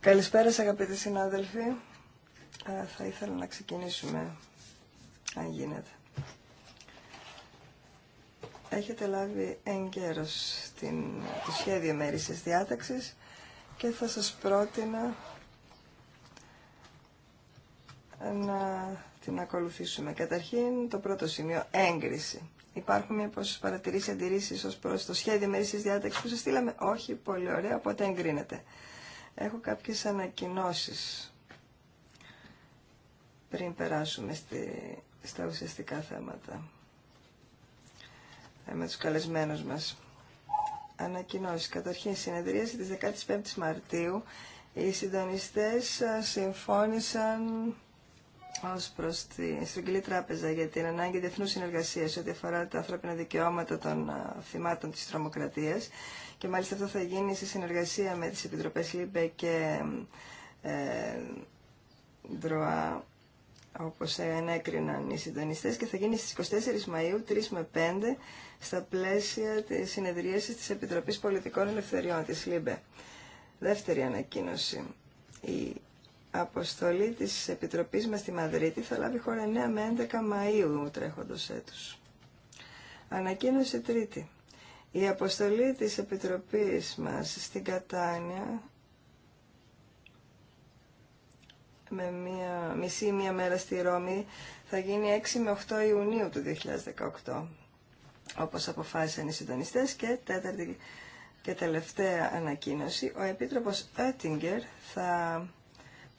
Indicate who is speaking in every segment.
Speaker 1: Καλησπέρα σας αγαπητοί συνάδελφοι. Ε, θα ήθελα να ξεκινήσουμε, αν γίνεται. Έχετε λάβει καιρος την, το σχέδιο μέρησης διάταξης και θα σας πρότεινα να την ακολουθήσουμε. Καταρχήν το πρώτο σημείο, έγκριση. Υπάρχουν μήπω παρατηρήσει αντιρρήσει ω προ το σχέδιο τη διάταξη που σα στείλαμε. Όχι, πολύ ωραία, οπότε εγκρίνεται. Έχω κάποιε ανακοινώσει πριν περάσουμε στη, στα ουσιαστικά θέματα ε, με του καλεσμένου μας. Ανακοινώσει. Καταρχήν, συνεδρίαση τη 15 η Μαρτίου. Οι συντονιστές ε, συμφώνησαν ω προ τη Στρογγυλή Τράπεζα για την ανάγκη διεθνού συνεργασίας ό,τι αφορά τα ανθρώπινα δικαιώματα των θυμάτων της Τρομοκρατία και μάλιστα αυτό θα γίνει σε συνεργασία με τις Επιτροπές ΛΥΜΠΕ και ε, ΔΡΟΑ όπως ενέκριναν οι συντονιστέ και θα γίνει στις 24 Μαΐου 3 με 5 στα πλαίσια της συνεδρίαση τη Επιτροπή Πολιτικών Ελευθεριών τη ΛΥΜΠΕ. Δεύτερη ανακοίνωση. Η αποστολή της Επιτροπής μας στη Μαδρίτη θα λάβει χώρα 9 με 11 Μαΐου τρέχοντος έτους. Ανακοίνωση τρίτη. Η αποστολή της Επιτροπής μας στην Κατάνια με μία, μισή μία μέρα στη Ρώμη θα γίνει 6 με 8 Ιουνίου του 2018 όπως αποφάσισαν οι συντονιστές και τέταρτη και τελευταία ανακοίνωση ο Επίτροπος Έτιγκερ θα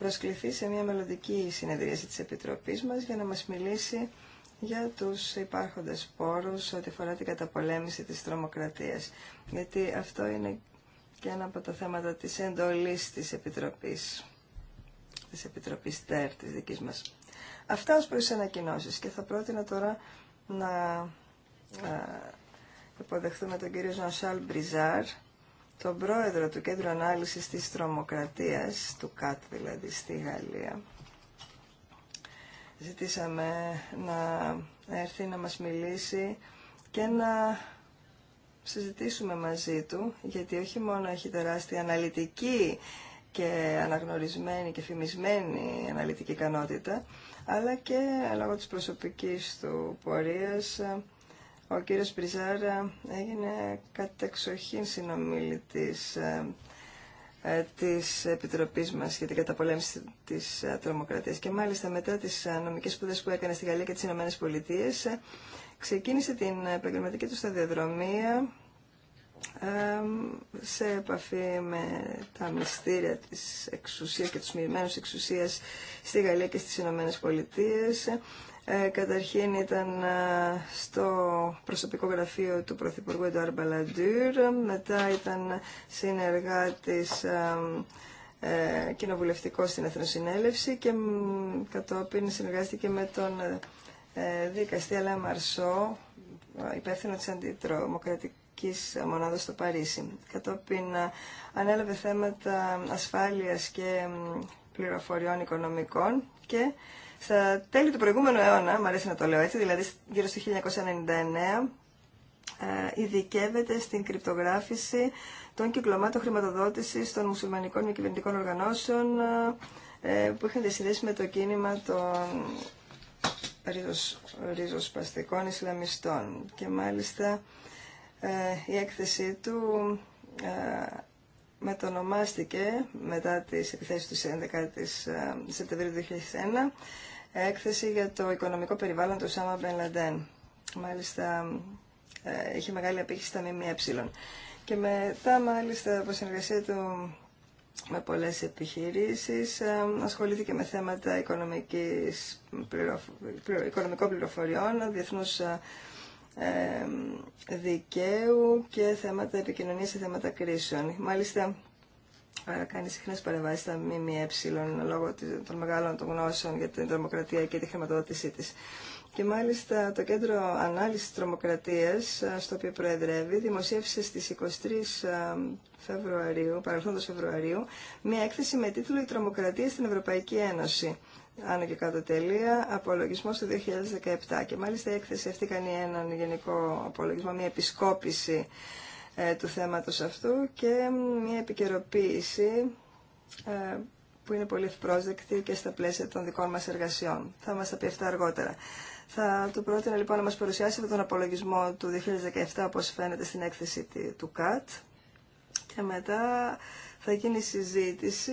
Speaker 1: προσκληθεί σε μια μελλοντική συνεδρίαση της Επιτροπής μας για να μας μιλήσει για τους υπάρχοντες πόρους ό,τι αφορά την καταπολέμηση της τρομοκρατίας. Γιατί αυτό είναι και ένα από τα θέματα της εντολής της Επιτροπής, της Επιτροπής ΤΕΡ της δικής μας. Αυτά ως προς ανακοινώσεις και θα πρότεινα τώρα να υποδεχθούμε τον κύριο Ζανσάλ Μπριζάρ, τον πρόεδρο του Κέντρου Ανάλυσης της Τρομοκρατίας, του ΚΑΤ δηλαδή, στη Γαλλία. Ζητήσαμε να έρθει να μας μιλήσει και να συζητήσουμε μαζί του, γιατί όχι μόνο έχει τεράστια αναλυτική και αναγνωρισμένη και φημισμένη αναλυτική ικανότητα, αλλά και λόγω της προσωπικής του πορείας ο κύριος Πριζάρα ε, έγινε κατεξοχήν συνομιλητής ε, ε, της Επιτροπής μας για την καταπολέμηση της τρομοκρατίας και μάλιστα μετά τις νομικές σπουδές που έκανε στη Γαλλία και τις Ηνωμένες Πολιτείες ξεκίνησε την επαγγελματική του σταδιοδρομία σε επαφή με τα μυστήρια της εξουσίας και τους μοιημένους εξουσίας στη Γαλλία και στις Ηνωμένες Πολιτείες ε, καταρχήν ήταν ε, στο προσωπικό γραφείο του Πρωθυπουργού Εντουάρ Μπαλαντούρ, μετά ήταν συνεργάτης ε, ε κοινοβουλευτικό στην Εθνοσυνέλευση και κατόπιν συνεργάστηκε με τον ε, δικαστή Αλέ Μαρσό, ε, υπεύθυνο της αντιτρομοκρατικής μονάδας στο Παρίσι. Κατόπιν ανέλαβε θέματα ασφάλειας και πληροφοριών οικονομικών και στα τέλη του προηγούμενου αιώνα, μου αρέσει να το λέω έτσι, δηλαδή γύρω στο 1999, ε, ειδικεύεται στην κρυπτογράφηση των κυκλωμάτων χρηματοδότησης των μουσουλμανικών και κυβερνητικών οργανώσεων ε, ε, που είχαν διασυνδέσει με το κίνημα των ριζοσπαστικών Ισλαμιστών. Και μάλιστα η έκθεσή του μετονομάστηκε μετά τις επιθέσεις του 11 Σεπτεμβρίου 2001 έκθεση για το οικονομικό περιβάλλον του Σάμα Μπεν Λαντέν. Μάλιστα, είχε μεγάλη απήχηση στα ΜΜΕ. Και μετά, μάλιστα, από συνεργασία του με πολλές επιχειρήσεις, ε, ασχολήθηκε με θέματα οικονομικής, οικονομικών πληροφοριών, διεθνούς ε, ε, δικαίου και θέματα επικοινωνίας και θέματα κρίσεων. Μάλιστα, κάνει συχνέ παρεμβάσει στα ΜΜΕ λόγω των μεγάλων των γνώσεων για την τρομοκρατία και τη χρηματοδότησή τη. Και μάλιστα το Κέντρο Ανάλυση Τρομοκρατία, στο οποίο προεδρεύει, δημοσίευσε στι 23 Φεβρουαρίου, παρελθόντος Φεβρουαρίου, μια έκθεση με τίτλο «Η τρομοκρατία στην Ευρωπαϊκή Ένωση». Άνω και κάτω τελεία, απολογισμό του 2017. Και μάλιστα η έκθεση αυτή κάνει έναν γενικό απολογισμό, μια επισκόπηση ε, του θέματος αυτού και μια επικαιροποίηση ε, που είναι πολύ ευπρόσδεκτη και στα πλαίσια των δικών μας εργασιών. Θα μας τα πει αυτά αργότερα. Θα του πρότεινα λοιπόν να μας παρουσιάσει τον απολογισμό του 2017 όπως φαίνεται στην έκθεση του ΚΑΤ και μετά θα γίνει συζήτηση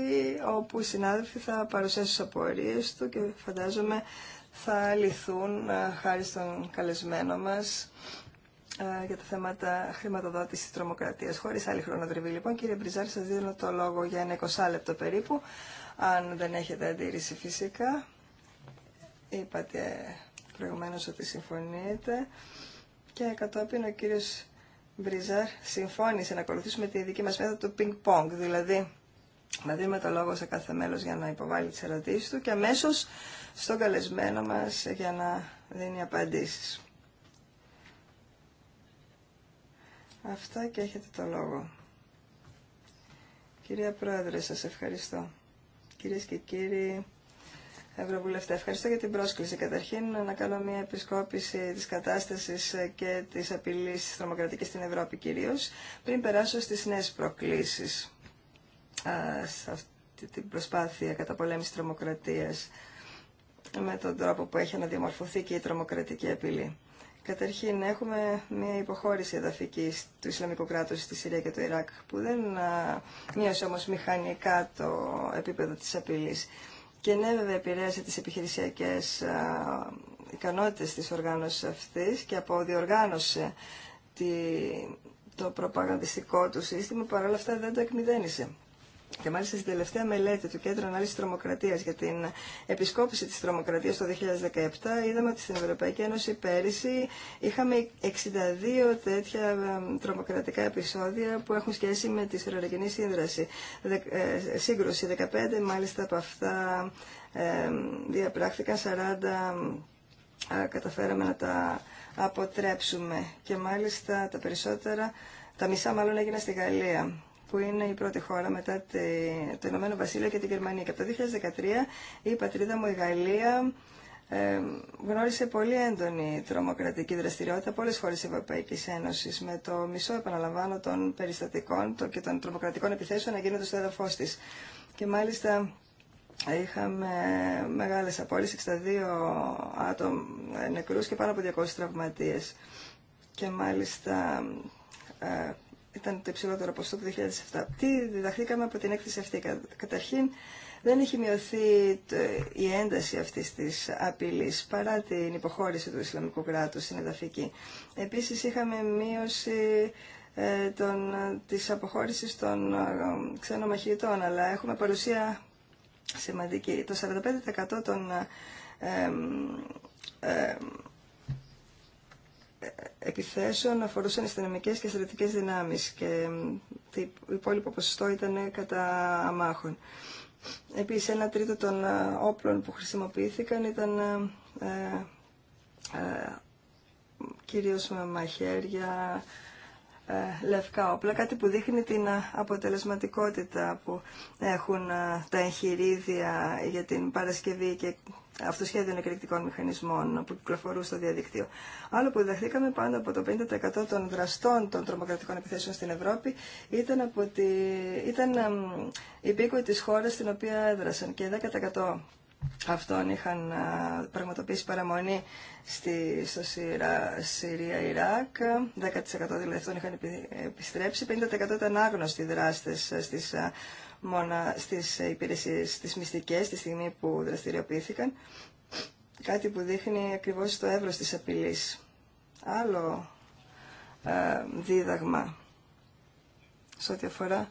Speaker 1: όπου οι συνάδελφοι θα παρουσιάσουν τις απορίες του και φαντάζομαι θα λυθούν ε, χάρη στον καλεσμένο μας ε, για τα θέματα χρηματοδότηση τη τρομοκρατία. Χωρί άλλη χρονοτριβή, λοιπόν, κύριε Μπριζάρ, σα δίνω το λόγο για ένα 20 λεπτό περίπου, αν δεν έχετε αντίρρηση φυσικά. Είπατε προηγουμένω ότι συμφωνείτε. Και κατόπιν ο κύριο Μπριζάρ συμφώνησε να ακολουθήσουμε τη δική μα μέθοδο του πινκ-πονγκ, δηλαδή να δίνουμε το λόγο σε κάθε μέλος για να υποβάλει τι ερωτήσει του και αμέσω στον καλεσμένο μα για να δίνει απαντήσει. Αυτά και έχετε το λόγο. Κυρία Πρόεδρε, σας ευχαριστώ. Κυρίες και κύριοι Ευρωβουλευτέ, ευχαριστώ για την πρόσκληση. Καταρχήν, να κάνω μια επισκόπηση της κατάστασης και της απειλής τη τρομοκρατικής στην Ευρώπη κυρίως, πριν περάσω στις νέες προκλήσεις σε αυτή την προσπάθεια καταπολέμησης τρομοκρατίας με τον τρόπο που έχει αναδιαμορφωθεί και η τρομοκρατική απειλή. Καταρχήν, έχουμε μια υποχώρηση εδαφική του Ισλαμικού κράτου στη Συρία και το Ιράκ, που δεν μείωσε όμω μηχανικά το επίπεδο τη απειλή. Και ναι, βέβαια, επηρέασε τι επιχειρησιακέ ικανότητε τη οργάνωση αυτή και αποδιοργάνωσε τη, το προπαγανδιστικό του σύστημα, παρόλα αυτά δεν το εκμηδένισε. Και μάλιστα στην τελευταία μελέτη του Κέντρου Ανάλυση Τρομοκρατία για την επισκόπηση τη τρομοκρατία το 2017, είδαμε ότι στην Ευρωπαϊκή Ένωση πέρυσι είχαμε 62 τέτοια ε, τρομοκρατικά επεισόδια που έχουν σχέση με τη σφαιρολογική σύνδραση. Ε, σύγκρουση 15 μάλιστα από αυτά ε, διαπράχθηκαν 40 καταφέραμε να τα αποτρέψουμε και μάλιστα τα περισσότερα, τα μισά μάλλον έγιναν στη Γαλλία που είναι η πρώτη χώρα μετά το Ηνωμένο Βασίλειο και τη Γερμανία. Και από το 2013 η πατρίδα μου, η Γαλλία, ε, γνώρισε πολύ έντονη τρομοκρατική δραστηριότητα από όλε τι χώρε τη Ευρωπαϊκή Ένωση, με το μισό, επαναλαμβάνω, των περιστατικών και των τρομοκρατικών επιθέσεων να γίνονται στο έδαφο τη. Και μάλιστα είχαμε μεγάλε τα 62 άτομα ε, νεκρού και πάνω από 200 τραυματίε. Και μάλιστα ε, ήταν το υψηλότερο ποσό του 2007. Τι διδαχθήκαμε από την έκθεση αυτή. Καταρχήν, δεν έχει μειωθεί η ένταση αυτή τη απειλή παρά την υποχώρηση του Ισλαμικού κράτους στην εδαφική. Επίσης, είχαμε μείωση ε, των, της αποχώρησης των ε, ξένων μαχητών, αλλά έχουμε παρουσία σημαντική. Το 45% των ε, επιθέσεων αφορούσαν αστυνομικέ και στρατιωτικέ δυνάμεις και το υπόλοιπο ποσοστό ήταν κατά αμάχων. Επίσης, ένα τρίτο των ε, όπλων που χρησιμοποιήθηκαν ήταν ε, ε, ε κυρίως μαχαίρια, ε, λευκά όπλα, κάτι που δείχνει την ε, αποτελεσματικότητα που έχουν ε, τα εγχειρίδια για την παρασκευή και αυτοσχέδιων εκρηκτικών μηχανισμών που κυκλοφορούν στο διαδικτύο. Άλλο που διδαχθήκαμε πάνω από το 50% των δραστών των τρομοκρατικών επιθέσεων στην Ευρώπη ήταν, από τη... ήταν υπήκοοι της χώρας στην οποία έδρασαν και 10% αυτών είχαν πραγματοποιήσει παραμονή στη, στο Συρία-Ιράκ. 10% δηλαδή αυτών είχαν επιστρέψει. 50% ήταν άγνωστοι δράστες στις, μονα, στις υπηρεσίες, στις μυστικές, τη στιγμή που δραστηριοποιήθηκαν. Κάτι που δείχνει ακριβώς το εύρος της απειλής. Άλλο ε, δίδαγμα σε ό,τι αφορά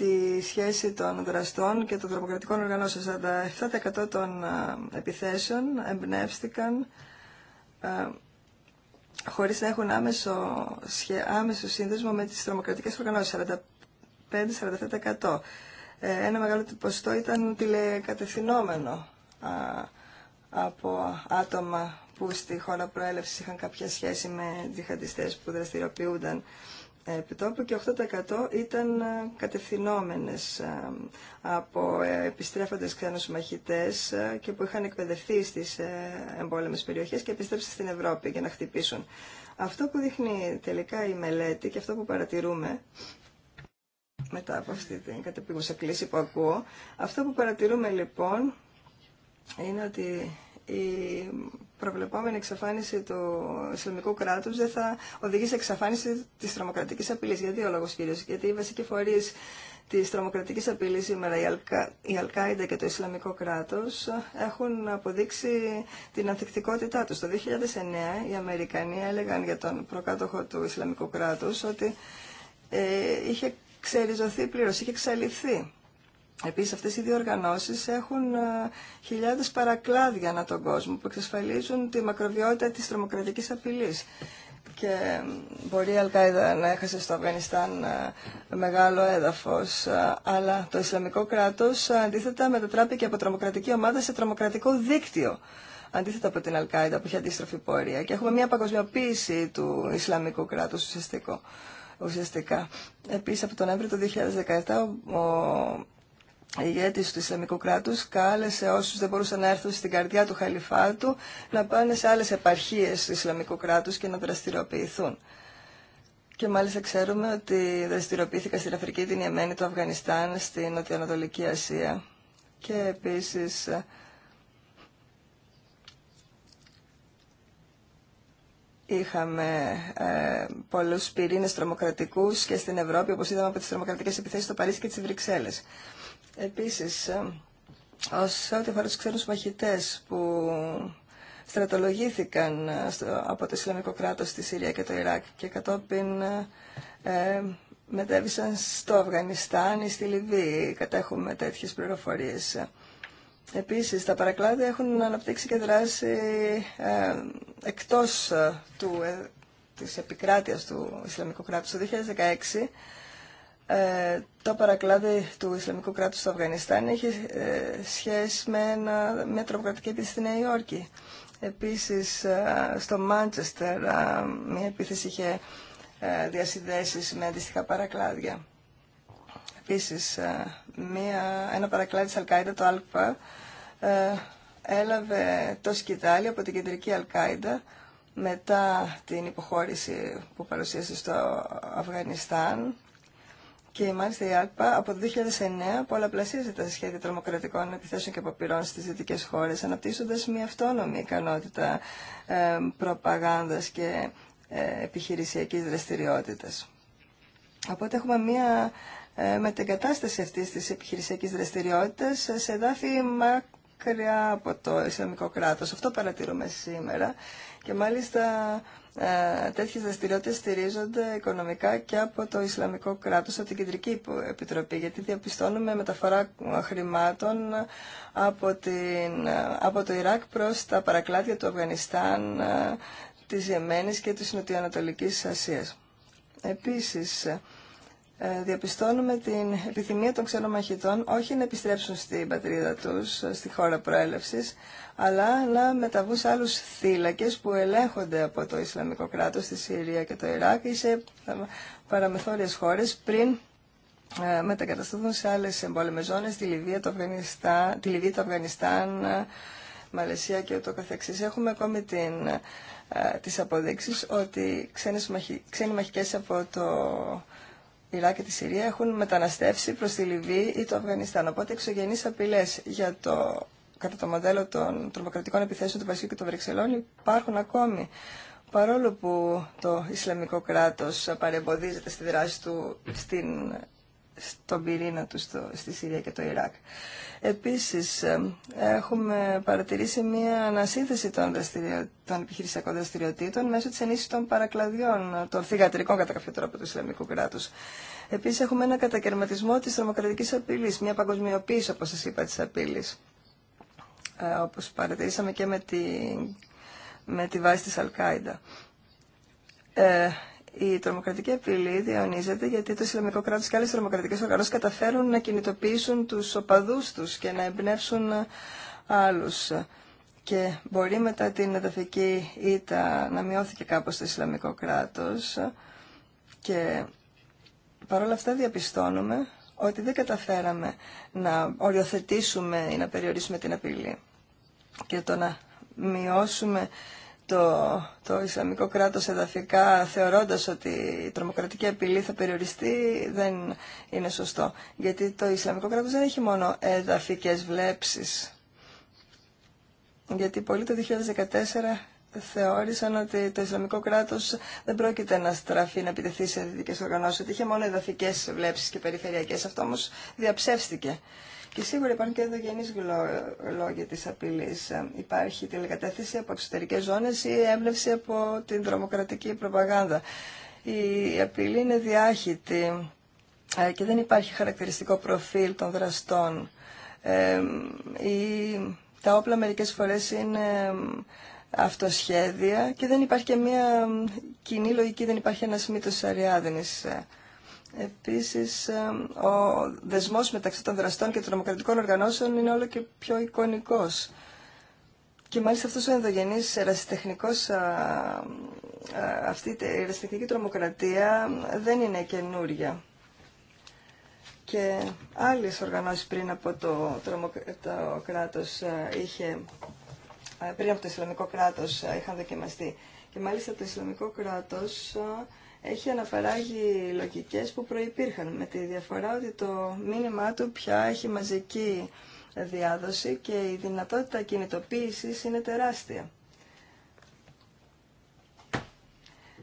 Speaker 1: τη σχέση των δραστών και των τρομοκρατικών οργανώσεων. 47% των επιθέσεων εμπνεύστηκαν χωρίς να έχουν άμεσο, άμεσο σύνδεσμο με τις τρομοκρατικές οργανώσεις. 45-47%. Ε, ένα μεγάλο ποσοστό ήταν τηλεκατευθυνόμενο από άτομα που στη χώρα προέλευσης είχαν κάποια σχέση με τζιχαντιστές που δραστηριοποιούνταν επιτόπου και 8% ήταν ε, κατευθυνόμενες ε, από ε, επιστρέφοντες ξένους μαχητές και που είχαν εκπαιδευτεί στις εμπόλεμες περιοχές και επιστρέψει στην Ευρώπη για να χτυπήσουν. Αυτό που δείχνει τελικά η μελέτη και αυτό που παρατηρούμε μετά από αυτή την κατεπίγουσα κλίση που ακούω, αυτό που παρατηρούμε λοιπόν είναι ότι οι προβλεπόμενη εξαφάνιση του Ισλαμικού κράτου δεν θα οδηγήσει σε εξαφάνιση τη τρομοκρατική απειλή, Για δύο λόγου κυρίως. Γιατί οι βασικοί φορεί της τρομοκρατική απειλή σήμερα, η καιντα και το Ισλαμικό κράτος, έχουν αποδείξει την ανθεκτικότητά του. Το 2009 οι Αμερικανοί έλεγαν για τον προκάτοχο του Ισλαμικού κράτου ότι ε, είχε ξεριζωθεί πλήρω είχε εξαλειφθεί. Επίσης αυτές οι δύο οργανώσεις έχουν ε, χιλιάδες παρακλάδια ανά τον κόσμο που εξασφαλίζουν τη μακροβιότητα της τρομοκρατικής απειλής. Και μπορεί η Αλκάιδα να έχασε στο Αφγανιστάν ε, μεγάλο έδαφος, ε, αλλά το Ισλαμικό κράτος αντίθετα μετατράπηκε από τρομοκρατική ομάδα σε τρομοκρατικό δίκτυο. Αντίθετα από την Αλκάιδα που είχε αντίστροφη πορεία. Και έχουμε μια παγκοσμιοποίηση του Ισλαμικού κράτου. Ουσιαστικά. Επίση από τον Νοέμβριο του 2017 ο ηγέτης του Ισλαμικού κράτους κάλεσε όσους δεν μπορούσαν να έρθουν στην καρδιά του χαλιφάτου να πάνε σε άλλες επαρχίες του Ισλαμικού κράτους και να δραστηριοποιηθούν. Και μάλιστα ξέρουμε ότι δραστηριοποιήθηκα στην Αφρική, την Ιεμένη, το Αφγανιστάν, στην Νοτιοανατολική Ασία. Και επίσης είχαμε ε, πολλούς πυρήνες τρομοκρατικούς και στην Ευρώπη, όπως είδαμε από τις τρομοκρατικές επιθέσεις στο Παρίσι και τις Βρυξέλλες. Επίσης, ε, ως ό,τι αφορά τους ξένους μαχητές που στρατολογήθηκαν ε, από το Ισλαμικό κράτος στη Συρία και το Ιράκ και κατόπιν ε, ε, μετέβησαν στο Αφγανιστάν ή στη Λιβύη. Κατέχουμε τέτοιες πληροφορίες. Επίσης, τα παρακλάδια έχουν αναπτύξει και δράση εκτός του, της επικράτειας του Ισλαμικού κράτους. Το 2016 ε, το παρακλάδι του Ισλαμικού κράτους στο Αφγανιστάν έχει ε, σχέση με, ένα, τρομοκρατική επίθεση στη Νέα Υόρκη. Επίσης ε, στο Μάντσεστερ μια επίθεση είχε διασυνδέσεις με αντίστοιχα παρακλάδια. Επίσης μια, ένα παρακλάδι της Αλκάιντα, το Αλκπα, έλαβε το σκητάλι από την κεντρική Αλκάιντα μετά την υποχώρηση που παρουσίασε στο Αφγανιστάν και μάλιστα η ΑΚΠΑ από το 2009 πολλαπλασίασε τα σχέδια τρομοκρατικών επιθέσεων και αποπειρών στις δυτικές χώρες, αναπτύσσοντας μια αυτόνομη ικανότητα ε, προπαγάνδας και ε, επιχειρησιακής δραστηριότητας. Οπότε έχουμε μια ε, μετεγκατάσταση αυτής της επιχειρησιακής δραστηριότητας σε εδάφη μακριά από το Ισλαμικό κράτος. Αυτό παρατηρούμε σήμερα και μάλιστα ε, τέτοιες δραστηριότητες στηρίζονται οικονομικά και από το Ισλαμικό κράτος, από την Κεντρική Επιτροπή, γιατί διαπιστώνουμε μεταφορά ε, χρημάτων από, την, ε, από το Ιράκ προς τα παρακλάδια του Αφγανιστάν, της Ιεμένης και της Νοτιοανατολικής Ασίας. Επίσης, ε, διαπιστώνουμε την επιθυμία των ξένων μαχητών όχι να επιστρέψουν στην πατρίδα τους, ε, στη χώρα προέλευσης, αλλά να μεταβούν σε άλλους θύλακες που ελέγχονται από το Ισλαμικό κράτος στη Συρία και το Ιράκ ή σε ε, παραμεθόριες χώρες πριν μετακαταστούν σε άλλες εμπόλεμες ζώνες, τη Λιβύη, το Αφγανιστάν, τη Λιβύη, το Αφγανιστάν Μαλαισία και ούτω καθεξής. Έχουμε ακόμη την, τις αποδείξεις ότι μαχικές από το Ιράκ και τη Συρία έχουν μεταναστεύσει προς τη Λιβύη ή το Αφγανιστάν. Οπότε εξωγενείς απειλές για το, κατά το μοντέλο των τρομοκρατικών επιθέσεων του Βασίου και των Βρυξελών υπάρχουν ακόμη. Παρόλο που το Ισλαμικό κράτος παρεμποδίζεται στη δράση του στην στον πυρήνα του στο, στη Συρία και το Ιράκ. Επίσης, ε, έχουμε παρατηρήσει μια ανασύνθεση των, των επιχειρησιακών δραστηριοτήτων μέσω της ενίσχυσης των παρακλαδιών, των θηγατρικών κατά κάποιο τρόπο του Ισλαμικού κράτους. Επίσης, έχουμε ένα κατακαιρματισμό της τρομοκρατικής απειλής, μια παγκοσμιοποίηση, όπως σας είπα, της απειλής. Ε, όπως παρατηρήσαμε και με τη, με τη βάση της Αλκάιντα. Ε, η τρομοκρατική απειλή διαιωνίζεται γιατί το Ισλαμικό κράτο και άλλε τρομοκρατικέ οργανώσει καταφέρουν να κινητοποιήσουν τους οπαδού του και να εμπνεύσουν άλλους. Και μπορεί μετά την εδαφική ήττα να μειώθηκε κάπως το Ισλαμικό κράτος και παρόλα αυτά διαπιστώνουμε ότι δεν καταφέραμε να οριοθετήσουμε ή να περιορίσουμε την απειλή. Και το να μειώσουμε το, το Ισλαμικό κράτος εδαφικά θεωρώντας ότι η τρομοκρατική απειλή θα περιοριστεί δεν είναι σωστό. Γιατί το Ισλαμικό κράτος δεν έχει μόνο εδαφικές βλέψεις. Γιατί πολλοί το 2014 θεώρησαν ότι το Ισλαμικό κράτος δεν πρόκειται να στραφεί, να επιτεθεί σε δυτικές οργανώσεις, ότι είχε μόνο εδαφικές βλέψεις και περιφερειακές. Αυτό όμως διαψεύστηκε. Και σίγουρα υπάρχουν και ενδογενεί λόγια τη απειλή. Ε, υπάρχει τηλεκατεύθυνση από εξωτερικέ ζώνε ή έμπνευση από την δρομοκρατική προπαγάνδα. Η απειλή είναι διάχυτη ε, και δεν υπάρχει χαρακτηριστικό προφίλ των δραστών. Ε, η, τα όπλα μερικές φορές είναι αυτοσχέδια και δεν υπάρχει και μια κοινή λογική, δεν υπάρχει ένα μύθος αριάδενης Επίσης, ε, ο δεσμός μεταξύ των δραστών και των δημοκρατικών οργανώσεων είναι όλο και πιο εικονικός. Και μάλιστα αυτός ο ενδογενής αυτή η ερασιτεχνική τρομοκρατία δεν είναι καινούρια. Και άλλες οργανώσεις πριν από το, το κράτος είχε, πριν από το Ισλαμικό κράτος είχαν δοκιμαστεί. Και μάλιστα το Ισλαμικό κράτος έχει αναφεράγει λογικές που προϋπήρχαν με τη διαφορά ότι το μήνυμά του πια έχει μαζική διάδοση και η δυνατότητα κινητοποίησης είναι τεράστια.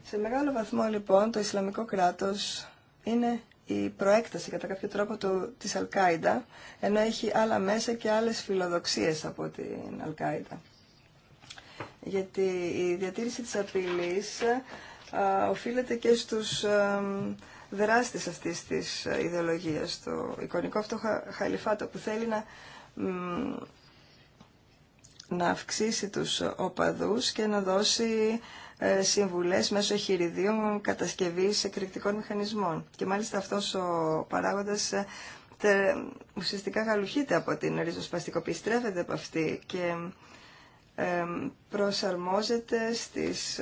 Speaker 1: Σε μεγάλο βαθμό λοιπόν το Ισλαμικό κράτος είναι η προέκταση κατά κάποιο τρόπο του, της Αλκάιντα, ενώ έχει άλλα μέσα και άλλες φιλοδοξίες από την Αλκάιντα. Γιατί η διατήρηση της απειλής οφείλεται και στους δράστες αυτής της ε, ιδεολογίας. Το εικονικό αυτό χαλιφάτο που θέλει να, να αυξήσει τους οπαδούς και να δώσει ε, συμβουλές μέσω χειριδίων κατασκευής εκρηκτικών μηχανισμών. Και μάλιστα αυτός ο παράγοντας ε, τε, ουσιαστικά γαλουχείται από την ριζοσπαστικοποίηση, τρέφεται από αυτή και προσαρμόζεται στις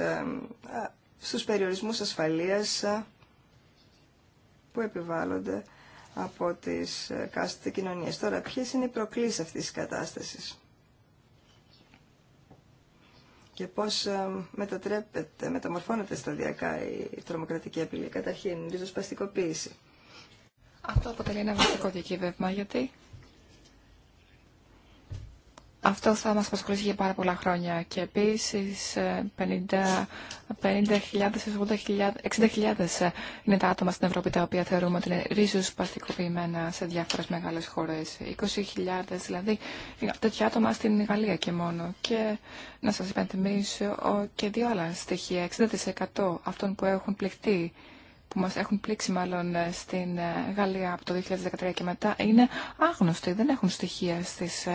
Speaker 1: στους περιορισμούς ασφαλείας ε, που επιβάλλονται από τις ε, κάστε κοινωνίες. Τώρα, ποιες είναι οι προκλήσεις αυτής της κατάστασης και πώς ε, μετατρέπεται, μεταμορφώνεται σταδιακά η τρομοκρατική απειλή. Καταρχήν, ριζοσπαστικοποίηση.
Speaker 2: Αυτό αποτελεί ένα βασικό διακύβευμα, γιατί αυτό θα μας απασχολήσει για πάρα πολλά χρόνια και επίσης 50.000-60.000 ε, ε, είναι τα άτομα στην Ευρώπη τα οποία θεωρούμε ότι είναι ρίζους παστικοποιημένα σε διάφορες μεγάλες χώρες. 20.000 δηλαδή τέτοια άτομα στην Γαλλία και μόνο. Και να σας υπενθυμίσω και δύο άλλα στοιχεία. 60% αυτών που έχουν πληχτεί που μας έχουν πλήξει μάλλον ε, στην Γαλλία από το 2013 και μετά είναι άγνωστοι, δεν έχουν στοιχεία στις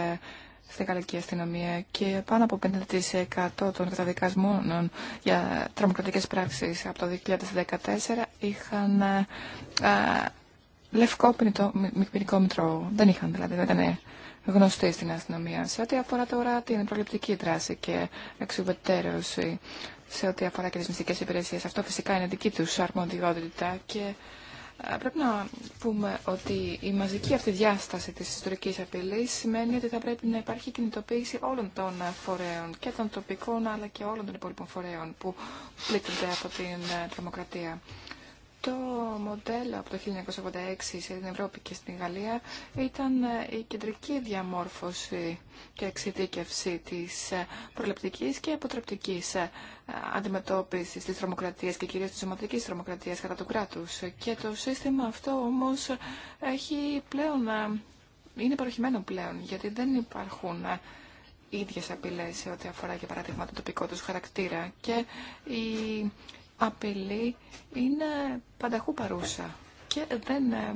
Speaker 2: στη Γαλλική αστυνομία και πάνω από 50% των καταδικασμών για τρομοκρατικέ πράξεις από το 2014 είχαν α, ε, ε, λευκό ποινικό, μητρό. Δεν είχαν δηλαδή, δεν ήταν γνωστοί στην αστυνομία. Σε ό,τι αφορά τώρα την προληπτική δράση και εξουβετέρωση, σε ό,τι αφορά και τι μυστικέ υπηρεσίε. αυτό φυσικά είναι δική τους αρμοδιότητα και Πρέπει να πούμε ότι η μαζική αυτή διάσταση της ιστορικής απειλής σημαίνει ότι θα πρέπει να υπάρχει κινητοποίηση όλων των φορέων και των τοπικών αλλά και όλων των υπόλοιπων φορέων που πλήττονται από την ε, τρομοκρατία. Το μοντέλο από το 1986 στην Ευρώπη και στην Γαλλία ήταν ε, η κεντρική διαμόρφωση και εξειδίκευση της ε, προληπτικής και αποτρεπτικής ε, αντιμετώπισης της τρομοκρατίας και κυρίως της ομαδικής τρομοκρατίας κατά του κράτους. Και το σύστημα αυτό όμως έχει πλέον, είναι παροχημένο πλέον γιατί δεν υπάρχουν ίδιες απειλές σε ό,τι αφορά για παράδειγμα το τοπικό τους χαρακτήρα και η απειλή είναι πανταχού παρούσα και δεν ε,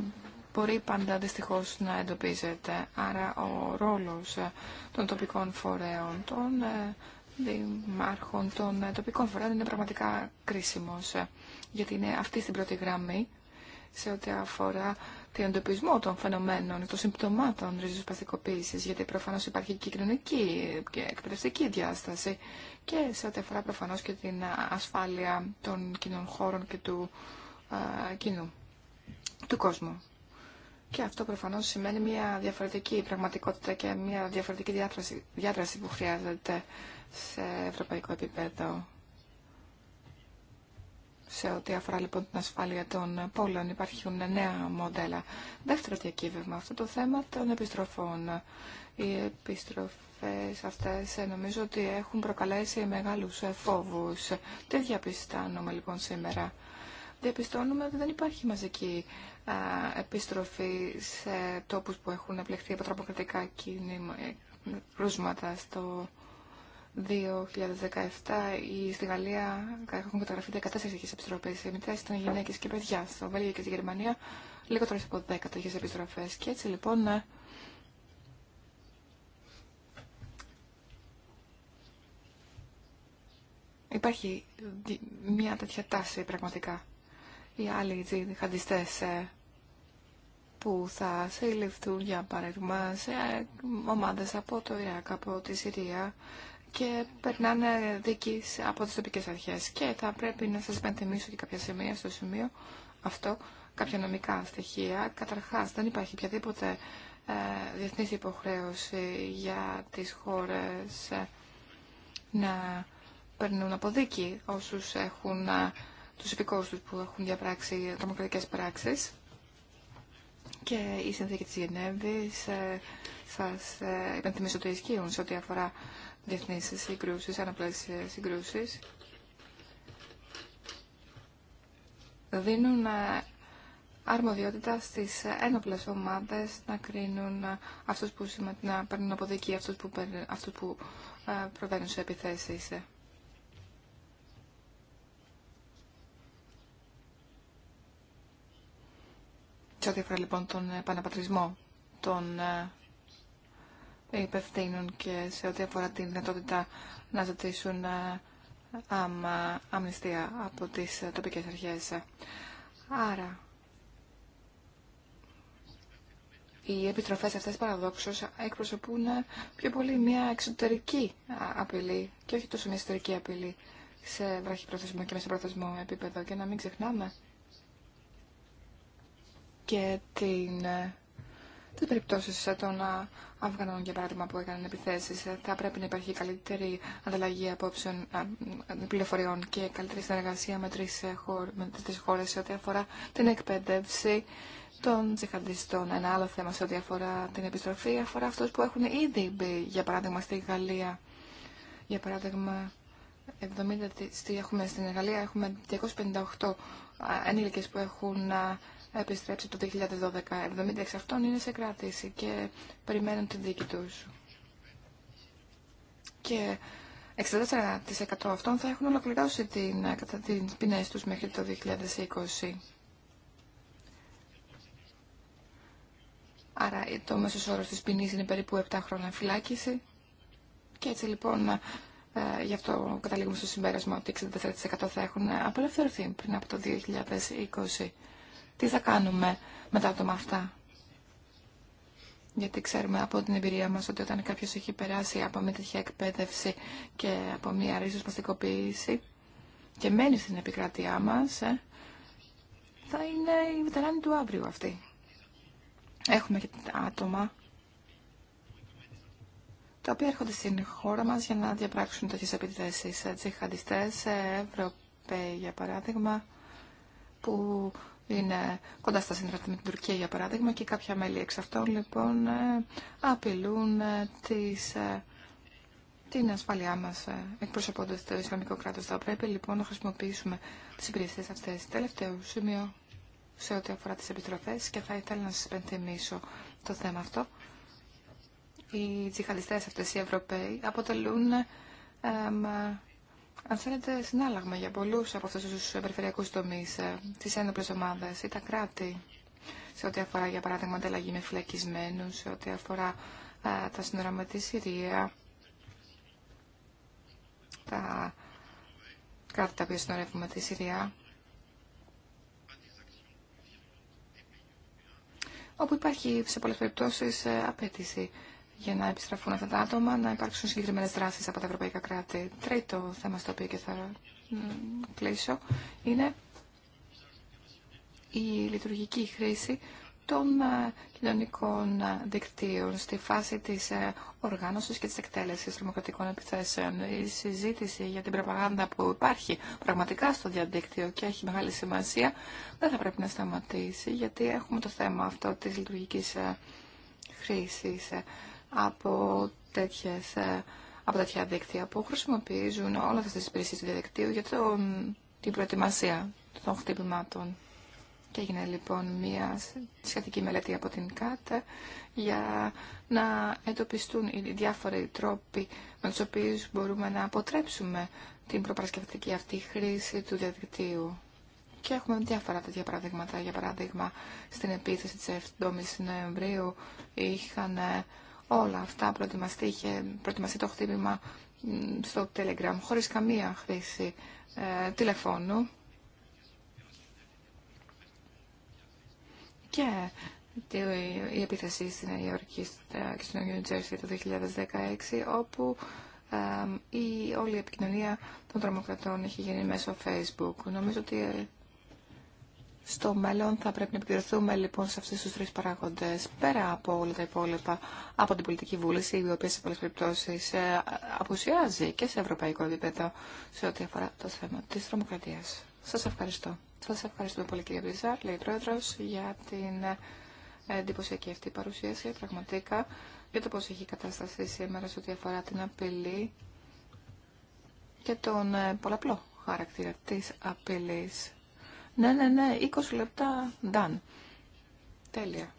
Speaker 2: μπορεί πάντα δυστυχώς να εντοπίζεται. Άρα ο ρόλος ε, των τοπικών φορέων, των ε, δημάρχων, των τοπικών φορέων είναι πραγματικά κρίσιμος. Γιατί είναι αυτή στην πρώτη γραμμή σε ό,τι αφορά την εντοπισμό των φαινομένων, των συμπτωμάτων ριζοσπαστικοποίησης, γιατί προφανώς υπάρχει και κοινωνική και εκπαιδευτική διάσταση και σε ό,τι αφορά προφανώς και την ασφάλεια των κοινών χώρων και του ε, κοινού, του κόσμου. Και αυτό προφανώς σημαίνει μια διαφορετική πραγματικότητα και μια διαφορετική διάδραση, διάδραση που χρειάζεται σε ευρωπαϊκό επίπεδο. Σε ό,τι αφορά λοιπόν την ασφάλεια των πόλεων υπάρχουν νέα μοντέλα. Δεύτερο διακύβευμα αυτό το θέμα των επιστροφών. Οι επιστροφές αυτές ε, νομίζω ότι έχουν προκαλέσει μεγάλους ε, φόβους. Τι διαπιστάνουμε λοιπόν σήμερα. Διαπιστώνουμε ότι δεν υπάρχει μαζική ε, επιστροφή σε τόπους που έχουν επλεχθεί από τραποκρατικά κρούσματα στο 2017 ή στη Γαλλία έχουν καταγραφεί 14 επιστροφές. επιστροφέ. Οι μητέρε ήταν γυναίκε και παιδιά. Στο Βέλγιο και στη Γερμανία λιγότερε από 10 τέτοιε επιστροφέ. Και έτσι λοιπόν Υπάρχει μια τέτοια τάση πραγματικά. Οι άλλοι τζιχαντιστές ε, που θα συλληφθούν για παράδειγμα σε ε, ομάδες από το Ιράκ, από τη Συρία και περνάνε δίκη από τις τοπικές αρχές. Και θα πρέπει να σας πενθυμίσω και κάποια σημεία στο σημείο αυτό, κάποια νομικά στοιχεία. Καταρχάς δεν υπάρχει οποιαδήποτε ε, διεθνής υποχρέωση για τις χώρες ε, να παίρνουν από δίκη όσους έχουν τους υπηκόους τους που έχουν διαπράξει τρομοκρατικές πράξεις. Και η συνθήκη της Γενέβης ε, σας ε, υπενθυμίσω ότι ισχύουν σε ό,τι αφορά διεθνείς συγκρούσεις, αναπλές συγκρούσεις. Δίνουν ε, αρμοδιότητα στις ένοπλες ομάδες να κρίνουν αυτούς που να παίρνουν αποδίκη, αυτού που, που προβαίνουν σε επιθέσεις. Σε ό,τι αφορά λοιπόν τον επαναπατρισμό των ε, υπευθύνων και σε ό,τι αφορά την δυνατότητα να ζητήσουν ε, αμνηστία από τις ε, τοπικές αρχές. Άρα, οι επιστροφές αυτές παραδόξως εκπροσωπούν πιο πολύ μια εξωτερική απειλή και όχι τόσο μια εσωτερική απειλή σε βραχυπροθεσμό και μεσοπροθεσμό επίπεδο. Και να μην ξεχνάμε και την, ε, τις περιπτώσεις των ε, Αφγανών, για παράδειγμα, που έκαναν επιθέσεις. Ε, θα πρέπει να υπάρχει καλύτερη ανταλλαγή απόψεων πληροφοριών και καλύτερη συνεργασία με τρεις, χώρ, χώρες σε ό,τι αφορά την εκπαίδευση των τζιχαντιστών. Ένα άλλο θέμα σε ό,τι αφορά την επιστροφή αφορά αυτούς που έχουν ήδη μπει, για παράδειγμα, στη Γαλλία. Για παράδειγμα, 70, έχουμε, στην Γαλλία έχουμε 258 ενήλικες που έχουν επιστρέψει το 2012. 76 αυτών είναι σε κράτηση και περιμένουν την δίκη τους. Και 64% αυτών θα έχουν ολοκληρώσει την, ε, κατά την ποινές μέχρι το 2020. Άρα ε, το μέσος όρος της ποινή είναι περίπου 7 χρόνια φυλάκιση. Και έτσι λοιπόν ε, γι' αυτό καταλήγουμε στο συμπέρασμα ότι 64% θα έχουν απελευθερωθεί πριν από το 2020 τι θα κάνουμε με τα άτομα αυτά. Γιατί ξέρουμε από την εμπειρία μας ότι όταν κάποιος έχει περάσει από μια τέτοια εκπαίδευση και από μια ρίζοσπαστικοποίηση και μένει στην επικράτειά μας, ε, θα είναι η βετεράνη του αύριο αυτή. Έχουμε και τα άτομα τα οποία έρχονται στην χώρα μας για να διαπράξουν τέτοιες επιθέσεις. Ε, τζιχαντιστές, ε, Ευρωπαίοι για παράδειγμα, που είναι κοντά στα σύνορα με την Τουρκία για παράδειγμα και κάποια μέλη εξ αυτών λοιπόν ε, απειλούν ε, τις, ε, την ασφαλειά μας εκπροσωπώντας το Ισλαμικό κράτος. Θα πρέπει λοιπόν να χρησιμοποιήσουμε τις υπηρεσίες αυτές. Τελευταίο σημείο σε ό,τι αφορά τις επιστροφές και θα ήθελα να σας υπενθυμίσω το θέμα αυτό. Οι τζιχαλιστές αυτές οι Ευρωπαίοι αποτελούν αν θέλετε, συνάλλαγμα για πολλούς από αυτού του περιφερειακούς τομεί, ε, τι ένοπλε ομάδε ή τα κράτη, σε ό,τι αφορά, για παράδειγμα, ανταλλαγή με φυλακισμένου, σε ό,τι αφορά ε, τα σύνορα με τη Συρία, τα κράτη τα οποία με τη Συρία, όπου υπάρχει σε πολλές περιπτώσεις ε, απέτηση για να επιστραφούν αυτά τα άτομα, να υπάρξουν συγκεκριμένε δράσει από τα ευρωπαϊκά κράτη. Τρίτο θέμα στο οποίο και θα κλείσω είναι η λειτουργική χρήση των ε, κοινωνικών ε, δικτύων στη φάση της ε, οργάνωσης και της εκτέλεσης δημοκρατικών επιθέσεων. Η συζήτηση για την προπαγάνδα που υπάρχει πραγματικά στο διαδίκτυο και έχει μεγάλη σημασία δεν θα πρέπει να σταματήσει γιατί έχουμε το θέμα αυτό της λειτουργικής χρήσης από, τέτοιες, από τέτοια δίκτυα που χρησιμοποιούν όλα αυτές τις υπηρεσίες του διαδικτύου για την προετοιμασία των χτυπημάτων. Και έγινε λοιπόν μια σχετική μελέτη από την ΚΑΤ για να εντοπιστούν οι διάφοροι τρόποι με τους οποίους μπορούμε να αποτρέψουμε την προπαρασκευτική αυτή χρήση του διαδικτύου. Και έχουμε διάφορα τέτοια παραδείγματα. Για παράδειγμα, στην επίθεση της 7ης Νοεμβρίου είχαν ε, Όλα αυτά προετοιμαστεί, είχε το χτύπημα στο Telegram χωρίς καμία χρήση ε, τηλεφώνου. Και η επίθεση στην Νέα Υόρκη ε, και στην New το 2016, όπου ε, η όλη η επικοινωνία των τρομοκρατών έχει γίνει μέσω Facebook. Νομίζω ότι στο μέλλον θα πρέπει να επικεντρωθούμε λοιπόν σε αυτού του τρει παράγοντε, πέρα από όλα τα υπόλοιπα, από την πολιτική βούληση, η οποία σε πολλέ περιπτώσει ε, απουσιάζει και σε ευρωπαϊκό επίπεδο σε ό,τι αφορά το θέμα τη τρομοκρατία. Σα ευχαριστώ. Σα ευχαριστούμε πολύ, κύριε Βρυζάρ, λέει πρόεδρο, για την ε, εντυπωσιακή αυτή παρουσίαση πραγματικά για το πώ έχει η κατάσταση σήμερα σε ό,τι αφορά την απειλή και τον ε, πολλαπλό χαρακτήρα τη απειλή ναι, ναι, ναι, 20 λεπτά, done. Τέλεια.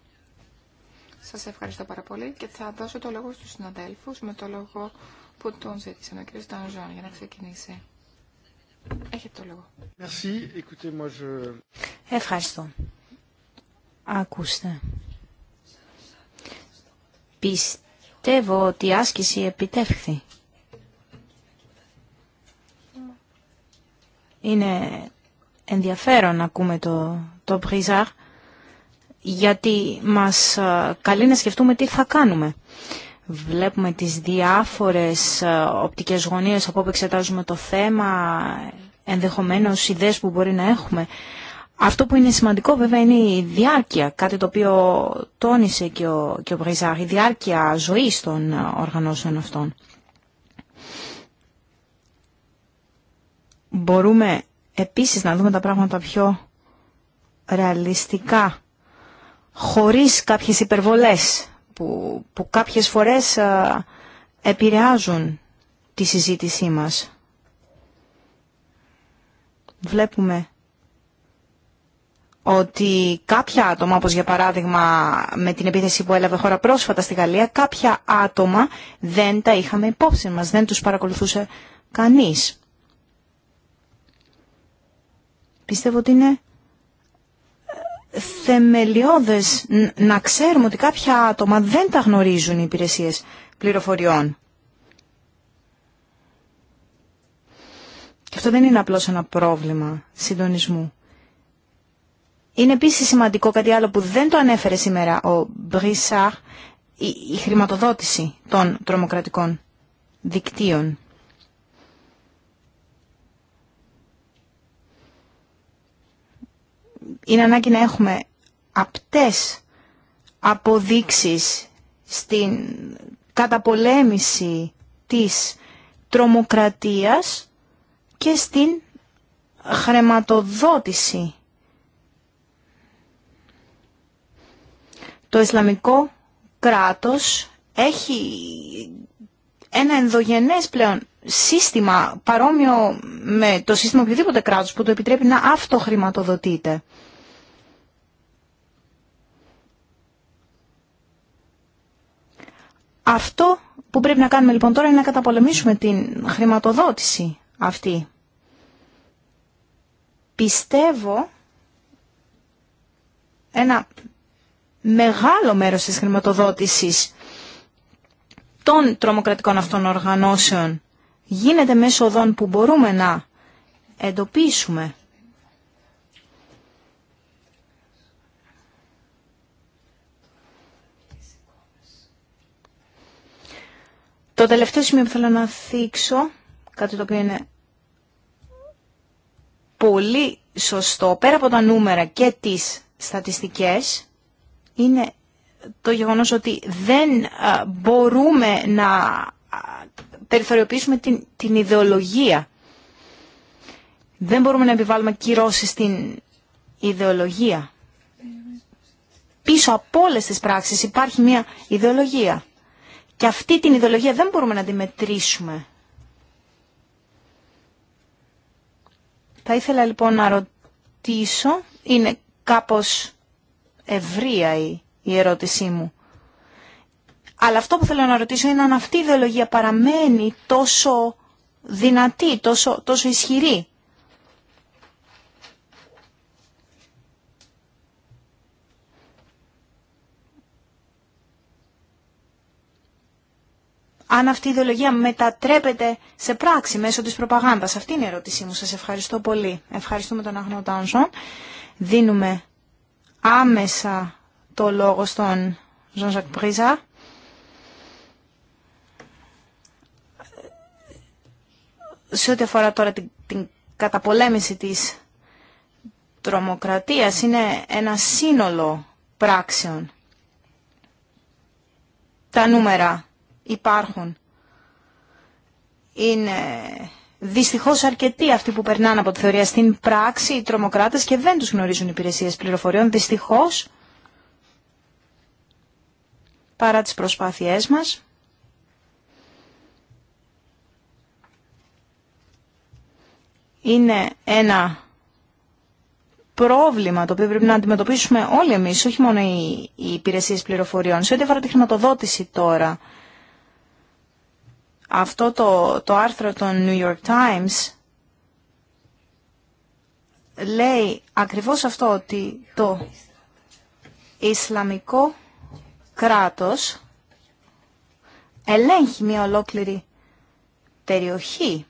Speaker 2: Σας ευχαριστώ πάρα πολύ και θα δώσω το λόγο στους συναδέλφους με το λόγο που τον ζήτησε ο κ. Τανζόν για να ξεκινήσει. Έχετε το
Speaker 3: λόγο.
Speaker 2: Ευχαριστώ. Ακούστε.
Speaker 3: Πιστεύω ότι η άσκηση επιτεύχθη. Είναι ενδιαφέρον να ακούμε το, το Brizard, γιατί μας ε, καλεί να σκεφτούμε τι θα κάνουμε. Βλέπουμε τις διάφορες ε, οπτικές γωνίες από όπου εξετάζουμε το θέμα, ενδεχομένως ιδέες που μπορεί να έχουμε. Αυτό που είναι σημαντικό βέβαια είναι η διάρκεια, κάτι το οποίο τόνισε και ο, και ο η διάρκεια ζωής των ε, οργανώσεων αυτών. Μπορούμε επίσης να δούμε τα πράγματα πιο ρεαλιστικά, χωρίς κάποιες υπερβολές που, που κάποιες φορές επηρεάζουν τη συζήτησή μας. Βλέπουμε ότι κάποια άτομα, όπως για παράδειγμα με την επίθεση που έλαβε χώρα πρόσφατα στη Γαλλία, κάποια άτομα δεν τα είχαμε υπόψη μας, δεν τους παρακολουθούσε κανείς. Πιστεύω ότι είναι ε, θεμελιώδες να ξέρουμε ότι κάποια άτομα δεν τα γνωρίζουν οι υπηρεσίες πληροφοριών. Και αυτό δεν είναι απλώς ένα πρόβλημα συντονισμού. Είναι επίση σημαντικό κάτι άλλο που δεν το ανέφερε σήμερα ο Μπρισσάρ, η, η χρηματοδότηση των τρομοκρατικών δικτύων. Είναι ανάγκη να έχουμε απτές αποδείξεις στην καταπολέμηση της τρομοκρατίας και στην χρηματοδότηση. Το Ισλαμικό κράτος έχει ένα ενδογενές πλέον σύστημα παρόμοιο με το σύστημα οποιοδήποτε κράτος που το επιτρέπει να αυτοχρηματοδοτείται. Αυτό που πρέπει να κάνουμε λοιπόν τώρα είναι να καταπολεμήσουμε την χρηματοδότηση αυτή. Πιστεύω ένα μεγάλο μέρος της χρηματοδότησης των τρομοκρατικών αυτών οργανώσεων γίνεται μέσω οδών που μπορούμε να εντοπίσουμε. Το τελευταίο σημείο που θέλω να θίξω, κάτι το οποίο είναι πολύ σωστό, πέρα από τα νούμερα και τις στατιστικές, είναι το γεγονός ότι δεν μπορούμε να περιθωριοποιήσουμε την, την ιδεολογία. Δεν μπορούμε να επιβάλλουμε κυρώσεις στην ιδεολογία. Πίσω από όλες τις πράξεις υπάρχει μια ιδεολογία. Και αυτή την ιδεολογία δεν μπορούμε να τη μετρήσουμε. Θα ήθελα λοιπόν να ρωτήσω, είναι κάπως ευρία η, η ερώτησή μου. Αλλά αυτό που θέλω να ρωτήσω είναι αν αυτή η ιδεολογία παραμένει τόσο δυνατή, τόσο, τόσο ισχυρή. αν αυτή η ιδεολογία μετατρέπεται σε πράξη μέσω της προπαγάνδας. Αυτή είναι η ερώτησή μου. Σας ευχαριστώ πολύ. Ευχαριστούμε τον Αγνό Τάνσον. Δίνουμε άμεσα το λόγο στον Ζων Ζακ Πρίζα. Σε ό,τι αφορά τώρα την, την καταπολέμηση της τρομοκρατίας είναι ένα σύνολο πράξεων. Τα νούμερα υπάρχουν. Είναι δυστυχώς αρκετοί αυτοί που περνάνε από τη θεωρία στην πράξη, οι τρομοκράτε και δεν τους γνωρίζουν οι υπηρεσίες πληροφοριών. Δυστυχώς, παρά τις προσπάθειές μας, είναι ένα πρόβλημα το οποίο πρέπει να αντιμετωπίσουμε όλοι εμείς, όχι μόνο οι, οι υπηρεσίες πληροφοριών. Σε ό,τι αφορά τη χρηματοδότηση τώρα, αυτό το, το άρθρο των New York Times λέει ακριβώς αυτό ότι το Ισλαμικό κράτος ελέγχει μια ολόκληρη περιοχή.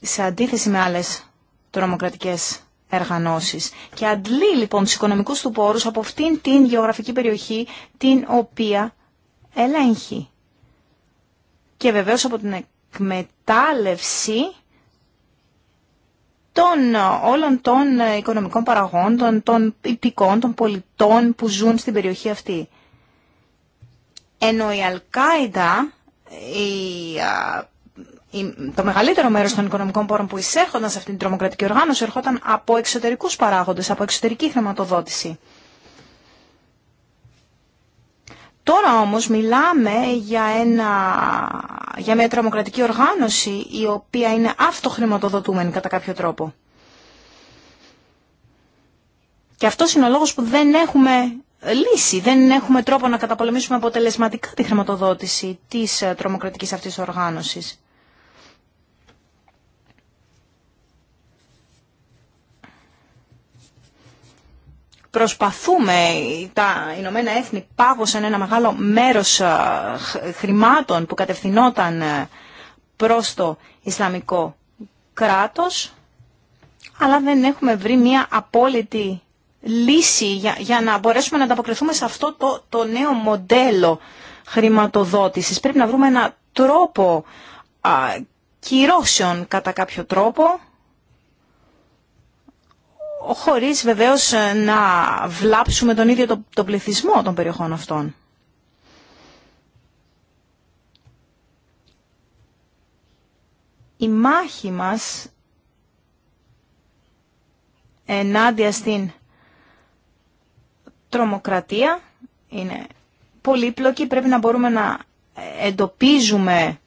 Speaker 3: Σε αντίθεση με άλλες τρομοκρατικές εργανώσεις. Και αντλεί λοιπόν τους οικονομικούς του πόρους από αυτήν την γεωγραφική περιοχή την οποία ελέγχει. Και βεβαίως από την εκμετάλλευση των όλων των οικονομικών παραγόντων, των υπηκών, των πολιτών που ζουν στην περιοχή αυτή. Ενώ η Αλκάιδα, η το μεγαλύτερο μέρος των οικονομικών πόρων που εισέρχονταν σε αυτήν την τρομοκρατική οργάνωση ερχόταν από εξωτερικούς παράγοντες, από εξωτερική χρηματοδότηση. Τώρα όμως μιλάμε για, ένα, για μια τρομοκρατική οργάνωση η οποία είναι αυτοχρηματοδοτούμενη κατά κάποιο τρόπο. Και αυτό είναι ο λόγος που δεν έχουμε λύση, δεν έχουμε τρόπο να καταπολεμήσουμε αποτελεσματικά τη χρηματοδότηση της ε, τρομοκρατικής αυτής οργάνωσης. προσπαθούμε, τα Ηνωμένα Έθνη πάγωσαν ένα μεγάλο μέρος ε, χρημάτων που κατευθυνόταν ε, προς το Ισλαμικό κράτος, αλλά δεν έχουμε βρει μια απόλυτη λύση για, να μπορέσουμε να ανταποκριθούμε σε αυτό το, το νέο μοντέλο χρηματοδότησης. Πρέπει να βρούμε ένα τρόπο κυρώσεων κατά κάποιο τρόπο, χωρίς βεβαίως ε, να βλάψουμε τον ίδιο το το πληθυσμό των περιοχών αυτών. Η μάχη μας ενάντια στην τρομοκρατία είναι πολύπλοκη, πρέπει να μπορούμε να εντοπίζουμε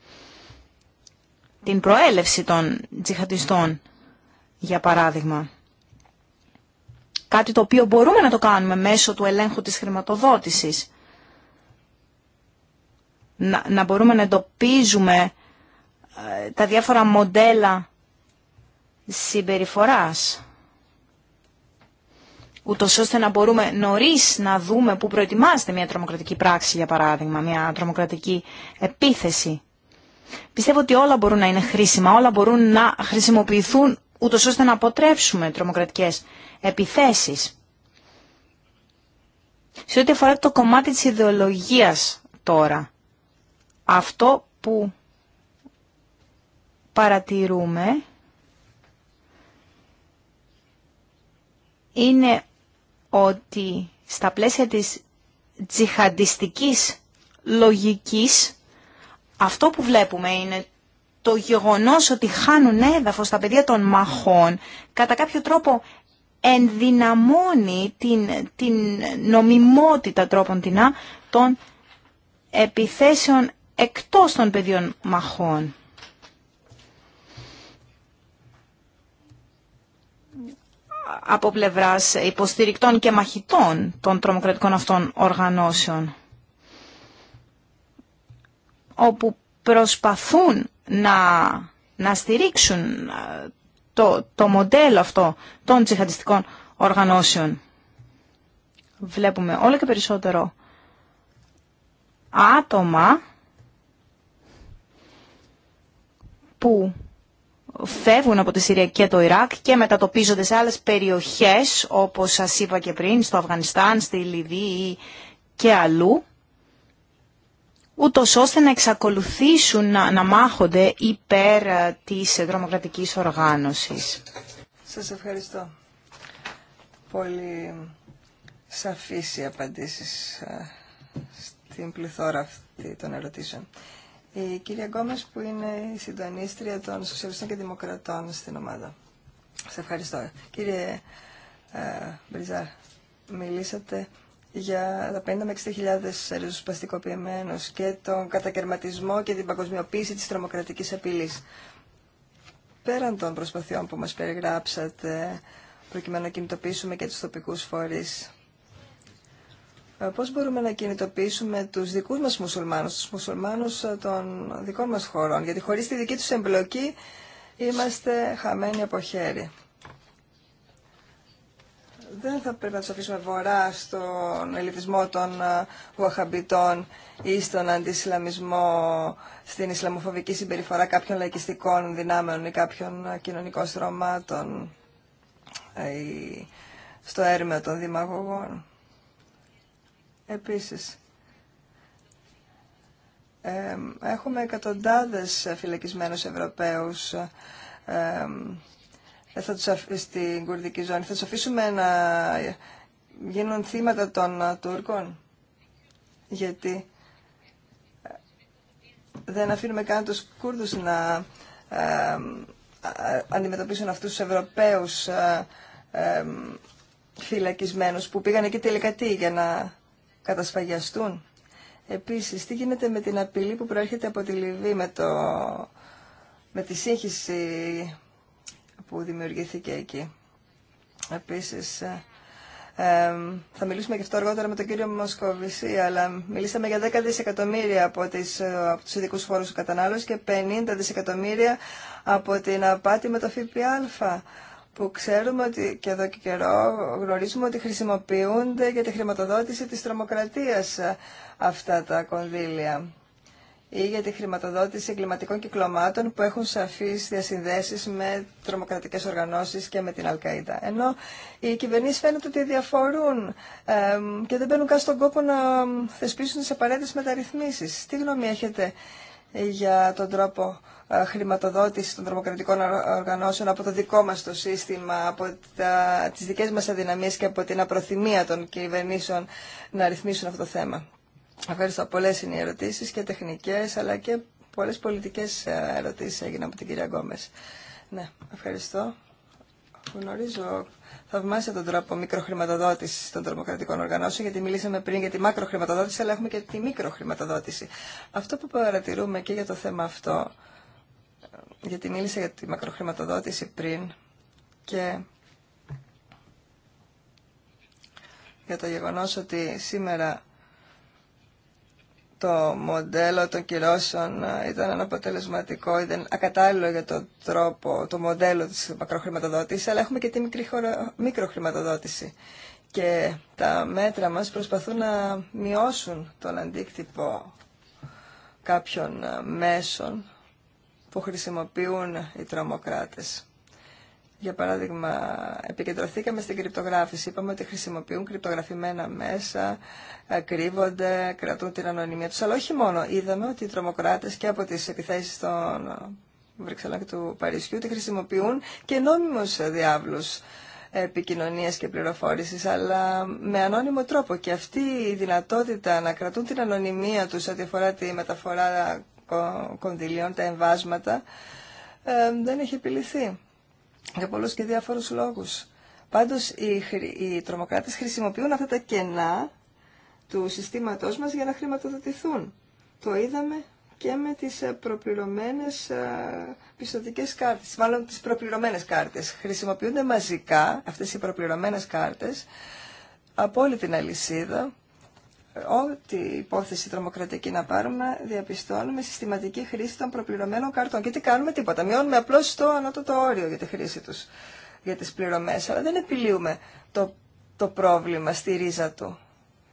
Speaker 3: την προέλευση των τζιχατιστών, για παράδειγμα. Κάτι το οποίο μπορούμε να το κάνουμε μέσω του ελέγχου της χρηματοδότησης. Να, να μπορούμε να εντοπίζουμε ε, τα διάφορα μοντέλα συμπεριφοράς. Ούτως ώστε να μπορούμε νωρίς να δούμε που προετοιμάζεται μια τρομοκρατική πράξη, για παράδειγμα, μια τρομοκρατική επίθεση. Πιστεύω ότι όλα μπορούν να είναι χρήσιμα, όλα μπορούν να χρησιμοποιηθούν ούτω ώστε να αποτρέψουμε τρομοκρατικές επιθέσεις. Σε ό,τι αφορά το κομμάτι της ιδεολογίας τώρα, αυτό που παρατηρούμε είναι ότι στα πλαίσια της τζιχαντιστικής λογικής αυτό που βλέπουμε είναι το γεγονός ότι χάνουν έδαφος τα παιδιά των μαχών κατά κάποιο τρόπο ενδυναμώνει την, την νομιμότητα τρόπων την ά των επιθέσεων εκτός των πεδίων μαχών. από πλευράς υποστηρικτών και μαχητών των τρομοκρατικών αυτών οργανώσεων, όπου προσπαθούν να, να στηρίξουν το, το μοντέλο αυτό των τσιχαντιστικών οργανώσεων. Βλέπουμε όλο και περισσότερο άτομα που φεύγουν από τη Συρία και το Ιράκ και μετατοπίζονται σε άλλες περιοχές, όπως σας είπα και πριν, στο Αφγανιστάν, στη Λιβύη και αλλού ούτως ώστε να εξακολουθήσουν να, να μάχονται υπέρ ε, της δρομοκρατικής οργάνωσης.
Speaker 1: Σας ευχαριστώ. Πολύ σαφής οι απαντήσεις ε, στην πληθώρα αυτή των ερωτήσεων. Η κυρία Γκόμες που είναι η συντονίστρια των Σοσιαλιστών και Δημοκρατών στην ομάδα. Σας ευχαριστώ. Κύριε ε, Μπριζάρ, μιλήσατε για τα 50 με 60.000 ριζοσπαστικοποιημένους και τον κατακαιρματισμό και την παγκοσμιοποίηση της τρομοκρατικής απειλής. Πέραν των προσπαθειών που μας περιγράψατε, προκειμένου να κινητοποιήσουμε και τους τοπικούς φορείς, ε, πώς μπορούμε να κινητοποιήσουμε τους δικούς μας μουσουλμάνους, τους μουσουλμάνους ε, των δικών μας χωρών, γιατί χωρίς τη δική τους εμπλοκή είμαστε χαμένοι από χέρι δεν θα πρέπει να του αφήσουμε βορρά στον ελιτισμό των Βουαχαμπιτών ε, ή στον αντισλαμισμό, στην ισλαμοφοβική συμπεριφορά κάποιων λαϊκιστικών δυνάμεων ή κάποιων ε, κοινωνικών στρωμάτων ε, ή στο έρμεο των δημαγωγών. Επίσης, έχουμε εκατοντάδες φυλακισμένους Ευρωπαίους ε, θα τους αφήσουμε στην κουρδική ζώνη. Θα τους αφήσουμε να γίνουν θύματα των ε, Τούρκων. Γιατί ε, δεν αφήνουμε καν τους Κούρδους να αντιμετωπίσουν αυτούς τους Ευρωπαίους φυλακισμένους που πήγαν εκεί τελικά τι για να κατασφαγιαστούν. Επίσης, τι γίνεται με την απειλή που προέρχεται από τη Λιβύη με, το, με τη σύγχυση που δημιουργήθηκε εκεί. Επίσης, ε, ε, θα μιλήσουμε και αυτό αργότερα με τον κύριο Μοσκοβισή, αλλά μιλήσαμε για 10 δισεκατομμύρια από, τις, ε, από τους ειδικούς φόρους του κατανάλωση και 50 δισεκατομμύρια από την απάτη με το ΦΠΑ που ξέρουμε ότι και εδώ και καιρό γνωρίζουμε ότι χρησιμοποιούνται για τη χρηματοδότηση της τρομοκρατίας αυτά τα κονδύλια ή για τη χρηματοδότηση εγκληματικών κυκλωμάτων που έχουν σαφείς διασυνδέσεις με τρομοκρατικές οργανώσεις και με την Αλκαϊδα. Ενώ οι κυβερνήσεις φαίνεται ότι διαφορούν και δεν μπαίνουν καν στον κόπο να θεσπίσουν τις απαραίτητες μεταρρυθμίσεις. Τι γνώμη έχετε για τον τρόπο ε, χρηματοδότηση των τρομοκρατικών οργανώσεων από το δικό μας το σύστημα, από τα, τις δικές μας αδυναμίες και από την απροθυμία των κυβερνήσεων να ρυθμίσουν αυτό το θέμα. Ευχαριστώ. Πολλέ είναι οι ερωτήσει και τεχνικέ αλλά και πολλέ πολιτικέ ε, ερωτήσει έγιναν από την κυρία Γκόμε. Ναι, ευχαριστώ. Γνωρίζω θαυμάσια τον τρόπο μικροχρηματοδότηση των τρομοκρατικών οργανώσεων, γιατί μιλήσαμε πριν για τη μακροχρηματοδότηση, αλλά έχουμε και τη μικροχρηματοδότηση. Αυτό που παρατηρούμε και για το θέμα αυτό, ε, γιατί μίλησα για τη μακροχρηματοδότηση πριν και για το γεγονός ότι σήμερα το μοντέλο των κυρώσεων ε, ήταν αναποτελεσματικό, ήταν ακατάλληλο για τον τρόπο, το μοντέλο της μακροχρηματοδότησης, αλλά έχουμε και τη μικροχρηματοδότηση. Και τα μέτρα μας προσπαθούν να μειώσουν τον αντίκτυπο κάποιων ε, μέσων που χρησιμοποιούν οι τρομοκράτες. Για παράδειγμα, επικεντρωθήκαμε στην κρυπτογράφηση. Είπαμε ότι χρησιμοποιούν κρυπτογραφημένα μέσα, ε, κρύβονται, κρατούν την ανωνυμία τους. Αλλά όχι μόνο. Είδαμε ότι οι τρομοκράτες και από τις επιθέσεις των ε, Βρυξελών και του Παρισιού ότι χρησιμοποιούν και νόμιμους διάβλους επικοινωνία και πληροφόρηση, αλλά με ανώνυμο τρόπο. Και αυτή η δυνατότητα να κρατούν την ανωνυμία του ό,τι αφορά τη μεταφορά κονδυλίων, τα εμβάσματα, ε, δεν έχει επιληθεί για πολλούς και διάφορους λόγους. Πάντως οι, οι τρομοκράτες χρησιμοποιούν αυτά τα κενά του συστήματός μας για να χρηματοδοτηθούν. Το είδαμε και με τις ε, προπληρωμένες ε, πιστοτικές κάρτες, μάλλον τις προπληρωμένες κάρτες. Χρησιμοποιούνται μαζικά αυτές οι προπληρωμένες κάρτες από όλη την αλυσίδα ό,τι υπόθεση τρομοκρατική να πάρουμε, διαπιστώνουμε συστηματική χρήση των προπληρωμένων καρτών. Και τι κάνουμε, τίποτα. Μειώνουμε απλώ το ανώτοτο όριο για τη χρήση του, για τι πληρωμέ. Αλλά δεν επιλύουμε το, το πρόβλημα στη ρίζα του.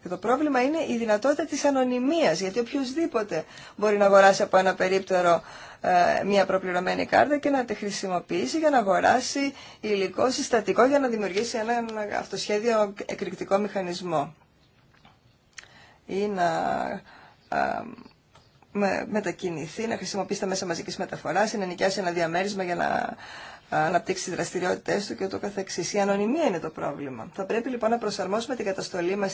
Speaker 1: Και το πρόβλημα είναι η δυνατότητα της ανωνυμίας, γιατί οποιοδήποτε μπορεί να αγοράσει από ένα περίπτερο ε, μια προπληρωμένη κάρτα και να τη χρησιμοποιήσει για να αγοράσει υλικό συστατικό για να δημιουργήσει ένα αυτοσχέδιο εκρηκτικό μηχανισμό ή να μετακινηθεί, να χρησιμοποιήσει τα μέσα μαζικής μεταφοράς ή να νοικιάσει ένα διαμέρισμα για να αναπτύξει τι δραστηριότητέ του και ούτω καθεξής. Η ανωνυμία είναι το πρόβλημα. Θα πρέπει λοιπόν να προσαρμόσουμε την καταστολή μα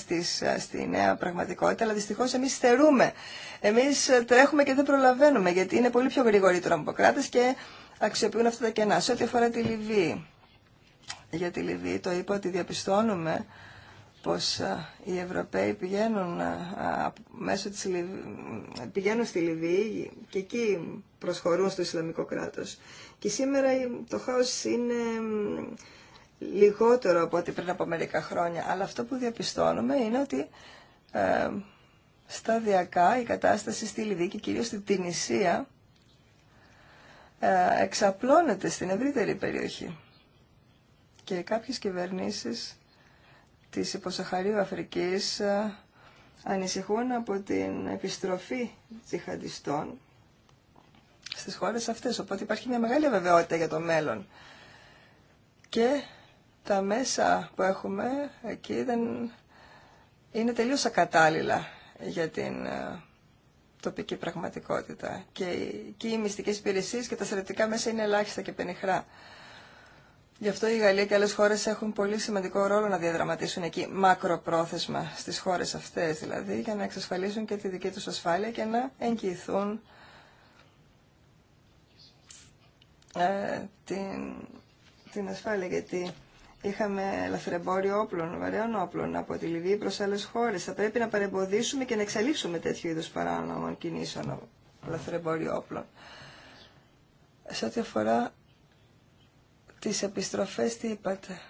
Speaker 1: στη νέα πραγματικότητα, αλλά δυστυχώ εμεί στερούμε. Εμεί τρέχουμε και δεν προλαβαίνουμε, γιατί είναι πολύ πιο γρήγοροι οι τρομοκράτε και αξιοποιούν αυτά τα κενά. Σε ό,τι αφορά τη Λιβύη. Για τη Λιβύη το είπα ότι διαπιστώνουμε πως ε, οι Ευρωπαίοι πηγαίνουν, ε, μέσω της, πηγαίνουν στη Λιβύη και εκεί προσχωρούν στο Ισλαμικό κράτος. Και σήμερα το χάος είναι λιγότερο από ό,τι πριν από μερικά χρόνια. Αλλά αυτό που διαπιστώνουμε είναι ότι ε, σταδιακά η κατάσταση στη Λιβύη και κυρίως στην Τινησία ε, εξαπλώνεται στην ευρύτερη περιοχή. Και κάποιες κυβερνήσεις της υποσαχαρίου Αφρικής ε, ανησυχούν από την επιστροφή τζιχαντιστών στις χώρες αυτές. Οπότε υπάρχει μια μεγάλη βεβαιότητα για το μέλλον. Και τα μέσα που έχουμε εκεί δεν είναι τελείως ακατάλληλα για την ε, τοπική πραγματικότητα. Και και οι μυστικές υπηρεσίε και τα στρατιωτικά μέσα είναι ελάχιστα και πενιχρά. Γι' αυτό η Γαλλία και άλλες χώρες έχουν πολύ σημαντικό ρόλο να διαδραματίσουν εκεί μακροπρόθεσμα στις χώρες αυτές δηλαδή για να εξασφαλίσουν και τη δική του ασφάλεια και να εγγυηθούν ε, την, την ασφάλεια γιατί είχαμε λαθρεμπόριο όπλων, βαρέων όπλων από τη Λιβύη προ άλλε χώρες. Θα πρέπει να παρεμποδίσουμε και να εξαλείψουμε τέτοιου είδους παράνομων κινήσεων λαθρεμπόριο όπλων. Σε ό,τι αφορά τις επιστροφές τι είπατε.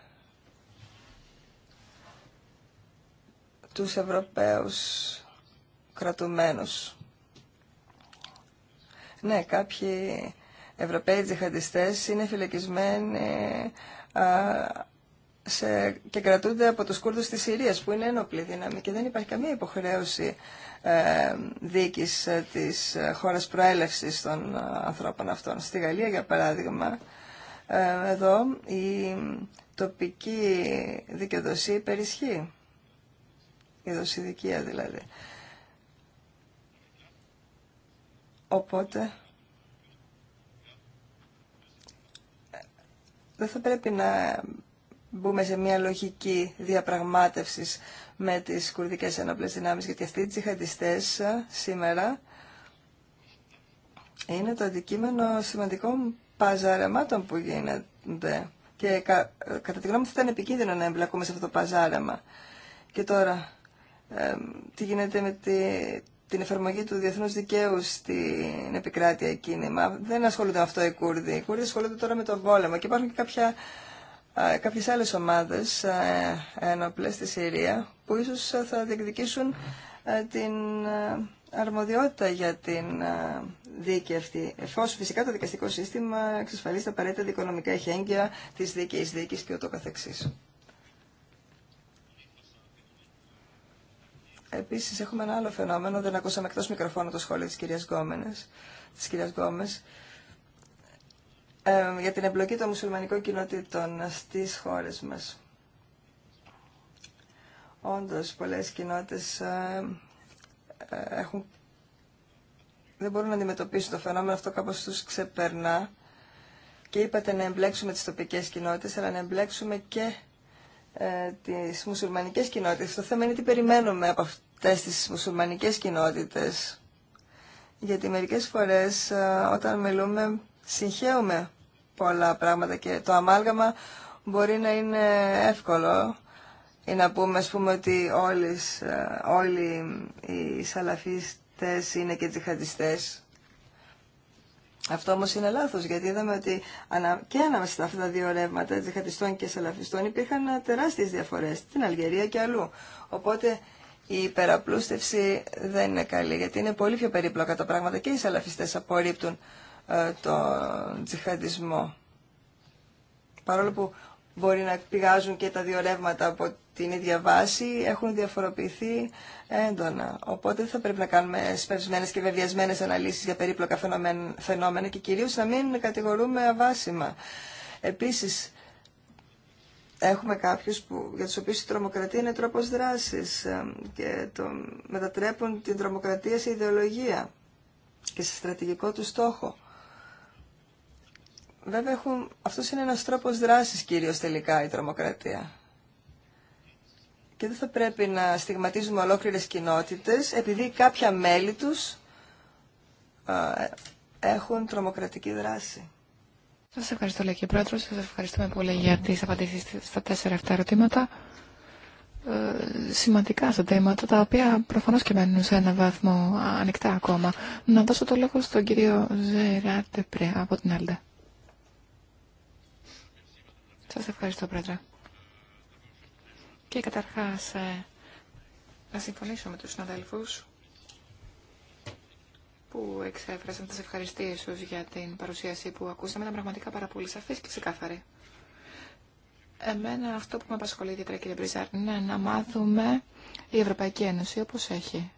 Speaker 1: Τους Ευρωπαίους κρατουμένους. Ναι, κάποιοι Ευρωπαίοι τζιχαντιστές είναι φυλακισμένοι σε, και κρατούνται από τους Κούρδους της Συρίας που είναι ένοπλη δύναμη και δεν υπάρχει καμία υποχρέωση ε, δίκης ε, της ε, χώρας προέλευσης των ε, ανθρώπων αυτών. Στη Γαλλία, για παράδειγμα, ε, εδώ η τοπική δικαιοδοσία υπερισχύει. Η δοσηδικία δηλαδή. Οπότε δεν θα πρέπει να μπούμε σε μια λογική διαπραγμάτευσης με τις κουρδικές ενόπλες δυνάμεις, γιατί αυτοί οι τσιχαντιστές ε, σήμερα είναι το αντικείμενο σημαντικό παζαρεμάτων που γίνεται Και κατά τη γνώμη μου θα ήταν επικίνδυνο να εμπλακούμε σε αυτό το παζάρεμα. Και τώρα, τι γίνεται με τη, την εφαρμογή του διεθνούς δικαίου στην επικράτεια εκείνη. Μα δεν ασχολούνται με αυτό οι Κούρδοι. Οι Κούρδοι ασχολούνται τώρα με τον πόλεμο. Και υπάρχουν και κάποια, ε, κάποιες άλλες ομάδες ε, ενοπλές στη Συρία που ίσως θα διεκδικήσουν την αρμοδιότητα για την ε, δίκη αυτή, εφόσον φυσικά το δικαστικό σύστημα εξασφαλίζει τα απαραίτητα δικονομικά εχέγγυα τη δίκαιη δίκη και ούτω καθεξή. Επίσης έχουμε ένα άλλο φαινόμενο, δεν ακούσαμε εκτό μικροφώνου το σχόλιο της κυρίας Γκόμενες, της κυρίας ε, για την εμπλοκή των μουσουλμανικών κοινότητων στις χώρες μας. Όντω πολλέ κοινότητε. Ε, ε, έχουν, δεν μπορούν να αντιμετωπίσουν το φαινόμενο αυτό κάπως τους ξεπερνά και είπατε να εμπλέξουμε τις τοπικές κοινότητες αλλά να εμπλέξουμε και ε, τις μουσουλμανικές κοινότητες. Το θέμα είναι τι περιμένουμε από αυτές τις μουσουλμανικές κοινότητες γιατί μερικές φορές ε, όταν μιλούμε συγχαίουμε πολλά πράγματα και το αμάλγαμα μπορεί να είναι εύκολο ή να πούμε, ας πούμε ότι όλες, ε, όλοι οι σαλαφίστες είναι και τζιχαντιστές. Αυτό όμως είναι λάθος, γιατί είδαμε ότι και ανάμεσα στα αυτά τα δύο ρεύματα, τζιχαντιστών και σαλαφιστών, υπήρχαν τεράστιες διαφορές, στην Αλγερία και αλλού. Οπότε η υπεραπλούστευση δεν είναι καλή, τζιχατιστες αυτο είναι πολύ πιο περίπλοκα τα δυο ρευματα τζιχατιστων και σαλαφιστων υπηρχαν τεραστιες διαφορες στην αλγερια και αλλου οποτε η υπεραπλουστευση δεν ειναι καλη γιατι ειναι πολυ πιο περιπλοκα τα πραγματα και οι σαλαφιστές απορρίπτουν ε, τον τζιχαντισμό. Παρόλο που μπορεί να πηγάζουν και τα δύο ρεύματα από την ίδια βάση, έχουν διαφοροποιηθεί έντονα. Οπότε θα πρέπει να κάνουμε σπευσμένες και βεβαιασμένες αναλύσεις για περίπλοκα φαινόμενα και κυρίως να μην κατηγορούμε αβάσιμα. Επίσης, έχουμε κάποιους που, για τους οποίους η τρομοκρατία είναι τρόπος δράσης ε, και μετατρέπουν την τρομοκρατία σε ιδεολογία και σε στρατηγικό του στόχο. Βέβαια, έχουν... αυτός είναι ένας τρόπος δράσης κυρίως τελικά η τρομοκρατία. Και δεν θα πρέπει να στιγματίζουμε ολόκληρες κοινότητες επειδή κάποια μέλη τους α, έχουν τρομοκρατική δράση.
Speaker 2: Σας ευχαριστώ, λέει και πρόεδρος. Σας ευχαριστούμε πολύ για τις απαντήσεις στα τέσσερα αυτά ερωτήματα. Ε, σημαντικά στα θέματα, τα οποία προφανώς και μένουν σε ένα βαθμό ανοιχτά ακόμα. Να δώσω το λόγο στον κύριο Ζεράτεπρε από την Άλντα. Σας ευχαριστώ, Πρόεδρε. Και καταρχάς, ε, να συμφωνήσω με τους συναδέλφους που εξέφρασαν τις ευχαριστίες τους για την παρουσίαση που ακούσαμε. Ήταν πραγματικά πάρα πολύ σαφής και ξεκάθαρη. Εμένα αυτό που με απασχολεί ιδιαίτερα κύριε Μπριζάρ είναι να μάθουμε η Ευρωπαϊκή Ένωση όπως έχει.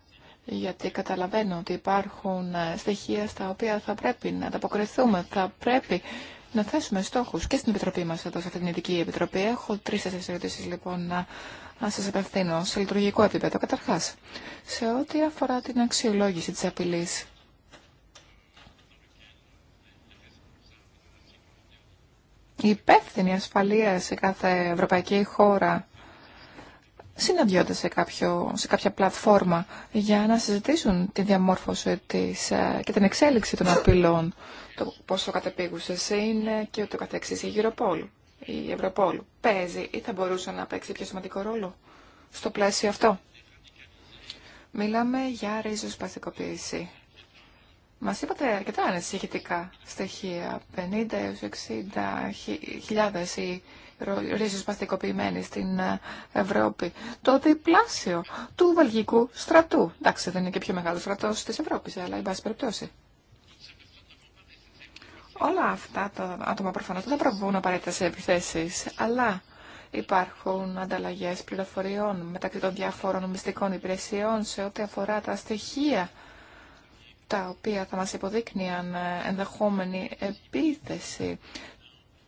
Speaker 2: Γιατί καταλαβαίνω ότι υπάρχουν ε, στοιχεία στα οποία θα πρέπει να ανταποκριθούμε, θα πρέπει να θέσουμε στόχους και στην Επιτροπή μας εδώ, σε αυτήν την Ειδική Επιτροπή. Έχω τρεις-τέσσερις ερωτήσεις λοιπόν να, να σας απευθύνω σε λειτουργικό επίπεδο. Καταρχάς, σε ό,τι αφορά την αξιολόγηση της απειλής, η υπεύθυνη ασφαλεία σε κάθε ευρωπαϊκή χώρα συναντιόνται σε, κάποιο, σε κάποια πλατφόρμα για να συζητήσουν τη διαμόρφωση της, ε, και την εξέλιξη των απειλών, το πόσο κατεπήγουσε είναι και ούτω καθεξής η Ευρωπόλου Η Ευρωπόλ παίζει ή θα μπορούσε να παίξει πιο σημαντικό ρόλο στο πλαίσιο αυτό. Μιλάμε για ριζοσπαστικοποίηση. Μα είπατε αρκετά ανησυχητικά στοιχεία. 50 έως 60 χιλιάδες ριζοσπαστικοποιημένη στην ε, Ευρώπη. Το διπλάσιο του βαλγικού στρατού. Εντάξει, δεν είναι και πιο μεγάλο στρατό τη Ευρώπη, αλλά εν πάση περιπτώσει. Όλα αυτά τα άτομα προφανώ δεν προβούν απαραίτητα σε επιθέσει, αλλά υπάρχουν ανταλλαγέ πληροφοριών μεταξύ των διάφορων μυστικών υπηρεσιών σε ό,τι αφορά τα στοιχεία τα οποία θα μας υποδείκνυαν ε, ενδεχόμενη επίθεση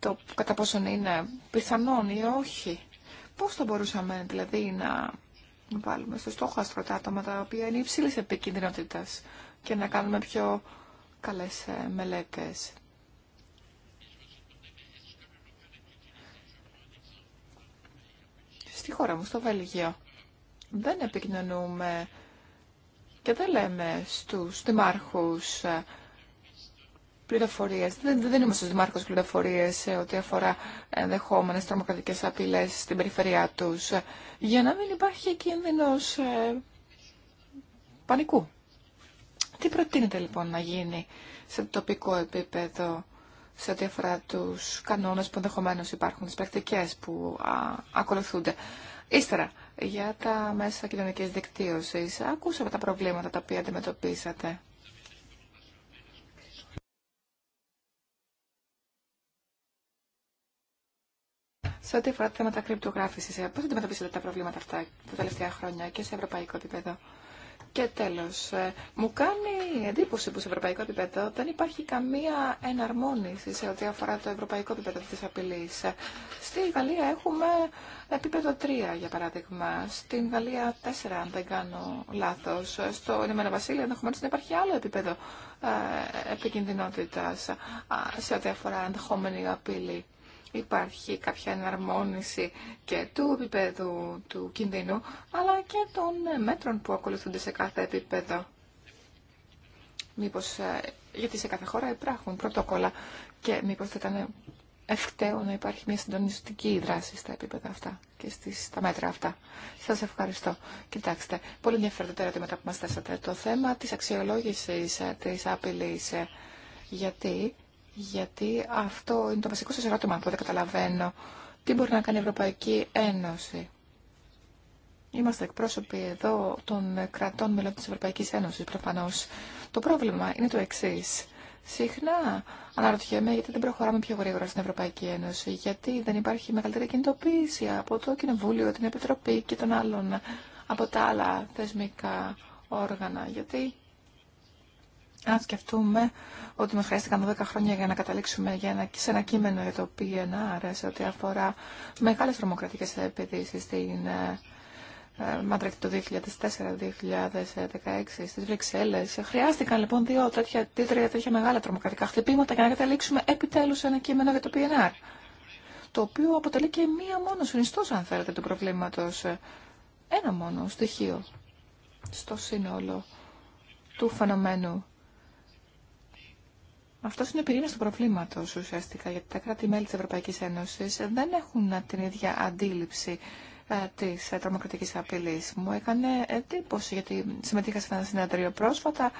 Speaker 2: το κατά πόσον είναι πιθανόν ή όχι. Πώς θα μπορούσαμε δηλαδή να βάλουμε στο στόχο τα άτομα τα οποία είναι υψηλής επικίνδυνοτητας και να κάνουμε πιο καλές ε, μελέτες. Στη χώρα μου, στο Βέλγιο, δεν επικοινωνούμε και δεν λέμε στους δημάρχους ε, δεν, είμαστε είμαι ο δημάρχους σε ό,τι αφορά ενδεχόμενε τρομοκρατικέ απειλέ στην περιφερειά τους, για να μην υπάρχει κίνδυνο ε, πανικού. Τι προτείνεται λοιπόν να γίνει σε τοπικό επίπεδο σε ό,τι αφορά του κανόνες που ενδεχομένω υπάρχουν, τις πρακτικές που ακολουθούνται. Ύστερα, για τα μέσα κοινωνική δικτύωση, ακούσαμε τα προβλήματα τα οποία αντιμετωπίσατε. σε ό,τι αφορά τα θέματα κρυπτογράφηση, ε, πώ αντιμετωπίσετε τα προβλήματα αυτά τα τελευταία χρόνια και σε ευρωπαϊκό επίπεδο. Και τέλος, ε, μου κάνει εντύπωση που σε ευρωπαϊκό επίπεδο δεν υπάρχει καμία εναρμόνιση σε ό,τι αφορά το ευρωπαϊκό επίπεδο τη απειλή. Ε, στη Γαλλία έχουμε επίπεδο 3, για παράδειγμα. Στην Γαλλία 4, αν δεν κάνω λάθο. Στο Ηνωμένο Βασίλειο ενδεχομένω να υπάρχει άλλο επίπεδο επικινδυνότητας σε ό,τι αφορά ενδεχόμενη απειλή υπάρχει κάποια εναρμόνιση και του επίπεδου του κινδύνου, αλλά και των μέτρων που ακολουθούνται σε κάθε επίπεδο. Μήπως, ε, γιατί σε κάθε χώρα υπάρχουν πρωτόκολλα και μήπως θα ήταν ευκταίο να υπάρχει μια συντονιστική δράση στα επίπεδα αυτά και στις, στα μέτρα αυτά. Σας ευχαριστώ. Κοιτάξτε, πολύ ενδιαφέροντα τα ερωτήματα που μα θέσατε. Το θέμα τη αξιολόγηση ε, τη άπειλης. Ε, γιατί γιατί αυτό είναι το βασικό σας ερώτημα που δεν καταλαβαίνω. Τι μπορεί να κάνει η Ευρωπαϊκή Ένωση. Είμαστε εκπρόσωποι εδώ των κρατών μελών της Ευρωπαϊκής Ένωσης προφανώς. Το πρόβλημα είναι το εξή. Συχνά αναρωτιέμαι γιατί δεν προχωράμε πιο γρήγορα στην Ευρωπαϊκή Ένωση, γιατί δεν υπάρχει μεγαλύτερη κινητοποίηση από το Κοινοβούλιο, την Επιτροπή και των άλλων από τα άλλα θεσμικά όργανα. Γιατί αν σκεφτούμε ότι μας χρειάστηκαν 12 χρόνια για να καταλήξουμε για ένα, σε ένα κείμενο για το PNR σε ό,τι αφορά μεγάλες τρομοκρατικές επιδύσεις στην ε, ε, Μαδρίτη το 2004-2016 στις Βρυξέλλες. Χρειάστηκαν λοιπόν δύο τέτοια, δύο, τέτοια μεγάλα τρομοκρατικά χτυπήματα για να καταλήξουμε επιτέλους σε ένα κείμενο για το PNR. Το οποίο αποτελεί και μία μόνο συνιστός, αν θέλετε, του προβλήματος. Ένα μόνο στοιχείο στο σύνολο του φαινομένου αυτό είναι ο πυρήνα του προβλήματο ουσιαστικά, γιατί τα κράτη-μέλη τη Ευρωπαϊκή Ένωση δεν έχουν την ίδια αντίληψη ε, τη ε, τρομοκρατική απειλή. Μου έκανε εντύπωση, γιατί συμμετείχα σε ένα συνέδριο πρόσφατα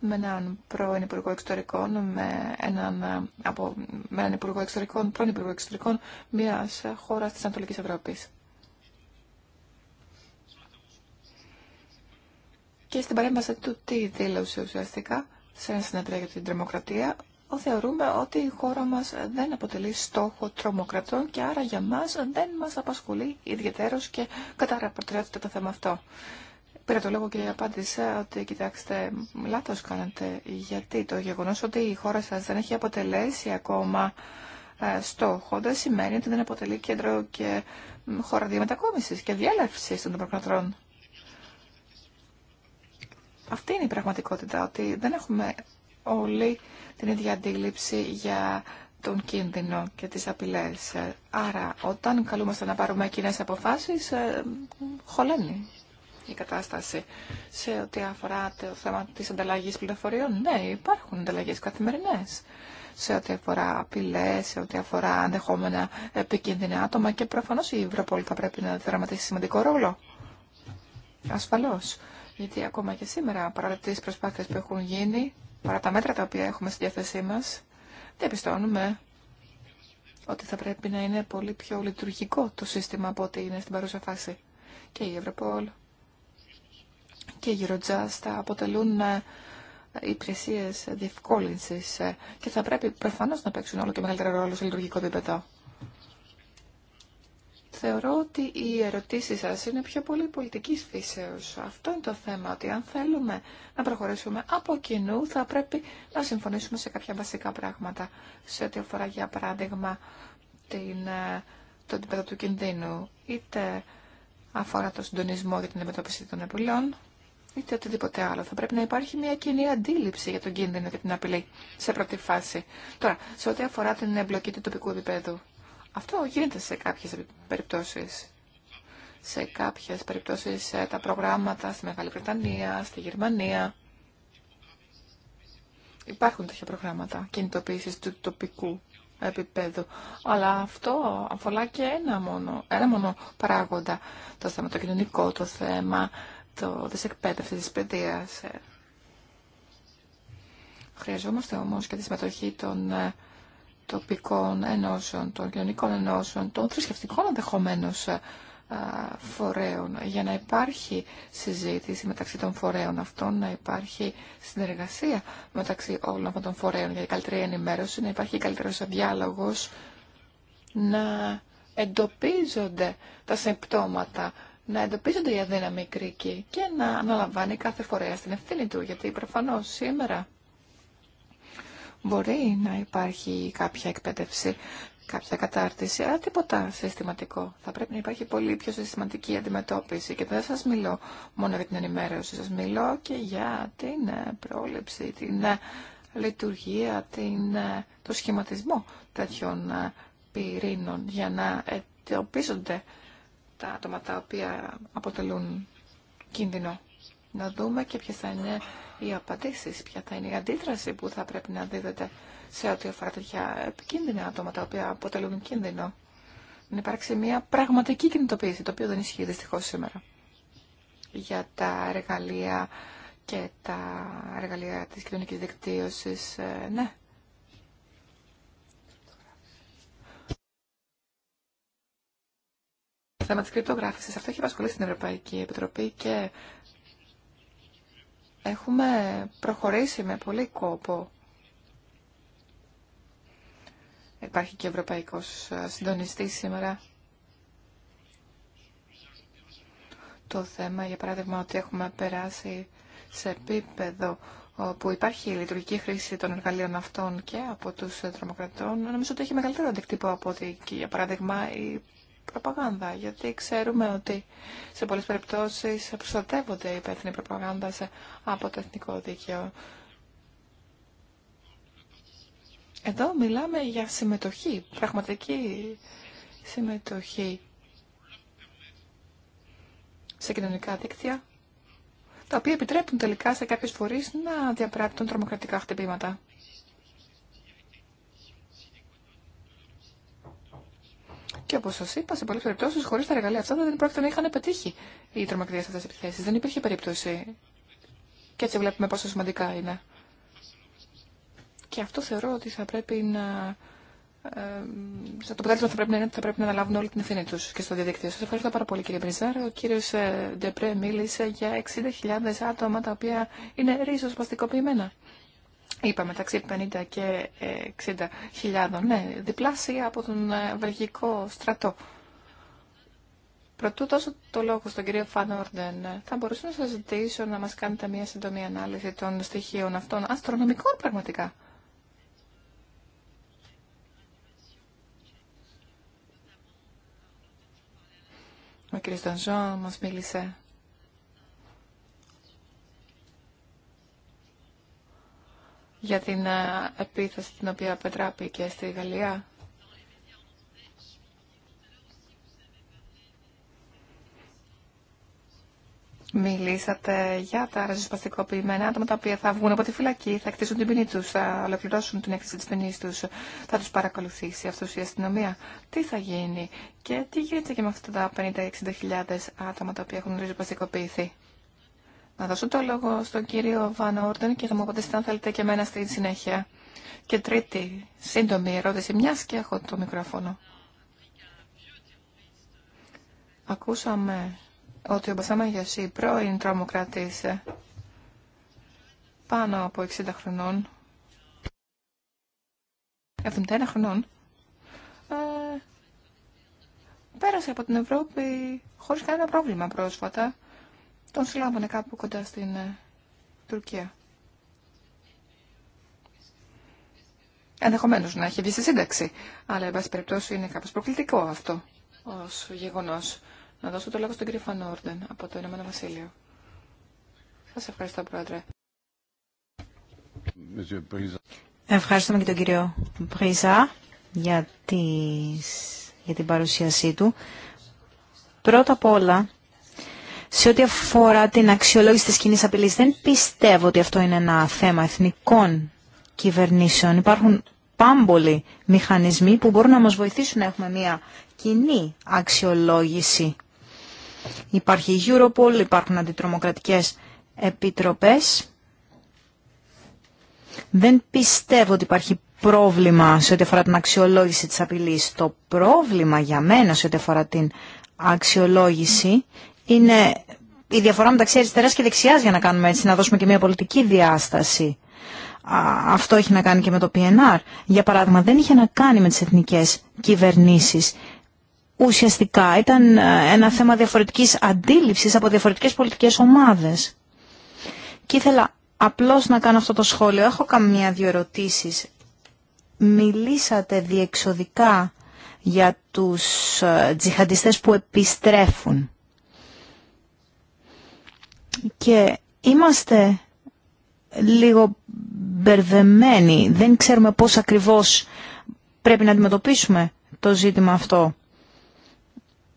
Speaker 2: με έναν πρώην Υπουργό Εξωτερικών, με έναν, ε, από, με έναν Υπουργό Εξωτερικών, πρώην Υπουργό Εξωτερικών μια χώρα τη Ανατολική Ευρώπη. Και στην παρέμβαση του τι δήλωσε ουσιαστικά σε ένα συνέδριο για την τρομοκρατία, θεωρούμε ότι η χώρα μας δεν αποτελεί στόχο τρομοκρατών και άρα για μας δεν μας απασχολεί ιδιαίτερος και καταραπατριάζεται το θέμα αυτό. Πήρα το λόγο και απάντησα ότι κοιτάξτε, λάθος κάνατε, γιατί το γεγονός ότι η χώρα σας δεν έχει αποτελέσει ακόμα ε, στόχο δεν σημαίνει ότι δεν αποτελεί κέντρο και χώρα διαμετακόμισης και διέλευσης των τρομοκρατών. Αυτή είναι η πραγματικότητα, ότι δεν έχουμε όλοι την ίδια αντίληψη για τον κίνδυνο και τις απειλές. Άρα, όταν καλούμαστε να πάρουμε κοινέ αποφάσεις, ε, χωλένει η κατάσταση. Σε ό,τι αφορά το θέμα της ανταλλαγής πληροφοριών, ναι, υπάρχουν ανταλλαγές καθημερινές. Σε ό,τι αφορά απειλέ, σε ό,τι αφορά ενδεχόμενα επικίνδυνα άτομα και προφανώς η Ευρωπόλη θα πρέπει να δραματίσει σημαντικό ρόλο. Ασφαλώς. Γιατί ακόμα και σήμερα, παρά τις προσπάθειες που έχουν γίνει, παρά τα μέτρα τα οποία έχουμε στη διάθεσή μας, πιστώνουμε ότι θα πρέπει να είναι πολύ πιο λειτουργικό το σύστημα από ό,τι είναι στην παρούσα φάση. Και η Ευρωπόλ και η Eurojust αποτελούν ε, υπηρεσίε διευκόλυνση ε, και θα πρέπει προφανώ να παίξουν όλο και μεγαλύτερο ρόλο σε λειτουργικό επίπεδο. Θεωρώ ότι οι ερωτήσεις σας είναι πιο πολύ πολιτικής φύσεως. Αυτό είναι το θέμα, ότι αν θέλουμε να προχωρήσουμε από κοινού θα πρέπει να συμφωνήσουμε σε κάποια βασικά πράγματα. Σε ό,τι αφορά για παράδειγμα την, ε, το επίπεδο του κινδύνου, είτε αφορά το συντονισμό για την αντιμετώπιση των επουλών, είτε οτιδήποτε άλλο. Θα πρέπει να υπάρχει μια κοινή αντίληψη για τον κίνδυνο και την απειλή σε πρώτη φάση. Τώρα, σε ό,τι αφορά την εμπλοκή του τοπικού επίπεδου, αυτό γίνεται σε κάποιες περιπτώσεις. Σε κάποιες περιπτώσεις ε, τα προγράμματα στη Μεγάλη Βρετανία, στη Γερμανία. Υπάρχουν τέτοια προγράμματα κινητοποίησης του τοπικού επίπεδου. Αλλά αυτό αφορά και ένα μόνο, ένα μόνο παράγοντα. Το θέμα το κοινωνικό, το θέμα το, της εκπαίδευσης, της παιδείας. Ε. Χρειαζόμαστε όμως και τη συμμετοχή των ε, τοπικών ενώσεων, των κοινωνικών ενώσεων, των θρησκευτικών ενδεχομένω ε, φορέων, για να υπάρχει συζήτηση μεταξύ των φορέων αυτών, να υπάρχει συνεργασία μεταξύ όλων αυτών των φορέων για καλύτερη ενημέρωση, να υπάρχει καλύτερος διάλογος, να εντοπίζονται τα συμπτώματα, να εντοπίζονται οι αδύναμοι κρίκοι και να αναλαμβάνει κάθε φορέα στην ευθύνη του, γιατί προφανώς σήμερα Μπορεί να υπάρχει κάποια εκπαίδευση, κάποια κατάρτιση, αλλά τίποτα συστηματικό. Θα πρέπει να υπάρχει πολύ πιο συστηματική αντιμετώπιση και δεν σας μιλώ μόνο για την ενημέρωση, σας μιλώ και για την ε, πρόληψη, την ε, λειτουργία, την, ε, το σχηματισμό τέτοιων πυρήνων για να εντοπίζονται τα άτομα τα οποία αποτελούν κίνδυνο. Να δούμε και ποιες θα είναι οι απαντήσεις, ποια θα είναι η αντίδραση που θα πρέπει να δίδεται σε ό,τι αφορά τέτοια επικίνδυνα άτομα τα οποία αποτελούν κίνδυνο. Να υπάρξει μια πραγματική κινητοποίηση, το οποίο δεν ισχύει δυστυχώ σήμερα. Για τα εργαλεία και τα εργαλεία της κοινωνικής δικτύωσης, ε, ναι. Το θέμα τη κρυπτογράφηση. Αυτό έχει απασχολήσει την Ευρωπαϊκή Επιτροπή και έχουμε προχωρήσει με πολύ κόπο. Υπάρχει και ευρωπαϊκός ε, συντονιστής σήμερα. Το θέμα, για παράδειγμα, ότι έχουμε περάσει σε επίπεδο ε, που υπάρχει η λειτουργική χρήση των εργαλείων αυτών και από τους ε, τρομοκρατών, νομίζω ότι έχει μεγαλύτερο αντικτύπο από ότι, για παράδειγμα, η προπαγάνδα, γιατί ξέρουμε ότι σε πολλές περιπτώσεις προστατεύονται οι υπεύθυνοι προπαγάνδα από το εθνικό δίκαιο. Εδώ μιλάμε για συμμετοχή, πραγματική συμμετοχή σε κοινωνικά δίκτυα, τα οποία επιτρέπουν τελικά σε κάποιες φορείς να διαπράττουν τρομοκρατικά χτυπήματα. Και όπω σα είπα, σε πολλέ περιπτώσει, χωρί τα εργαλεία αυτά δεν πρόκειται να είχαν πετύχει οι τρομακτικέ αυτέ επιθέσει. Δεν υπήρχε περίπτωση. Και έτσι βλέπουμε πόσο σημαντικά είναι. Και αυτό θεωρώ ότι θα πρέπει να. Ε, το αποτέλεσμα θα πρέπει να είναι ότι θα πρέπει να αναλάβουν όλη την ευθύνη του και στο διαδίκτυο. Σα ευχαριστώ πάρα πολύ, κύριε Μπριζάρ. Ο κύριο ε, Ντεπρέ μίλησε για 60.000 άτομα τα οποία είναι παστικοποιημένα. Είπα μεταξύ 50 και 60 ε, χιλιάδων, ναι, διπλάσια από τον ε, βελγικό στρατό. Προτού τόσο το λόγο στον κύριο Φανόρντεν, ε, θα μπορούσα να σας ζητήσω να μας κάνετε μια συντομή ανάλυση των στοιχείων αυτών, αστρονομικών πραγματικά. Ο κύριος Ντανζόν μας μίλησε για την ε, επίθεση την οποία πετράπηκε στη Γαλλία. Μιλήσατε για τα ριζοσπαστικοποιημένα άτομα τα οποία θα βγουν από τη φυλακή, θα εκτίσουν την ποινή του, θα ολοκληρώσουν την έκθεση τη ποινή του, θα του παρακολουθήσει αυτού η αστυνομία. Τι θα γίνει και τι γίνεται και με αυτά τα 50-60 χιλιάδε άτομα τα οποία έχουν ριζοσπαστικοποιηθεί. Να δώσω το λόγο στον κύριο Βαν Όρντεν και θα μου απαντήσετε αν θέλετε και εμένα στη συνέχεια. Και τρίτη σύντομη ερώτηση, μια και έχω το μικρόφωνο. Ακούσαμε ότι ο Μπασάμα Γιασί πρώην τρομοκράτης πάνω από 60 χρονών, 71 χρονών, ε, πέρασε από την Ευρώπη χωρίς κανένα πρόβλημα πρόσφατα τον συλλάβανε κάπου κοντά στην ε, Τουρκία. Ενδεχομένω να έχει βγει στη σύνταξη, αλλά εν πάση περιπτώσει είναι κάπω προκλητικό αυτό ω γεγονό. Να δώσω το λόγο στον κύριο Φανόρντεν από το Ηνωμένο Βασίλειο. Σα ευχαριστώ, Πρόεδρε.
Speaker 3: Ευχαριστούμε και τον κύριο Πρίζα για, τις... για την παρουσίασή του. Πρώτα απ' όλα, σε ό,τι αφορά την αξιολόγηση της κοινή απειλή, δεν πιστεύω ότι αυτό είναι ένα θέμα εθνικών κυβερνήσεων. Υπάρχουν πάμπολοι μηχανισμοί που μπορούν να μας βοηθήσουν να έχουμε μια κοινή αξιολόγηση. Υπάρχει η Europol, υπάρχουν αντιτρομοκρατικές επιτροπές. Δεν πιστεύω ότι υπάρχει πρόβλημα σε ό,τι αφορά την αξιολόγηση της απειλής. Το πρόβλημα για μένα σε ό,τι αφορά την αξιολόγηση είναι η διαφορά μεταξύ αριστερά και δεξιά για να κάνουμε έτσι, να δώσουμε και μια πολιτική διάσταση. Αυτό έχει να κάνει και με το PNR. Για παράδειγμα, δεν είχε να κάνει με τις εθνικές κυβερνήσεις. Ουσιαστικά ήταν ε, ένα θέμα διαφορετικής αντίληψης από διαφορετικές πολιτικές ομάδες. Και ήθελα απλώς να κάνω αυτό το σχόλιο. Έχω καμία-δύο ερωτήσει. Μιλήσατε διεξοδικά για τους ε, τζιχαντιστές που επιστρέφουν και είμαστε λίγο μπερδεμένοι. Δεν ξέρουμε πώς ακριβώς πρέπει να αντιμετωπίσουμε το ζήτημα αυτό.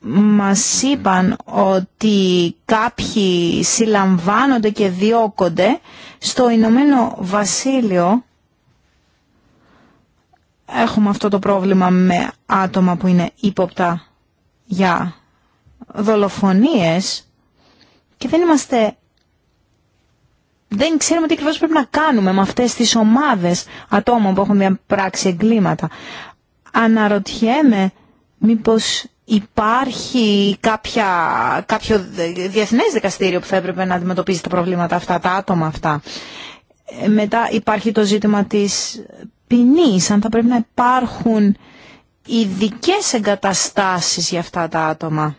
Speaker 3: Μας είπαν ότι κάποιοι συλλαμβάνονται και διώκονται στο Ηνωμένο Βασίλειο. Έχουμε αυτό το πρόβλημα με άτομα που είναι ύποπτα για δολοφονίες και δεν είμαστε... Δεν ξέρουμε τι ακριβώ πρέπει να κάνουμε με αυτές τις ομάδες ατόμων που έχουν μια πράξη εγκλήματα. Αναρωτιέμαι μήπως υπάρχει κάποια, κάποιο διεθνές δικαστήριο που θα έπρεπε να αντιμετωπίζει τα προβλήματα αυτά, τα άτομα αυτά. Ε, μετά υπάρχει το ζήτημα της ποινή, αν θα πρέπει να υπάρχουν ειδικέ εγκαταστάσεις για αυτά τα άτομα.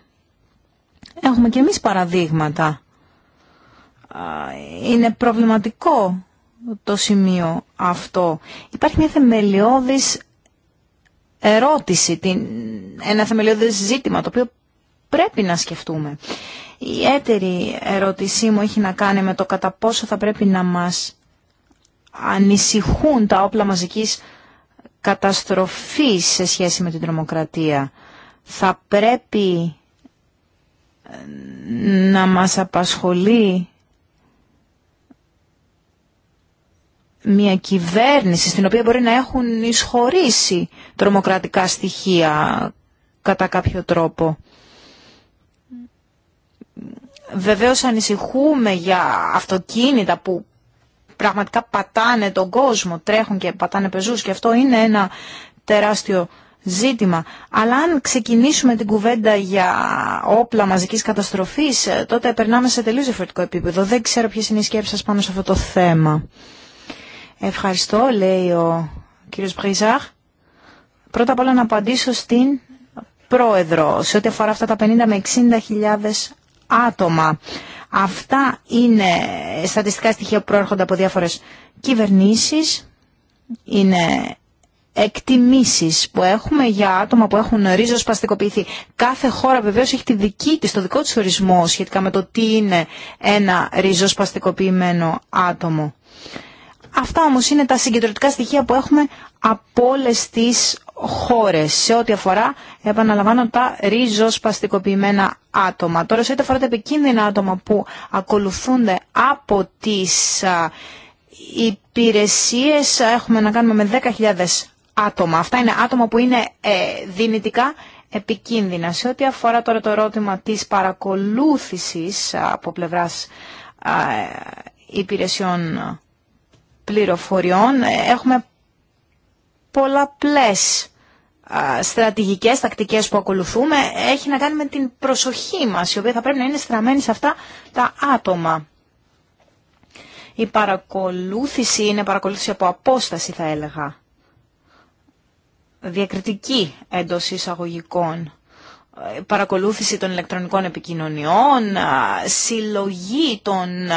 Speaker 3: Έχουμε και εμείς παραδείγματα. Είναι προβληματικό το σημείο αυτό. Υπάρχει μια θεμελιώδης ερώτηση, ένα θεμελιώδης ζήτημα το οποίο πρέπει να σκεφτούμε. Η έτερη ερώτησή μου έχει να κάνει με το κατά πόσο θα πρέπει να μας ανησυχούν τα όπλα μαζικής καταστροφής σε σχέση με την τρομοκρατία. Θα πρέπει να μας απασχολεί μια κυβέρνηση στην οποία μπορεί να έχουν εισχωρήσει τρομοκρατικά στοιχεία κατά κάποιο τρόπο. Βεβαίως ανησυχούμε για αυτοκίνητα που πραγματικά πατάνε τον κόσμο, τρέχουν και πατάνε πεζούς και αυτό είναι ένα τεράστιο ζήτημα. Αλλά αν ξεκινήσουμε την κουβέντα για όπλα μαζικής καταστροφής, ε, τότε περνάμε σε τελείως διαφορετικό επίπεδο. Δεν ξέρω ποιες είναι οι σκέψεις σας πάνω σε αυτό το θέμα. Ευχαριστώ, λέει ο κύριος Μπριζάχ. Πρώτα απ' όλα να απαντήσω στην πρόεδρο σε ό,τι αφορά αυτά τα 50 με 60.000 άτομα. Αυτά είναι στατιστικά στοιχεία που προέρχονται από διάφορες κυβερνήσεις. Είναι εκτιμήσεις που έχουμε για άτομα που έχουν ρίζος παστικοποιηθεί. Κάθε χώρα βεβαίως έχει τη δική της, το δικό της ορισμό σχετικά με το τι είναι ένα ρίζος παστικοποιημένο άτομο. Αυτά όμως είναι τα συγκεντρωτικά στοιχεία που έχουμε από όλε τις χώρες σε ό,τι αφορά, επαναλαμβάνω, τα ριζοσπαστικοποιημένα άτομα. Τώρα σε ό,τι αφορά τα επικίνδυνα άτομα που ακολουθούνται από τις υπηρεσίες, έχουμε να κάνουμε με 10.000 άτομα. Αυτά είναι άτομα που είναι ε, δυνητικά επικίνδυνα. Σε ό,τι αφορά τώρα το ερώτημα της παρακολούθησης από πλευράς υπηρεσιών πληροφοριών, ε, έχουμε πολλαπλές στρατηγικές, τακτικές που ακολουθούμε έχει να κάνει με την προσοχή μας η οποία θα πρέπει να είναι στραμμένη σε αυτά τα άτομα. Η παρακολούθηση είναι παρακολούθηση από απόσταση θα έλεγα διακριτική έντοση εισαγωγικών ε, παρακολούθηση των ηλεκτρονικών επικοινωνιών, ε, συλλογή των ε,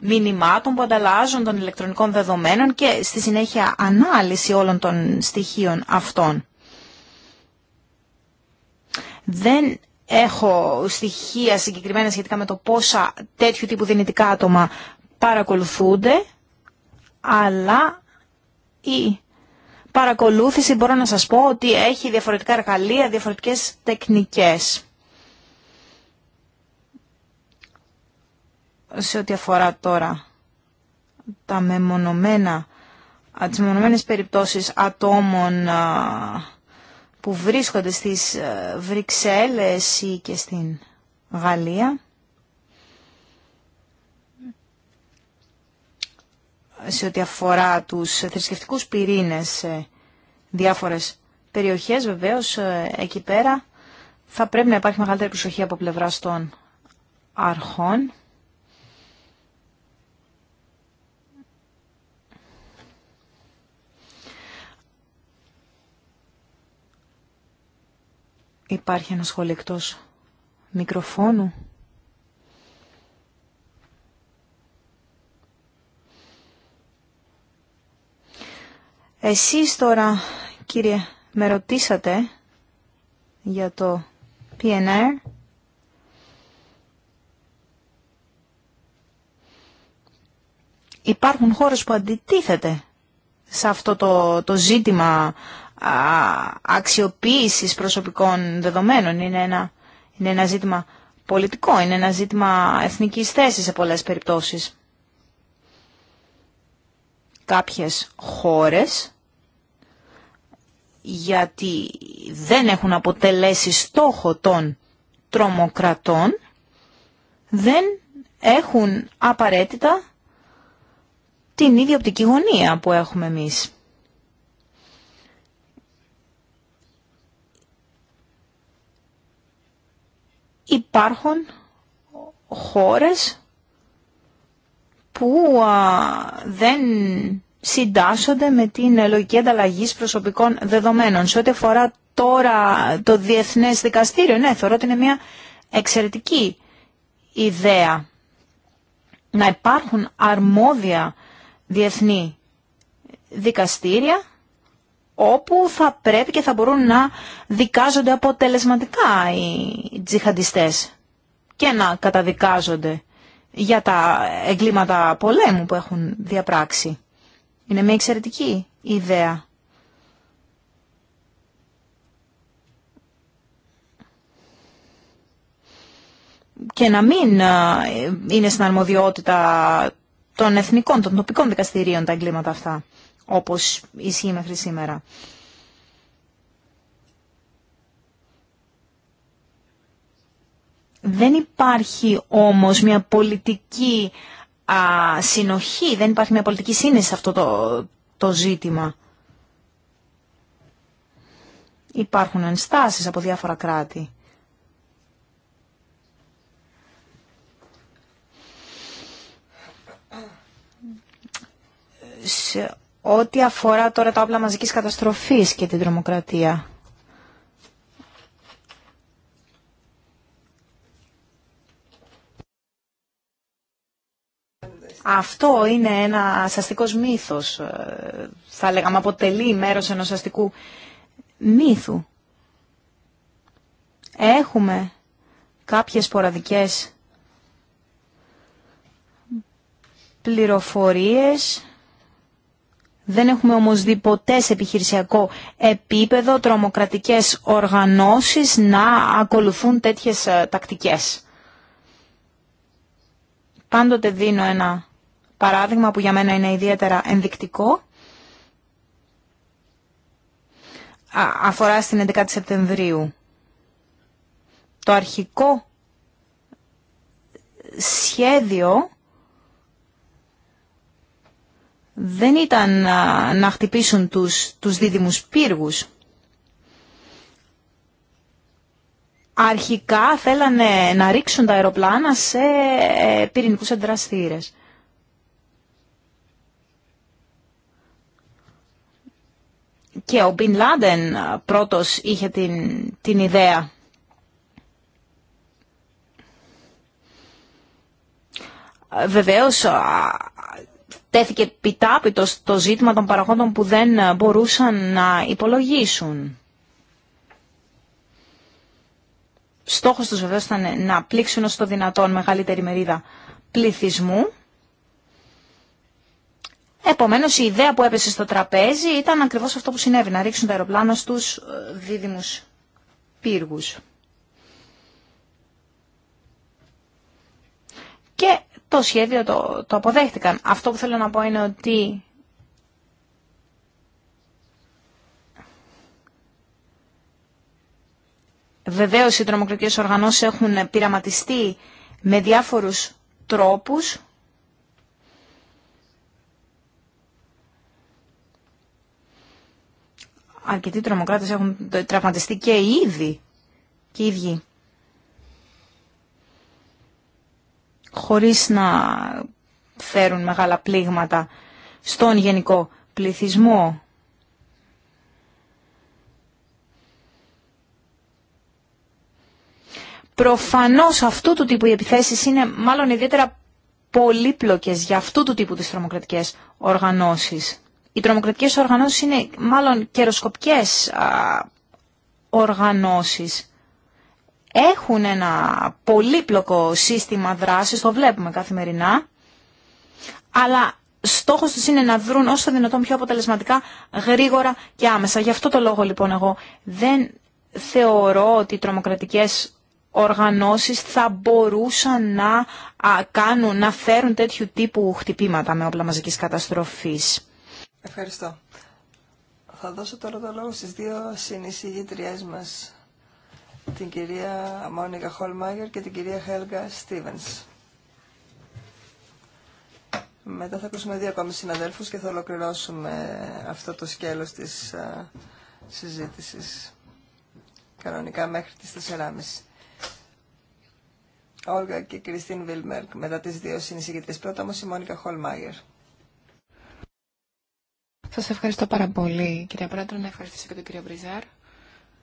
Speaker 3: μηνυμάτων που ανταλλάζουν των ηλεκτρονικών δεδομένων και στη συνέχεια ανάλυση όλων των στοιχείων αυτών. Δεν έχω στοιχεία συγκεκριμένα σχετικά με το πόσα τέτοιου τύπου δυνητικά άτομα παρακολουθούνται, αλλά η παρακολούθηση μπορώ να σας πω ότι έχει διαφορετικά εργαλεία, διαφορετικές τεχνικές. Σε ό,τι αφορά τώρα τα μεμονωμένα, τις μεμονωμένες περιπτώσεις ατόμων που βρίσκονται στις ε, Βρυξέλλες ή και στην Γαλλία. σε ό,τι αφορά τους θρησκευτικού πυρήνες σε διάφορες περιοχές. Βεβαίως, ε, εκεί πέρα θα πρέπει να υπάρχει μεγαλύτερη προσοχή από πλευρά των αρχών. Υπάρχει ένα σχολείο μικροφώνου. μικροφόνου. Εσείς τώρα, κύριε, με ρωτήσατε για το PNR. Υπάρχουν χώρες που αντιτίθεται σε αυτό το, το ζήτημα α, αξιοποίησης προσωπικών δεδομένων. Είναι ένα, είναι ένα ζήτημα πολιτικό, είναι ένα ζήτημα εθνικής θέσης σε πολλές περιπτώσεις. Κάποιες χώρες γιατί δεν έχουν αποτελέσει στόχο των τρομοκρατών, δεν έχουν απαραίτητα την ίδια οπτική γωνία που έχουμε εμείς. Υπάρχουν χώρες που δεν συντάσσονται με την λογική ανταλλαγή προσωπικών δεδομένων. Σε ό,τι αφορά τώρα το διεθνέ Δικαστήριο, ναι, θεωρώ ότι είναι μια εξαιρετική ιδέα να υπάρχουν αρμόδια διεθνή δικαστήρια όπου θα πρέπει και θα μπορούν να δικάζονται αποτελεσματικά οι τζιχαντιστές και να καταδικάζονται για τα εγκλήματα πολέμου που έχουν διαπράξει. Είναι μια εξαιρετική ιδέα. Και να μην είναι στην αρμοδιότητα των εθνικών, των τοπικών δικαστηρίων τα εγκλήματα αυτά, όπως ισχύει μέχρι σήμερα. Δεν υπάρχει όμως μια πολιτική συνοχή, δεν υπάρχει μια πολιτική σύνεση σε αυτό το, το ζήτημα. Υπάρχουν ενστάσεις από διάφορα κράτη. ό,τι αφορά τώρα τα όπλα μαζικής καταστροφής και την τρομοκρατία. Αυτό είναι ένα αστικό μύθος, ε, θα λέγαμε, αποτελεί μέρος ενός αστικού μύθου. Έχουμε κάποιες ποραδικές πληροφορίε. δεν έχουμε όμως δει ποτέ σε επιχειρησιακό επίπεδο τρομοκρατικές οργανώσεις να ακολουθούν τέτοιες ε, τακτικές. Πάντοτε δίνω ένα παράδειγμα που για μένα είναι ιδιαίτερα ενδεικτικό αφορά στην 11η Σεπτεμβρίου. Το αρχικό σχέδιο δεν ήταν να χτυπήσουν τους, τους δίδυμους πύργους. Αρχικά θέλανε να ρίξουν τα αεροπλάνα σε ε, πυρηνικούς αντιδραστήρες. και ο Μπιν Λάντεν ε, πρώτος είχε την, την ιδέα. Ε, βεβαίως τέθηκε πιτάπιτο το ζήτημα των παραγόντων που δεν μπορούσαν να υπολογίσουν. Στόχος τους βεβαίως ήταν να πλήξουν ως το δυνατόν μεγαλύτερη μερίδα πληθυσμού Επομένω, η ιδέα που έπεσε στο τραπέζι ήταν ακριβώς αυτό που συνέβη, να ρίξουν τα αεροπλάνα στου ε, δίδυμου πύργου. Και το σχέδιο το, το αποδέχτηκαν. Αυτό που θέλω να πω είναι ότι βεβαίως οι τρομοκρατικές οργανώσεις έχουν πειραματιστεί με διάφορους τρόπους αρκετοί τρομοκράτες έχουν τραυματιστεί και ήδη και ίδιοι χωρίς να φέρουν μεγάλα πλήγματα στον γενικό πληθυσμό. Προφανώς αυτού του τύπου οι επιθέσεις είναι μάλλον ιδιαίτερα πολύπλοκες για αυτού του τύπου τις τρομοκρατικές οργανώσεις οι τρομοκρατικέ οργανώσεις είναι μάλλον καιροσκοπικέ οργανώσεις. Έχουν ένα πολύπλοκο σύστημα δράση, το βλέπουμε καθημερινά, αλλά στόχος του είναι να δρουν όσο δυνατόν πιο αποτελεσματικά, γρήγορα και άμεσα. Γι' αυτό το λόγο λοιπόν εγώ δεν θεωρώ ότι οι τρομοκρατικές οργανώσεις θα μπορούσαν να κάνουν, να φέρουν τέτοιου τύπου χτυπήματα με όπλα μαζικής καταστροφής.
Speaker 1: Ευχαριστώ. Θα δώσω τώρα το λόγο στις δύο συνεισηγήτριές μας, την κυρία Μόνικα Χολμάγερ και την κυρία Χέλγα Στίβενς. Μετά θα ακούσουμε δύο ακόμη συναδέλφους και θα ολοκληρώσουμε αυτό το σκέλος της συζήτησης. Κανονικά μέχρι τις 4.30. Όλγα και Κριστίν Βιλμέρκ μετά τις δύο συνεισηγητές. Πρώτα όμως η Μόνικα Χολμάγερ.
Speaker 2: Σας ευχαριστώ πάρα πολύ, κυρία Πρόεδρε, να ευχαριστήσω και τον κύριο Μπριζάρ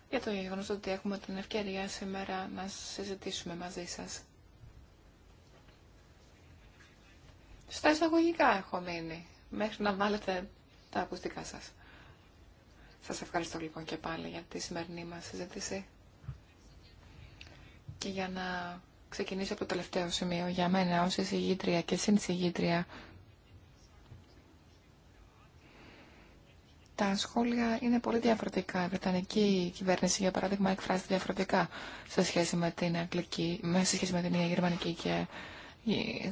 Speaker 2: για το γεγονό ότι έχουμε την ευκαιρία σήμερα να συζητήσουμε μαζί σας. Στα εισαγωγικά έχω μείνει, μέχρι να βάλετε τα ακουστικά σας. Σας ευχαριστώ λοιπόν και πάλι για τη σημερινή μας συζήτηση. Και για να ξεκινήσω από το τελευταίο σημείο για μένα ως εισηγήτρια και συνεισηγήτρια, τα σχόλια είναι πολύ διαφορετικά. Η Βρετανική κυβέρνηση, για παράδειγμα, εκφράζεται διαφορετικά σε σχέση με την, Αγγλική, σε σχέση με την Γερμανική και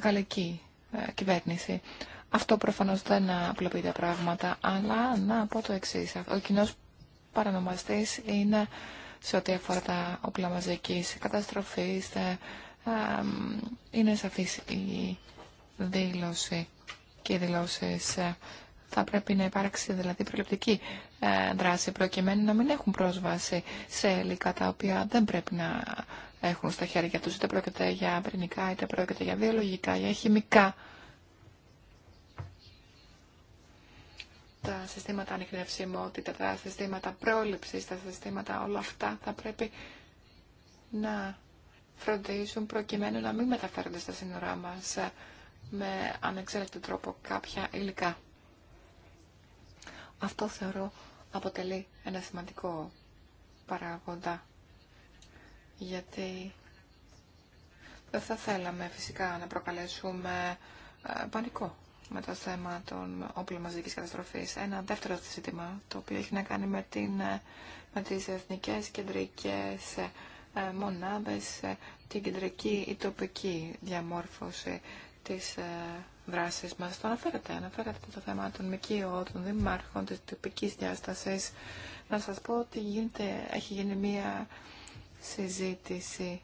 Speaker 2: Γαλλική ε, κυβέρνηση. Αυτό προφανώς δεν απλοποιεί τα πράγματα, αλλά να πω το εξή. Ο κοινό παρανομαστής είναι σε ό,τι αφορά τα όπλα μαζική καταστροφή ε, είναι σαφή η δήλωση και οι δηλώσει ε, θα πρέπει να υπάρξει δηλαδή προληπτική ε, δράση προκειμένου να μην έχουν πρόσβαση σε υλικά τα οποία δεν πρέπει να έχουν στα χέρια τους. Είτε πρόκειται για πυρηνικά, είτε πρόκειται για βιολογικά, για χημικά. τα συστήματα ανιχνευσιμότητα, τα συστήματα πρόληψης, τα συστήματα όλα αυτά θα πρέπει να φροντίσουν προκειμένου να μην μεταφέρονται στα σύνορά μας ε, με ανεξέλεκτο τρόπο κάποια υλικά. Αυτό θεωρώ αποτελεί ένα σημαντικό παράγοντα. Γιατί δεν θα θέλαμε φυσικά να προκαλέσουμε ε, πανικό με το θέμα των όπλων μαζικής καταστροφής. Ένα δεύτερο ζήτημα, το οποίο έχει να κάνει με, την, ε, με τις εθνικές κεντρικές ε, μονάδες, την κεντρική ή τοπική διαμόρφωση της μας. Το αναφέρατε, αναφέρετε το θέμα των ΜΚΟ, των δημάρχων, της τυπικής διάστασης. Να σας πω ότι γίνεται, έχει γίνει μία συζήτηση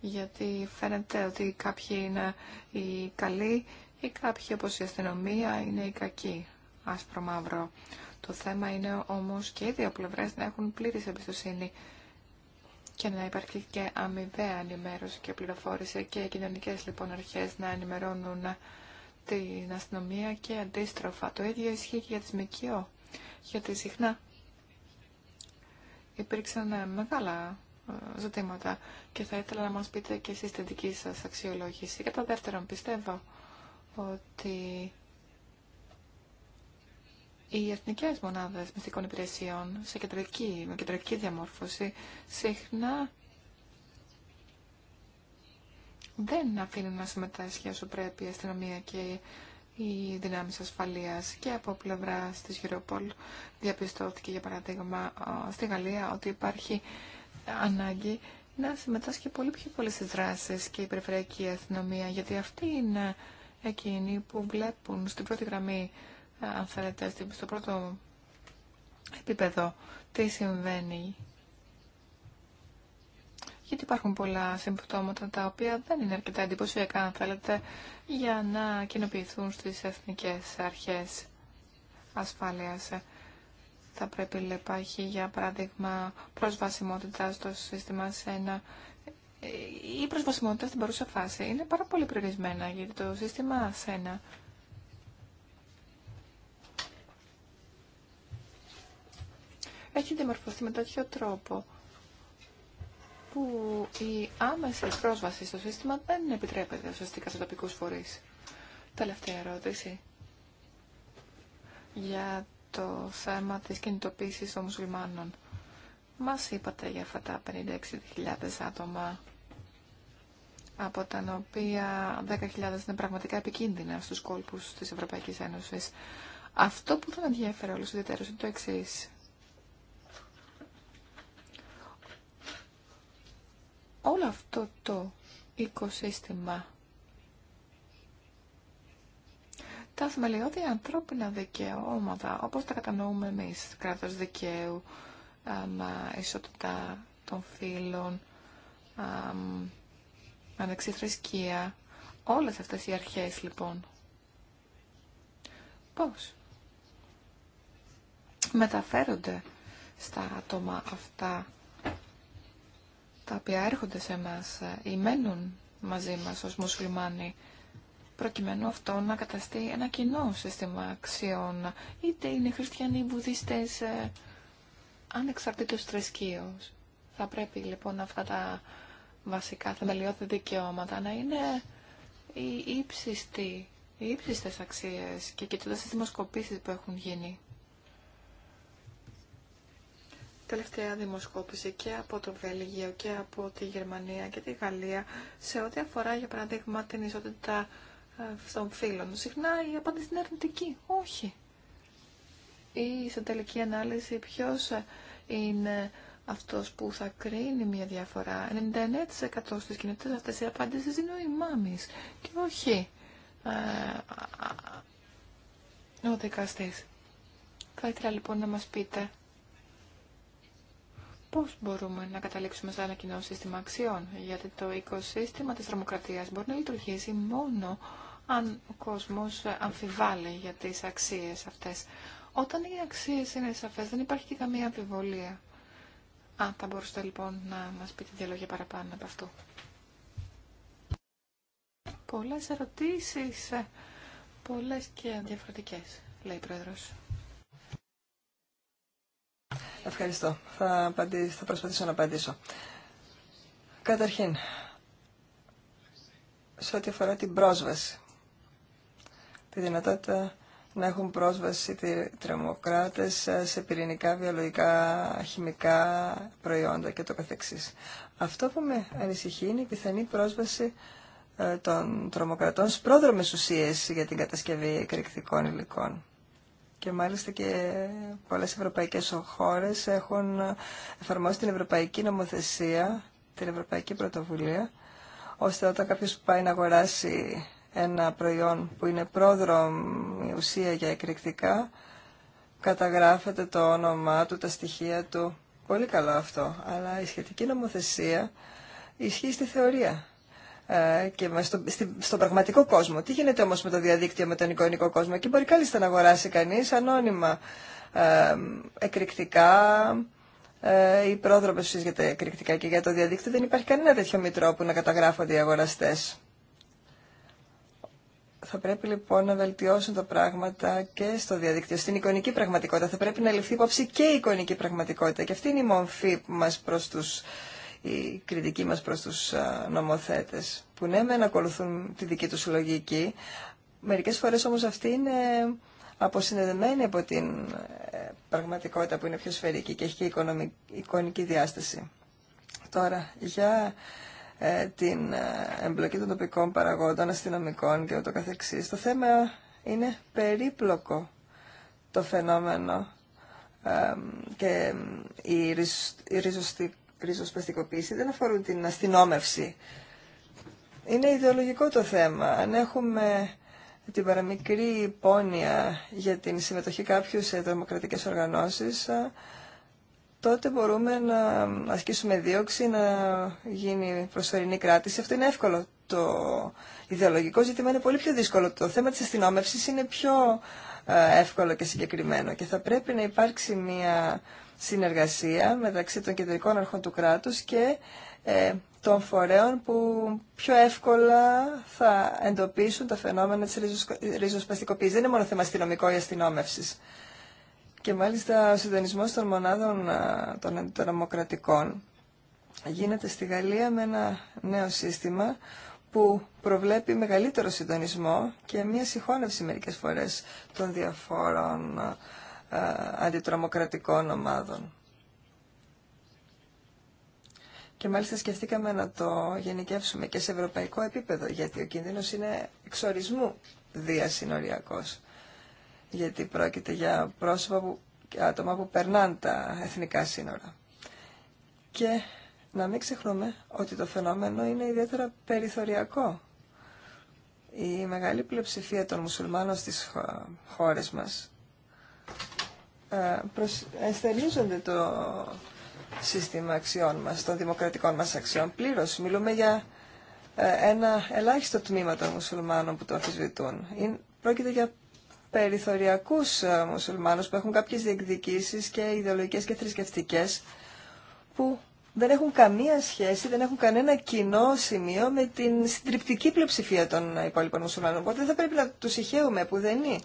Speaker 2: γιατί φαίνεται ότι κάποιοι είναι οι καλοί ή κάποιοι όπως η αστυνομία είναι οι κακοί, άσπρο μαύρο. Το θέμα είναι όμως και οι δύο πλευρές να έχουν πλήρης εμπιστοσύνη και να υπάρχει και αμοιβαία ενημέρωση και πληροφόρηση και οι κοινωνικές λοιπόν αρχές να ενημερώνουν την αστυνομία και αντίστροφα. Το ίδιο ισχύει και για τις ΜΚΟ, γιατί συχνά υπήρξαν μεγάλα ε, ζητήματα και θα ήθελα να μας πείτε και εσείς την δική σας αξιολόγηση. Κατά δεύτερον, πιστεύω ότι οι εθνικέ μονάδε μυστικών υπηρεσιών σε κεντρική, με κεντρική διαμόρφωση συχνά δεν αφήνουν να συμμετάσχει όσο πρέπει η αστυνομία και οι δυνάμει ασφαλεία. Και από πλευρά τη Europol διαπιστώθηκε, για παράδειγμα, στη Γαλλία ότι υπάρχει ανάγκη να συμμετάσχει πολύ πιο πολλέ στι δράσει και η περιφερειακή αστυνομία, γιατί αυτοί είναι εκείνοι που βλέπουν στην πρώτη γραμμή αν θέλετε, στο πρώτο επίπεδο τι συμβαίνει. Γιατί υπάρχουν πολλά συμπτώματα τα οποία δεν είναι αρκετά εντυπωσιακά, αν θέλετε, για να κοινοποιηθούν στις εθνικές αρχές ασφάλειας. Θα πρέπει υπάρχει, για παράδειγμα, προσβασιμότητα στο σύστημα ΣΕΝΑ. ένα η προσβασιμότητα στην παρούσα φάση είναι πάρα πολύ περιορισμένα γιατί το σύστημα ΣΕΝΑ έχει διαμορφωθεί με τέτοιο τρόπο που η άμεση πρόσβαση στο σύστημα δεν επιτρέπεται ουσιαστικά σε τοπικούς φορείς. Τελευταία ερώτηση για το θέμα της κινητοποίησης των μουσουλμάνων. Μας είπατε για αυτά τα 56.000 άτομα, από τα οποία 10.000 είναι πραγματικά επικίνδυνα στους κόλπους της Ευρωπαϊκής Ένωσης. Αυτό που δεν ενδιαφέρει όλους ιδιαίτερως είναι το εξή. όλο αυτό το οικοσύστημα. Τα θεμελιώδη ανθρώπινα δικαιώματα, όπως τα κατανοούμε εμείς, κράτος δικαίου, ισότητα των φύλων, ανεξιθρησκεία, όλες αυτές οι αρχές λοιπόν. Πώς μεταφέρονται στα άτομα αυτά τα οποία έρχονται σε μας ε, ή μένουν μαζί μας ως μουσουλμάνοι, προκειμένου αυτό να καταστεί ένα κοινό σύστημα αξιών, είτε είναι χριστιανοί, βουδιστές, ε, ανεξαρτήτως θρησκείως. Θα πρέπει λοιπόν αυτά τα βασικά θεμελιώδη δικαιώματα να είναι οι ύψιστοι, οι ύψιστες αξίες και κοιτώντας τις δημοσκοπήσεις που έχουν γίνει τελευταία δημοσκόπηση και από το Βέλγιο και από τη Γερμανία και τη Γαλλία σε ό,τι αφορά για παράδειγμα την ισότητα ε, των φύλων. Συχνά η απάντηση είναι αρνητική. Όχι. Ή σε τελική ανάλυση ποιος ε, είναι αυτός που θα κρίνει μια διαφορά. 99% στις κοινότητες αυτές οι απάντησεις είναι ο ημάμις και όχι ε, ο δικαστής. Θα ήθελα λοιπόν να μας πείτε πώς μπορούμε να καταλήξουμε σε ένα κοινό σύστημα αξιών, γιατί το οικοσύστημα της δημοκρατίας μπορεί να λειτουργήσει μόνο αν ο κόσμος αμφιβάλλει για τις αξίες αυτές. Όταν οι αξίες είναι σαφές δεν υπάρχει και καμία αμφιβολία. Αν θα μπορούσατε λοιπόν να μας πείτε δύο λόγια παραπάνω από αυτού Πολλές ερωτήσεις, ε, πολλές και διαφορετικές, λέει η Πρόεδρος.
Speaker 1: Ευχαριστώ. Θα, θα προσπαθήσω να απαντήσω. Καταρχήν, σε ό,τι αφορά την πρόσβαση, τη δυνατότητα να έχουν πρόσβαση οι τρομοκράτες σε πυρηνικά, βιολογικά, χημικά προϊόντα και το καθεξής. Αυτό που με ανησυχεί είναι η πιθανή πρόσβαση ε, των τρομοκρατών στις πρόδρομες ουσίες για την κατασκευή εκρηκτικών υλικών. Και μάλιστα και πολλές ευρωπαϊκές χώρες έχουν εφαρμόσει την ευρωπαϊκή νομοθεσία, την ευρωπαϊκή πρωτοβουλία, ώστε όταν κάποιος πάει να αγοράσει ένα προϊόν που είναι πρόδρομη ουσία για εκρηκτικά, καταγράφεται το όνομά του, τα στοιχεία του. Πολύ καλό αυτό. Αλλά η σχετική νομοθεσία ισχύει στη θεωρία. Ε, και στον πραγματικό κόσμο. Τι γίνεται όμως με το διαδίκτυο, με τον εικονικό κόσμο. Εκεί μπορεί κάλλιστα να αγοράσει κανείς ανώνυμα ε, εκρηκτικά ή ε, πρόδρομες για τα εκρηκτικά και για το διαδίκτυο. Δεν υπάρχει κανένα τέτοιο μητρό που να καταγράφονται οι αγοραστές. Θα πρέπει λοιπόν να βελτιώσουν τα πράγματα και στο διαδίκτυο, στην εικονική πραγματικότητα. Θα πρέπει να ληφθεί υπόψη και η εικονική πραγματικότητα. Και αυτή είναι η μορφή μας προς τους η κριτική μας προς τους νομοθέτες, που ναι μεν ακολουθούν τη δική τους λογική, μερικές φορές όμως αυτή είναι αποσυνδεμένη από την ε, πραγματικότητα που είναι πιο σφαιρική και έχει και εικονική διάσταση. Τώρα, για ε, την ε, εμπλοκή των τοπικών παραγόντων, αστυνομικών και ούτω καθεξής. Το θέμα είναι περίπλοκο το φαινόμενο και η, ριζ, ριζοσπαστικοποίηση δεν αφορούν την αστυνόμευση. Είναι ιδεολογικό το θέμα. Αν έχουμε την παραμικρή πόνοια για την συμμετοχή κάποιου σε δημοκρατικές οργανώσεις, τότε μπορούμε να ασκήσουμε δίωξη, να γίνει προσωρινή κράτηση. Αυτό είναι εύκολο. Το ιδεολογικό ζήτημα είναι πολύ πιο δύσκολο. Το θέμα της αστυνόμευσης είναι πιο εύκολο και συγκεκριμένο και θα πρέπει να υπάρξει μια συνεργασία μεταξύ των κεντρικών αρχών του κράτους και ε, των φορέων που πιο εύκολα θα εντοπίσουν τα φαινόμενα της ριζοσπαστικοποίησης. Δεν είναι μόνο θέμα αστυνομικό ή αστυνόμευσης. Και μάλιστα ο συντονισμός των μονάδων των αντιτρομοκρατικών γίνεται στη Γαλλία με ένα νέο σύστημα που προβλέπει μεγαλύτερο συντονισμό και μία συγχώνευση μερικές φορές των διαφόρων αντιτρομοκρατικών ομάδων. Και μάλιστα σκεφτήκαμε να το γενικεύσουμε και σε ευρωπαϊκό επίπεδο, γιατί ο κίνδυνος είναι εξορισμού διασυνοριακός. Γιατί πρόκειται για πρόσωπα που, και άτομα που περνάνε τα εθνικά σύνορα. Και να μην ξεχνούμε ότι το φαινόμενο είναι ιδιαίτερα περιθωριακό. Η μεγάλη πλειοψηφία των μουσουλμάνων στις χώρες μας ε, προσ... το σύστημα αξιών μας, των δημοκρατικών μας αξιών πλήρως. Μιλούμε για ε, ένα ελάχιστο τμήμα των μουσουλμάνων που το αφισβητούν. Πρόκειται για περιθωριακούς ε, μουσουλμάνους που έχουν κάποιες διεκδικήσεις και ιδεολογικές και θρησκευτικές που δεν έχουν καμία σχέση, δεν έχουν κανένα κοινό σημείο με την συντριπτική πλειοψηφία των υπόλοιπων μουσουλμάνων. Οπότε δεν θα πρέπει να τους ηχαίουμε που δεν είναι.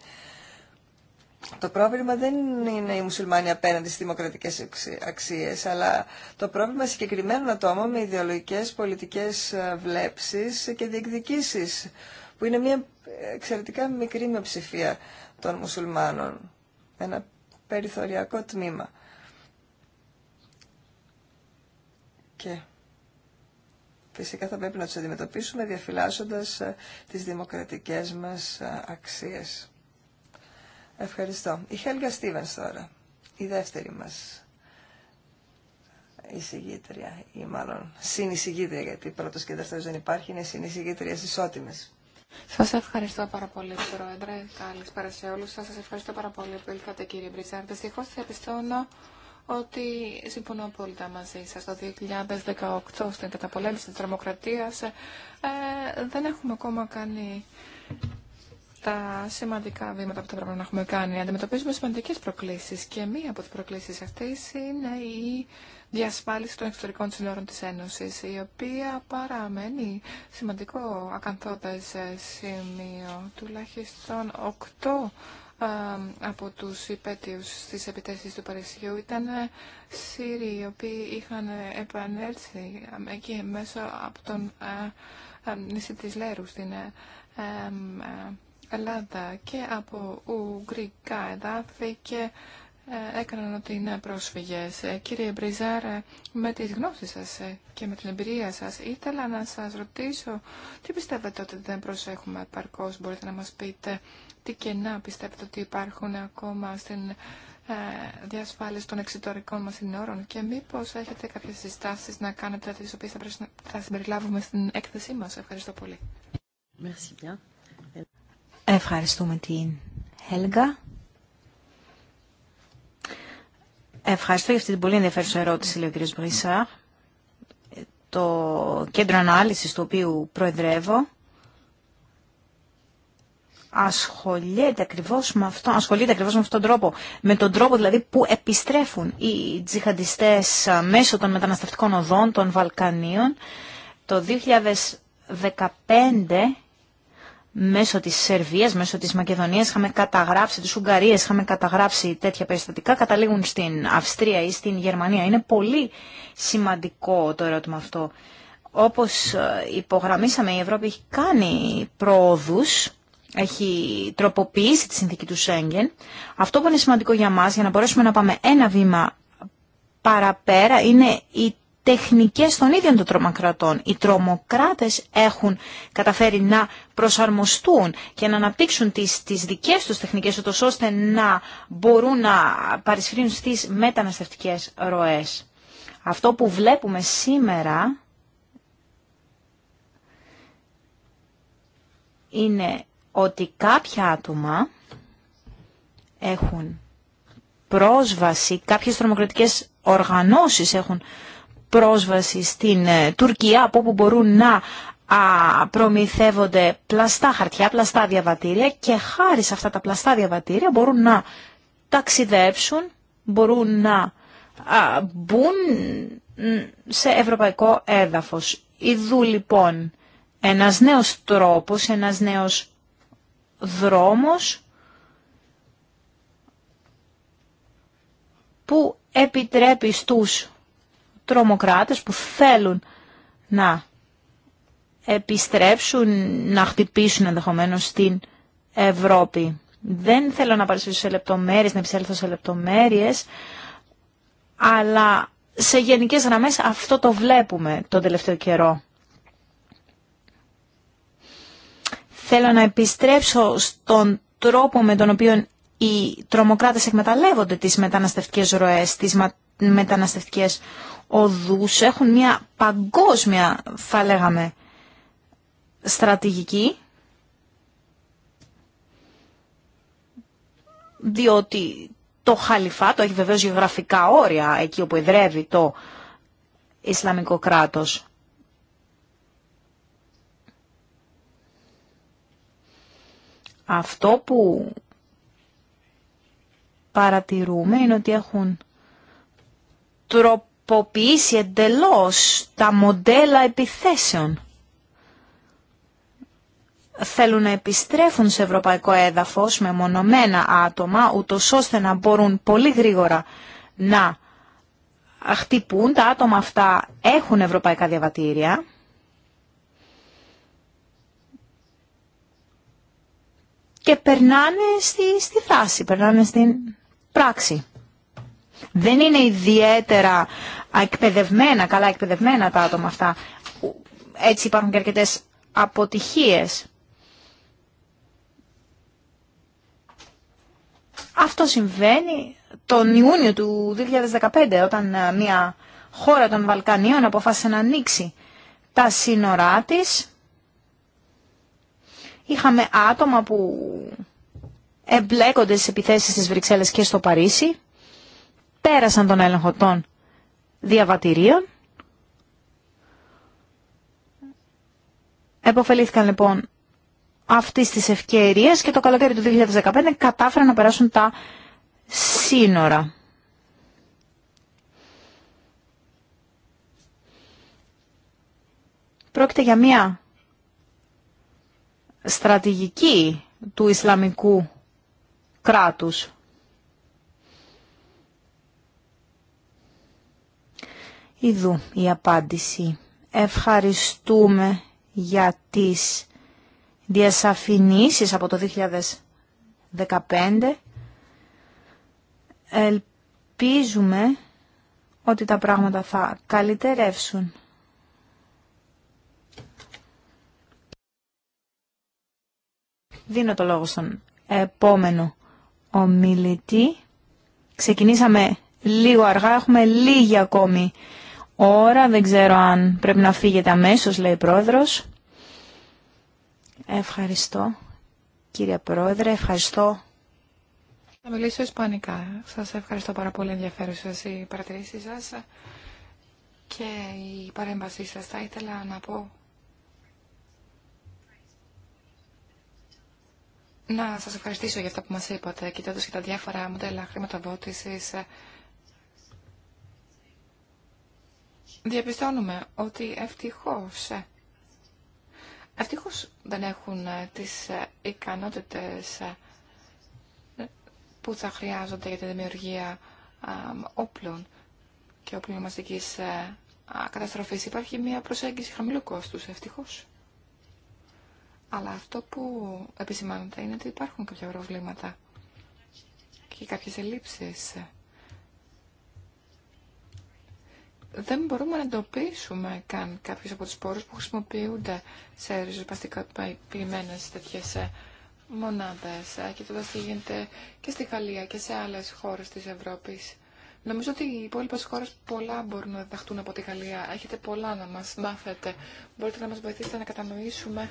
Speaker 1: Το πρόβλημα δεν είναι οι μουσουλμάνοι απέναντι στις δημοκρατικές αξίες, αλλά το πρόβλημα συγκεκριμένων ατόμων με ιδεολογικές πολιτικές ε, βλέψεις και διεκδικήσεις, που είναι μια εξαιρετικά μικρή μειοψηφία των μουσουλμάνων, ένα περιθωριακό τμήμα. Και φυσικά θα πρέπει να τους αντιμετωπίσουμε διαφυλάσσοντας ε, τις δημοκρατικές μας ε, αξίες. Ευχαριστώ. Η Χέλγα Στίβεν τώρα, η δεύτερη μα εισηγήτρια, ή μάλλον συνεισηγήτρια, γιατί πρώτο και δεύτερο δεν υπάρχει, είναι συνεισηγήτρια ισότιμε.
Speaker 2: Σα ευχαριστώ πάρα πολύ, Πρόεδρε. Καλησπέρα σε όλου. Σα Σα ευχαριστώ πάρα πολύ που ήλθατε, κύριε Μπριτσάρ. Δυστυχώς διαπιστώνω ότι συμφωνώ απόλυτα μαζί σα. Το 2018 στην καταπολέμηση τη τρομοκρατία ε, δεν έχουμε ακόμα κάνει τα σημαντικά βήματα που θα πρέπει να έχουμε κάνει. Αντιμετωπίζουμε σημαντικέ προκλήσει και μία από τι προκλήσεις αυτές είναι η διασφάλιση των εξωτερικών συνόρων της Ένωσης, η οποία παραμένει σημαντικό ακαθόδες σημείο, τουλάχιστον οκτώ από τους υπέτειους στις επιτέσεις του Παρισιού ήταν Σύριοι, οι οποίοι είχαν επανέλθει εκεί μέσω από τον νησί της Λέρου στην ε, ε, Ελλάδα και από ουγγρικά εδάφη και ε, έκαναν ότι είναι πρόσφυγες. Ε, κύριε Μπριζάρ, ε, με τις γνώσεις σας και με την εμπειρία σας ήθελα να σας ρωτήσω τι πιστεύετε ότι δεν προσέχουμε παρκώς. Μπορείτε να μας πείτε τι κενά πιστεύετε ότι υπάρχουν ακόμα στην ε, διασφάλιση των εξωτερικών μας συνόρων και μήπως έχετε κάποιες συστάσεις να κάνετε τις οποίες θα, συμπεριλάβουμε στην έκθεσή μας. Ευχαριστώ πολύ. Merci bien.
Speaker 3: Ευχαριστούμε την Έλγα. Ευχαριστώ για αυτή την πολύ ενδιαφέρουσα ερώτηση, λέει ο κ. Μπρίσαρ. Το κέντρο ανάλυσης του οποίου προεδρεύω ασχολείται ακριβώς με, αυτό, ασχολείται ακριβώς με αυτόν τον τρόπο. Με τον τρόπο δηλαδή που επιστρέφουν οι τζιχαντιστές μέσω των μεταναστευτικών οδών των Βαλκανίων. Το 2015 μέσω της Σερβίας, μέσω της Μακεδονίας, είχαμε καταγράψει, της Ουγγαρίες είχαμε καταγράψει τέτοια περιστατικά, καταλήγουν στην Αυστρία ή στην Γερμανία. Είναι πολύ σημαντικό το ερώτημα αυτό. Όπως ε, υπογραμμίσαμε, η Ευρώπη έχει κάνει προόδους, έχει τροποποιήσει τη συνθήκη του Σέγγεν. Αυτό που είναι σημαντικό για μας, για να μπορέσουμε να πάμε ένα βήμα παραπέρα, είναι η τεχνικές των ίδιων των τρομοκρατών. Οι τρομοκράτες έχουν καταφέρει να προσαρμοστούν και να αναπτύξουν τις, τις δικές τους τεχνικές ώστε να μπορούν να παρισφρύνουν στις μεταναστευτικές ροές. Αυτό που βλέπουμε σήμερα είναι ότι κάποια άτομα έχουν πρόσβαση, κάποιες τρομοκρατικές οργανώσεις έχουν πρόσβαση στην ε, Τουρκία από όπου μπορούν να προμηθεύονται πλαστά χαρτιά, πλαστά διαβατήρια και χάρη σε αυτά τα πλαστά διαβατήρια μπορούν να ταξιδέψουν, μπορούν να μπουν σε ευρωπαϊκό έδαφος. Ιδού λοιπόν ένας νέος τρόπος, ένας νέος δρόμος που επιτρέπει στους τρομοκράτες που θέλουν να επιστρέψουν, να χτυπήσουν ενδεχομένως στην Ευρώπη. Δεν θέλω να παρουσιάσω σε λεπτομέρειες, να επισέλθω σε λεπτομέρειες, αλλά σε γενικές γραμμές αυτό το βλέπουμε τον τελευταίο καιρό. Θέλω να επιστρέψω στον τρόπο με τον οποίο οι τρομοκράτες εκμεταλλεύονται τις μεταναστευτικές ροές, τις μεταναστευτικές οδούς, έχουν μια παγκόσμια, θα λέγαμε, στρατηγική, διότι το χαλιφάτο έχει βεβαίως γεωγραφικά όρια εκεί όπου εδρεύει το Ισλαμικό κράτος. Αυτό που παρατηρούμε είναι ότι έχουν τροποποιήσει εντελώς τα μοντέλα επιθέσεων. Θέλουν να επιστρέφουν σε ευρωπαϊκό έδαφος με μονομένα άτομα, ούτω ώστε να μπορούν πολύ γρήγορα να χτυπούν. Τα άτομα αυτά έχουν ευρωπαϊκά διαβατήρια. Και περνάνε στη, στη θάση, περνάνε στην πράξη. Δεν είναι ιδιαίτερα εκπαιδευμένα, καλά εκπαιδευμένα τα άτομα αυτά. Έτσι υπάρχουν και αρκετές αποτυχίες. Αυτό συμβαίνει τον Ιούνιο του 2015 όταν ε, μια χώρα των Βαλκανίων αποφάσισε να ανοίξει τα σύνορά της. Είχαμε άτομα που εμπλέκονται στις επιθέσεις στις Βρυξέλλες και στο Παρίσι, πέρασαν τον έλεγχο των διαβατηρίων, εποφελήθηκαν λοιπόν αυτή τη ευκαιρία και το καλοκαίρι του 2015 κατάφεραν να περάσουν τα σύνορα. Πρόκειται για μια στρατηγική του Ισλαμικού κράτους. Ιδού η απάντηση. Ευχαριστούμε για τις διασαφηνίσεις από το 2015. Ελπίζουμε ότι τα πράγματα θα καλυτερεύσουν. Δίνω το λόγο στον επόμενο ομιλητή. Ξεκινήσαμε λίγο αργά, έχουμε λίγη ακόμη ώρα. Δεν ξέρω αν πρέπει να φύγετε αμέσως, λέει η πρόεδρος. Ευχαριστώ, κύριε πρόεδρε, ευχαριστώ.
Speaker 2: Θα μιλήσω ισπανικά. Σας ευχαριστώ πάρα πολύ ενδιαφέρουσες οι παρατηρήσεις σας και η παρέμβασή σας. Θα ήθελα να πω Να σας ευχαριστήσω για αυτά που μας είπατε, κοιτώντας και τα διάφορα μοντέλα χρηματοδότησης. Διαπιστώνουμε ότι ευτυχώς, ευτυχώς δεν έχουν τις ικανότητες που θα χρειάζονται για τη δημιουργία όπλων και όπλων μαζικής καταστροφής. Υπάρχει μια προσέγγιση χαμηλού κόστους, ευτυχώς. Αλλά αυτό που επισημάνεται είναι ότι υπάρχουν κάποια προβλήματα και κάποιες ελλείψεις. Δεν μπορούμε να εντοπίσουμε καν κάποιους από τους πόρους που χρησιμοποιούνται σε ριζοσπαστικοποιημένες τέτοιες ε, μονάδες, ε, κοιτώντας τι γίνεται και στη Γαλλία και σε άλλες χώρες της Ευρώπης. Νομίζω ότι οι υπόλοιπε χώρε πολλά μπορούν να διδαχτούν από τη Γαλλία. Έχετε πολλά να μα μάθετε. Μπορείτε να μα βοηθήσετε να κατανοήσουμε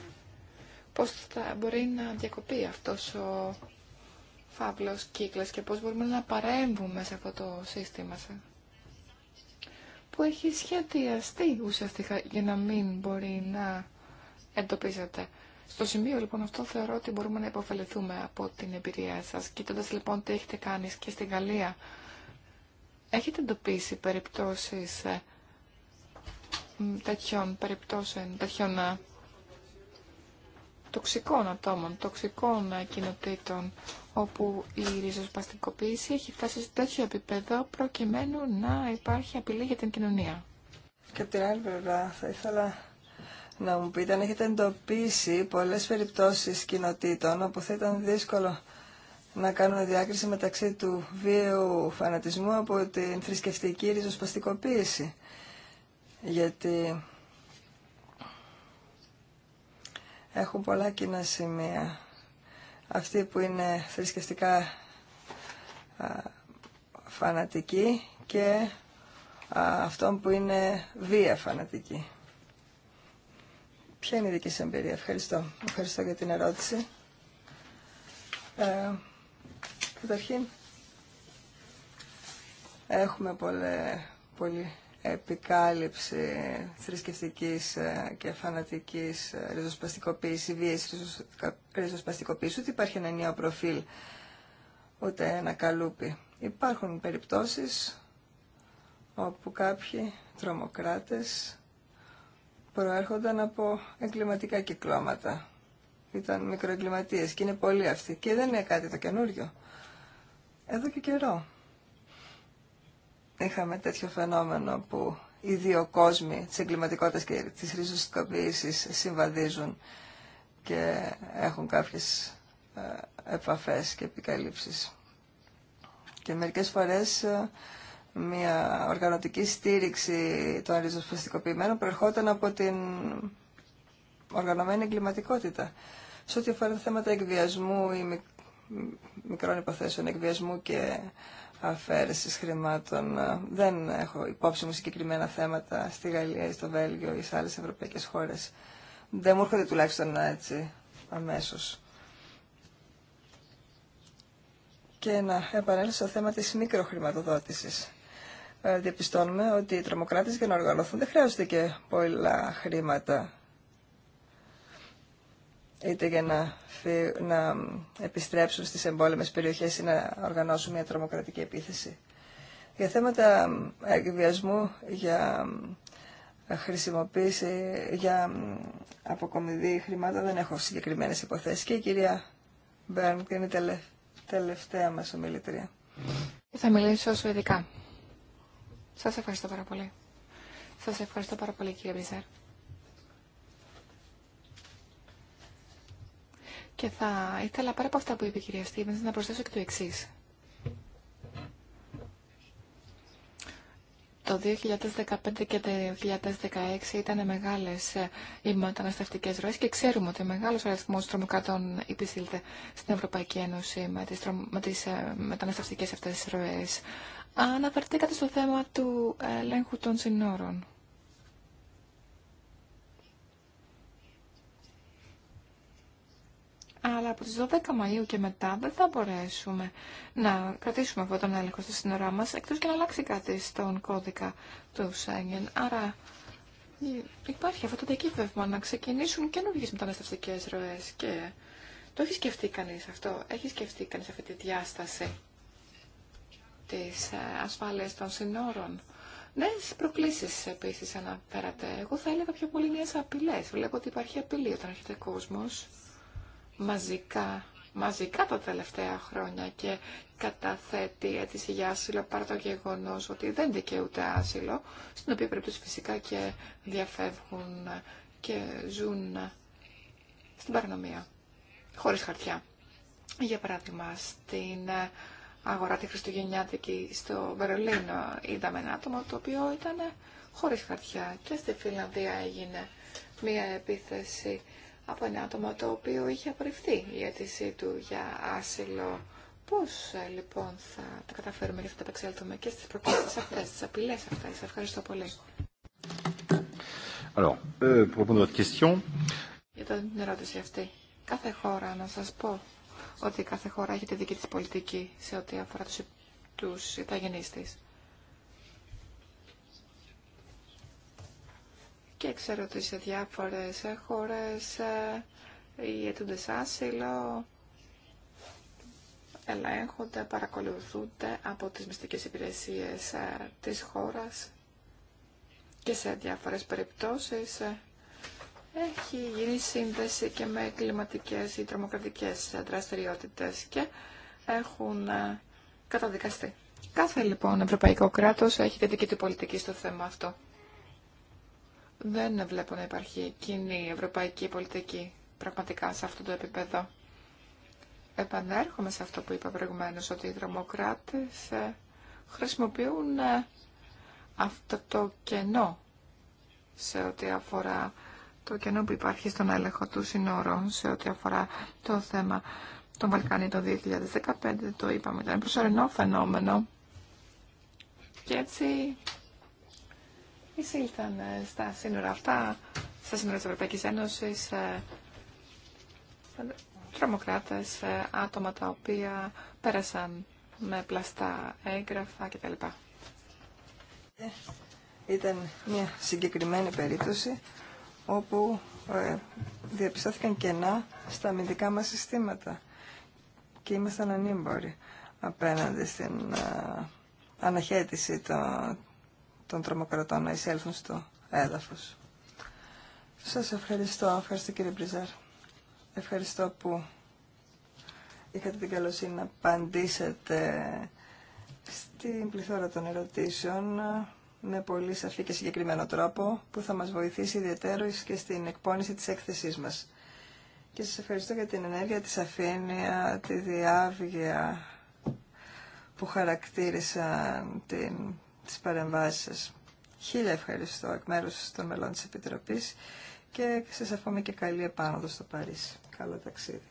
Speaker 2: πώς θα μπορεί να διακοπεί αυτός ο φαύλος κύκλος και πώς μπορούμε να παρέμβουμε σε αυτό το σύστημα που έχει σχεδιαστεί ουσιαστικά για να μην μπορεί να εντοπίζεται. Στο σημείο λοιπόν αυτό θεωρώ ότι μπορούμε να υποφεληθούμε από την εμπειρία σας. Κοιτώντας λοιπόν τι έχετε κάνει και στην Γαλλία, έχετε εντοπίσει περιπτώσεις ε, τέτοιων περιπτώσεων, τέτοιων ε, τοξικών ατόμων, τοξικών ε, κοινοτήτων, όπου η ριζοσπαστικοποίηση έχει φτάσει σε τέτοιο επίπεδο προκειμένου να υπάρχει απειλή για την κοινωνία.
Speaker 1: Και από την άλλη πλευρά θα ήθελα να μου πείτε αν έχετε εντοπίσει πολλές περιπτώσεις κοινοτήτων όπου θα ήταν δύσκολο να κάνουμε διάκριση μεταξύ του βίαιου φανατισμού από την θρησκευτική ριζοσπαστικοποίηση. Γιατί έχουν πολλά κοινά σημεία. Αυτοί που είναι θρησκευτικά φανατικοί και αυτόν που είναι βία φανατικοί. Ποια είναι η δική σας εμπειρία. Ευχαριστώ. Ευχαριστώ για την ερώτηση. Ε, καταρχήν, έχουμε πολλέ, πολύ επικάλυψη θρησκευτικής ε, και φανατικής ε, ριζοσπαστικοποίηση, βίαιης ριζοσπαστικοποίηση, ούτε υπάρχει ένα νέο προφίλ, ούτε ένα καλούπι. Υπάρχουν περιπτώσεις όπου κάποιοι τρομοκράτες προέρχονταν από εγκληματικά κυκλώματα. Ήταν μικροεγκληματίες και είναι πολλοί αυτοί και δεν είναι κάτι το καινούριο. Εδώ και καιρό είχαμε τέτοιο φαινόμενο που οι δύο κόσμοι της εγκληματικότητας και της ριζοσυσκοποίησης συμβαδίζουν και έχουν κάποιες ε, επαφές και επικαλύψεις. Και μερικές φορές ε, μια οργανωτική στήριξη των ριζοσπαστικοποιημένων προερχόταν από την οργανωμένη εγκληματικότητα. Σε ό,τι αφορά τα θέματα εκβιασμού ή μικρών υποθέσεων εκβιασμού και αφαίρεσης χρημάτων. Ε, δεν έχω υπόψη μου συγκεκριμένα θέματα στη Γαλλία ή στο Βέλγιο ή σε άλλες ευρωπαϊκές χώρες. Δεν μου έρχονται τουλάχιστον ε, έτσι αμέσως. Και να επανέλθω στο θέμα της μικροχρηματοδότησης. Ε, διαπιστώνουμε ότι οι τρομοκράτε για να οργανωθούν δεν χρειάζονται και πολλά χρήματα είτε για να, επιστρέψουν στις εμπόλεμες περιοχές ή να οργανώσουν μια τρομοκρατική επίθεση. Για θέματα εκβιασμού, για χρησιμοποίηση, για αποκομιδή χρημάτων δεν έχω συγκεκριμένες υποθέσεις και η κυρία Μπέρν είναι η τελευταία μας ομιλητρία.
Speaker 2: Θα μιλήσω σου ειδικά. Σας ευχαριστώ πάρα πολύ. Σας ευχαριστώ πάρα πολύ κύριε Μπριζέρ. Και θα ήθελα πάρα από αυτά που είπε η κυρία Στίβενς να προσθέσω και το εξή. Το 2015 και το 2016 ήταν μεγάλες ε, οι μεταναστευτικές ροές και ξέρουμε ότι μεγάλος αριθμός τρομοκρατών υπησύλλεται στην Ευρωπαϊκή Ένωση με τις, μεταναστευτικέ με ροέ. Ε, μεταναστευτικές αυτές ροές. Αναφερθήκατε στο θέμα του ελέγχου των συνόρων. αλλά από τις 12 Μαΐου και μετά δεν θα μπορέσουμε να κρατήσουμε αυτόν τον έλεγχο στα σύνορά μας, εκτός και να αλλάξει κάτι στον κώδικα του Σέγγεν. Άρα υπάρχει αυτό το διακύβευμα να ξεκινήσουν καινούργιες μεταναστευτικές ροές και το έχει σκεφτεί κανείς αυτό, έχει σκεφτεί κανείς αυτή τη διάσταση της ε, ασφάλειας των σύνορων. Νέε προκλήσει επίση αναφέρατε. Εγώ θα έλεγα πιο πολύ νέε απειλέ. Βλέπω ότι υπάρχει απειλή όταν έρχεται κόσμο μαζικά, μαζικά τα τελευταία χρόνια και καταθέτει αίτηση για άσυλο παρά το γεγονό ότι δεν δικαιούται άσυλο, στην οποία περίπτωση φυσικά και διαφεύγουν και ζουν στην παρανομία, χωρίς χαρτιά. Για παράδειγμα, στην αγορά τη Χριστουγεννιάτικη στο Βερολίνο είδαμε ένα άτομο το οποίο ήταν χωρίς χαρτιά και στη Φιλανδία έγινε μία επίθεση από ένα άτομο το οποίο είχε απορριφθεί η αίτησή του για άσυλο. Πώς ε, λοιπόν θα τα καταφέρουμε και θα τα επεξελθούμε και στις προκλήσεις αυτές, στις απειλές αυτές. Ευχαριστώ πολύ. Euh, για την ερώτηση αυτή. Κάθε χώρα, να σας πω, ότι κάθε χώρα έχει τη δική της πολιτική σε ό,τι αφορά τους, τους τη. της. Και ξέρω ότι σε διάφορες χώρες ε, οι αιτούντες άσυλο ελέγχονται, παρακολουθούνται από τις μυστικές υπηρεσίες ε, της χώρας και σε διάφορες περιπτώσεις ε, έχει γίνει σύνδεση και με κλιματικές ή τρομοκρατικές δραστηριότητες και έχουν καταδικαστεί. Κάθε λοιπόν ευρωπαϊκό κράτος έχει δική του πολιτική στο θέμα αυτό δεν βλέπω να υπάρχει κοινή ευρωπαϊκή πολιτική πραγματικά σε αυτό το επίπεδο. Επανέρχομαι σε αυτό που είπα προηγουμένως, ότι οι δρομοκράτες ε, χρησιμοποιούν ε, αυτό το κενό σε ό,τι αφορά το κενό που υπάρχει στον έλεγχο του σύνορων, σε ό,τι αφορά το θέμα των Βαλκανίων το 2015, το είπαμε, ήταν προσωρινό φαινόμενο. Και έτσι εισήλθαν ε, στα σύνορα αυτά, στα σύνορα της Ευρωπαϊκής Ένωσης, ε, τρομοκράτες, ε, άτομα τα οποία πέρασαν με πλαστά έγγραφα κτλ.
Speaker 1: Ήταν μια συγκεκριμένη περίπτωση όπου διαπιστώθηκαν κενά στα αμυντικά μας συστήματα και ήμασταν ανήμποροι απέναντι στην αναχέτηση των τον τρομοκρατών να εισέλθουν στο έδαφος. Σας ευχαριστώ. Ευχαριστώ κύριε Μπριζάρ. Ευχαριστώ που είχατε την καλοσύνη να απαντήσετε στην πληθώρα των ερωτήσεων με πολύ σαφή και συγκεκριμένο τρόπο που θα μας βοηθήσει ιδιαίτερο και στην εκπόνηση της έκθεσής μας. Και σας ευχαριστώ για την ενέργεια, τη σαφήνεια, τη διάβγεια που χαρακτήρισαν την τις παρεμβάσεις σας. Χίλια ευχαριστώ εκ μέρους των μελών της Επιτροπής και σας ευχόμαι και καλή επάνωδο στο Παρίσι. Καλό ταξίδι.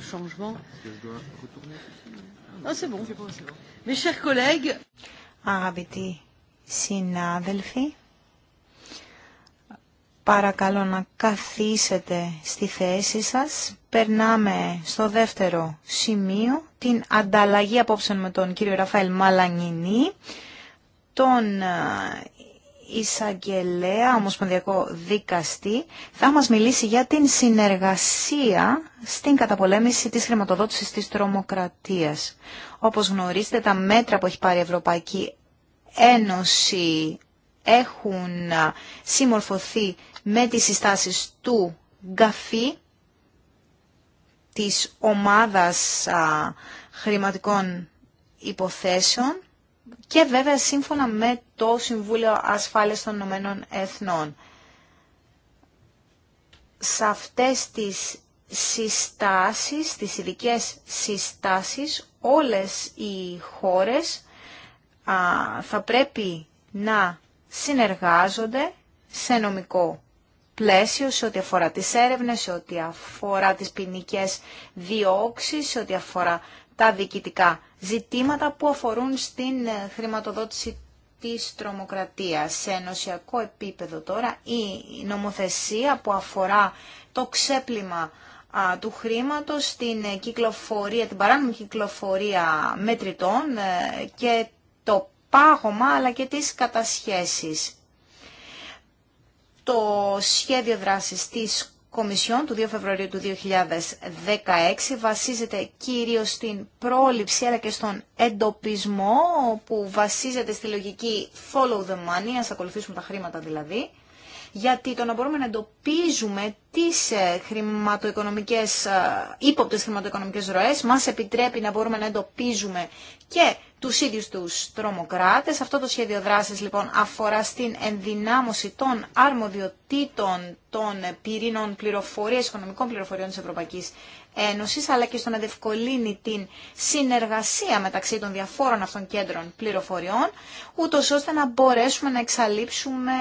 Speaker 1: de
Speaker 3: changement. Ah, c'est bon. Αγαπητοί συνάδελφοι, παρακαλώ να καθίσετε στη θέση σας. Περνάμε στο δεύτερο σημείο, την ανταλλαγή απόψεων με τον κύριο Ραφαήλ Μαλανινή, τον ε, η εισαγγελέα, ομοσπονδιακό δικαστή, θα μας μιλήσει για την συνεργασία στην καταπολέμηση της χρηματοδότησης της τρομοκρατίας. Όπως γνωρίζετε, τα μέτρα που έχει πάρει η Ευρωπαϊκή Ένωση έχουν συμμορφωθεί με τις συστάσεις του ΓΚΑΦΗ, της ομάδας χρηματικών υποθέσεων, και βέβαια σύμφωνα με το Συμβούλιο Ασφάλειας των Ηνωμένων Εθνών. Σε αυτές τις συστάσεις, τις ειδικέ συστάσεις, όλες οι χώρες α, θα πρέπει να συνεργάζονται σε νομικό πλαίσιο, σε ό,τι αφορά τις έρευνες, σε ό,τι αφορά τις ποινικέ διώξεις, σε ό,τι αφορά τα διοικητικά ζητήματα που αφορούν στην ε, χρηματοδότηση της τρομοκρατίας. Σε ενωσιακό επίπεδο τώρα η νομοθεσία που αφορά το ξέπλυμα του χρήματος, την, ε, κυκλοφορία, την παράνομη κυκλοφορία μετρητών ε, και το πάγωμα αλλά και τις κατασχέσεις. Το σχέδιο δράσης της Κομισιόν του 2 Φεβρουαρίου του 2016 βασίζεται κυρίως στην πρόληψη αλλά και στον εντοπισμό που βασίζεται στη λογική follow the money, ας ακολουθήσουμε τα χρήματα δηλαδή, γιατί το να μπορούμε να εντοπίζουμε τις ε, χρηματοοικονομικές, ε, ύποπτες χρηματοοικονομικές ροές μας επιτρέπει να μπορούμε να εντοπίζουμε και τους ίδιους τους τρομοκράτες. Αυτό το σχέδιο δράσης λοιπόν αφορά στην ενδυνάμωση των αρμοδιοτήτων των πυρήνων πληροφορίας, οικονομικών πληροφοριών της Ευρωπαϊκής Ένωσης, αλλά και στο να δευκολύνει την συνεργασία μεταξύ των διαφόρων αυτών κέντρων πληροφοριών, ούτως ώστε να μπορέσουμε να εξαλείψουμε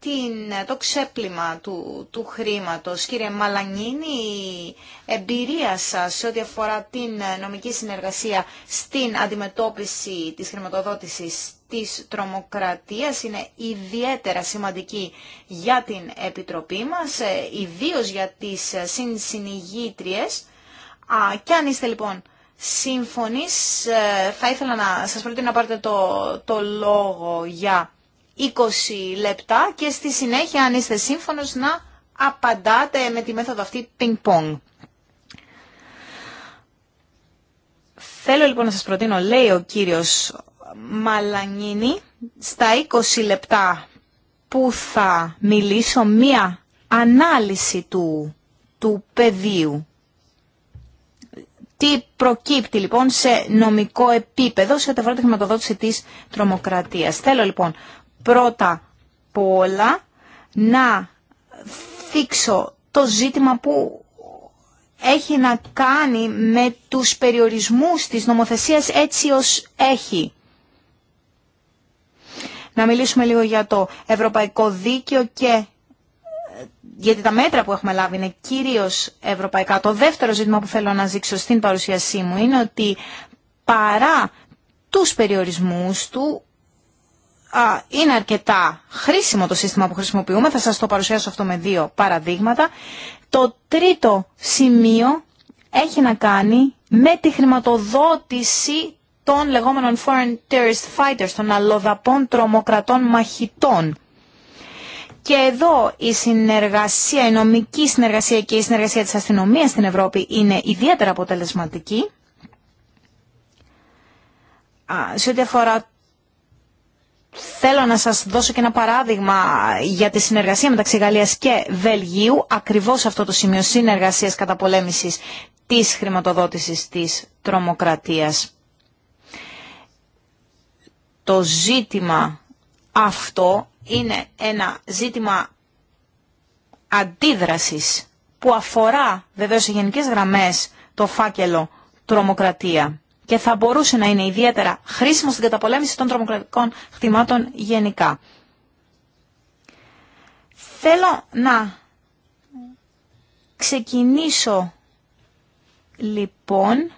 Speaker 3: την, το ξέπλυμα του, του χρήματος. Κύριε Μαλανίνη, η εμπειρία σας σε ό,τι αφορά την νομική συνεργασία στην αντιμετώπιση της χρηματοδότησης της τρομοκρατίας είναι ιδιαίτερα σημαντική για την Επιτροπή μας, ε, ιδίως για τις συνσυνηγήτριες. Και αν είστε λοιπόν σύμφωνοι, ε, θα ήθελα να σας προτείνω να πάρετε το, το λόγο για 20 λεπτά και στη συνέχεια αν είστε σύμφωνος να απαντάτε με τη μέθοδο αυτή ping-pong. Θέλω λοιπόν να σας προτείνω, λέει ο κύριος Μαλανίνη, στα 20 λεπτά που θα μιλήσω μία ανάλυση του, του πεδίου. Τι προκύπτει λοιπόν σε νομικό επίπεδο σε ό,τι αφορά τη χρηματοδότηση της τρομοκρατίας. Θέλω λοιπόν πρώτα απ' όλα να θίξω το ζήτημα που έχει να κάνει με τους περιορισμούς της νομοθεσίας έτσι ως έχει. Να μιλήσουμε λίγο για το ευρωπαϊκό δίκαιο και γιατί τα μέτρα που έχουμε λάβει είναι κυρίως ευρωπαϊκά. Το δεύτερο ζήτημα που θέλω να ζήξω στην παρουσίασή μου είναι ότι παρά τους περιορισμούς του είναι αρκετά χρήσιμο το σύστημα που χρησιμοποιούμε. Θα σας το παρουσιάσω αυτό με δύο παραδείγματα. Το τρίτο σημείο έχει να κάνει με τη χρηματοδότηση των λεγόμενων foreign terrorist fighters, των αλλοδαπών τρομοκρατών μαχητών. Και εδώ η συνεργασία, η νομική συνεργασία και η συνεργασία της αστυνομίας στην Ευρώπη είναι ιδιαίτερα αποτελεσματική. Σε ό,τι αφορά Θέλω να σας δώσω και ένα παράδειγμα για τη συνεργασία μεταξύ Γαλλίας και Βελγίου, ακριβώς αυτό το σημείο συνεργασίας καταπολέμησης της χρηματοδότησης της τρομοκρατίας. Το ζήτημα αυτό είναι ένα ζήτημα αντίδρασης που αφορά βεβαίως σε γενικές γραμμές το φάκελο τρομοκρατία και θα μπορούσε να είναι ιδιαίτερα χρήσιμο στην καταπολέμηση των τρομοκρατικών χτυμάτων γενικά. Θέλω να ξεκινήσω λοιπόν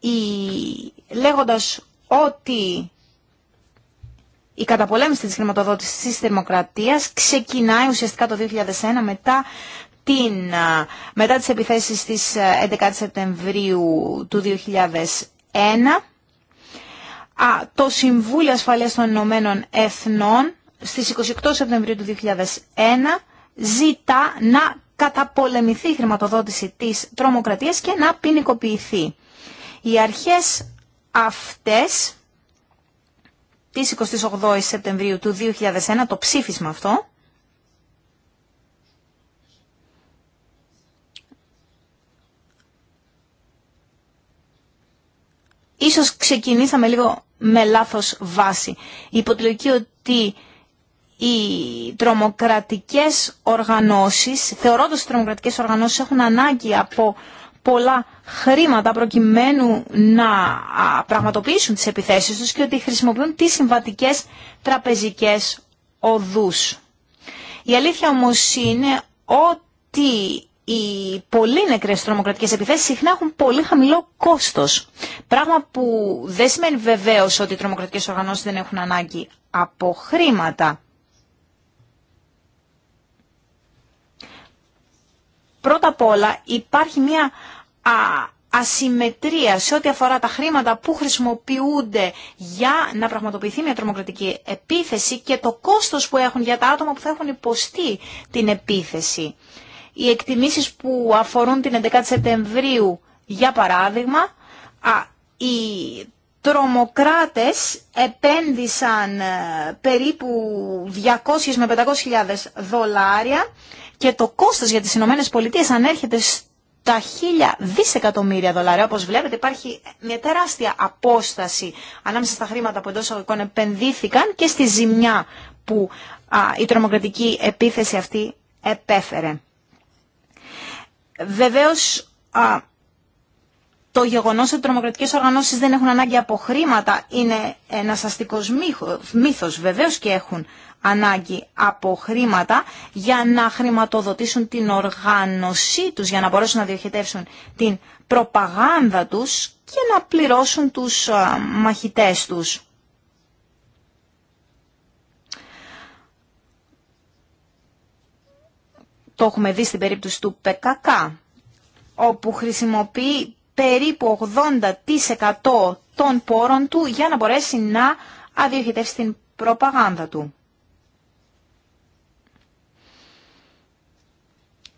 Speaker 3: η... λέγοντας ότι η καταπολέμηση της χρηματοδότησης της θερμοκρατίας ξεκινάει ουσιαστικά το 2001 μετά την μετά τις επιθέσεις της 11 Σεπτεμβρίου του 2001. Α, το Συμβούλιο Ασφαλείας των Ηνωμένων Εθνών στις 28 Σεπτεμβρίου του 2001 ζητά να καταπολεμηθεί η χρηματοδότηση της τρομοκρατίας και να ποινικοποιηθεί. Οι αρχές αυτές της 28 Σεπτεμβρίου του 2001, το ψήφισμα αυτό, ίσως ξεκινήσαμε λίγο με λάθος βάση. Υπό τη ότι οι τρομοκρατικές οργανώσεις, θεωρώντας ότι οι τρομοκρατικές οργανώσεις έχουν ανάγκη από πολλά χρήματα προκειμένου να πραγματοποιήσουν τις επιθέσεις τους και ότι χρησιμοποιούν τις συμβατικές τραπεζικές οδούς. Η αλήθεια όμως είναι ότι οι πολύ νεκρές τρομοκρατικές επιθέσεις συχνά έχουν πολύ χαμηλό κόστος. Πράγμα που δεν σημαίνει βεβαίως ότι οι τρομοκρατικές οργανώσεις δεν έχουν ανάγκη από χρήματα. Πρώτα απ' όλα υπάρχει μια α, ασυμμετρία σε ό,τι αφορά τα χρήματα που χρησιμοποιούνται για να πραγματοποιηθεί μια τρομοκρατική επίθεση και το κόστος που έχουν για τα άτομα που θα έχουν υποστεί την επίθεση οι εκτιμήσεις που αφορούν την 11η Σεπτεμβρίου, για παράδειγμα, οι τρομοκράτες επένδυσαν ε, περίπου 200 με 500 χιλιάδες δολάρια και το κόστος για τις Ηνωμένες Πολιτείες ανέρχεται στα χίλια δισεκατομμύρια δολάρια. Όπως βλέπετε υπάρχει μια τεράστια απόσταση ανάμεσα στα χρήματα που εντός αγωγικών επενδύθηκαν και στη ζημιά που η τρομοκρατική επίθεση αυτή επέφερε. Βεβαίως, το γεγονός ότι οι τρομοκρατικές οργανώσεις δεν έχουν ανάγκη από χρήματα είναι ένας αστικός μύθος. Βεβαίως και έχουν ανάγκη από χρήματα για να χρηματοδοτήσουν την οργάνωσή τους, για να μπορέσουν να διοχετεύσουν την προπαγάνδα τους και να πληρώσουν τους μαχητές τους. Το έχουμε δει στην περίπτωση του ΠΚΚ, όπου χρησιμοποιεί περίπου 80% των πόρων του για να μπορέσει να αδιοχετεύσει την προπαγάνδα του.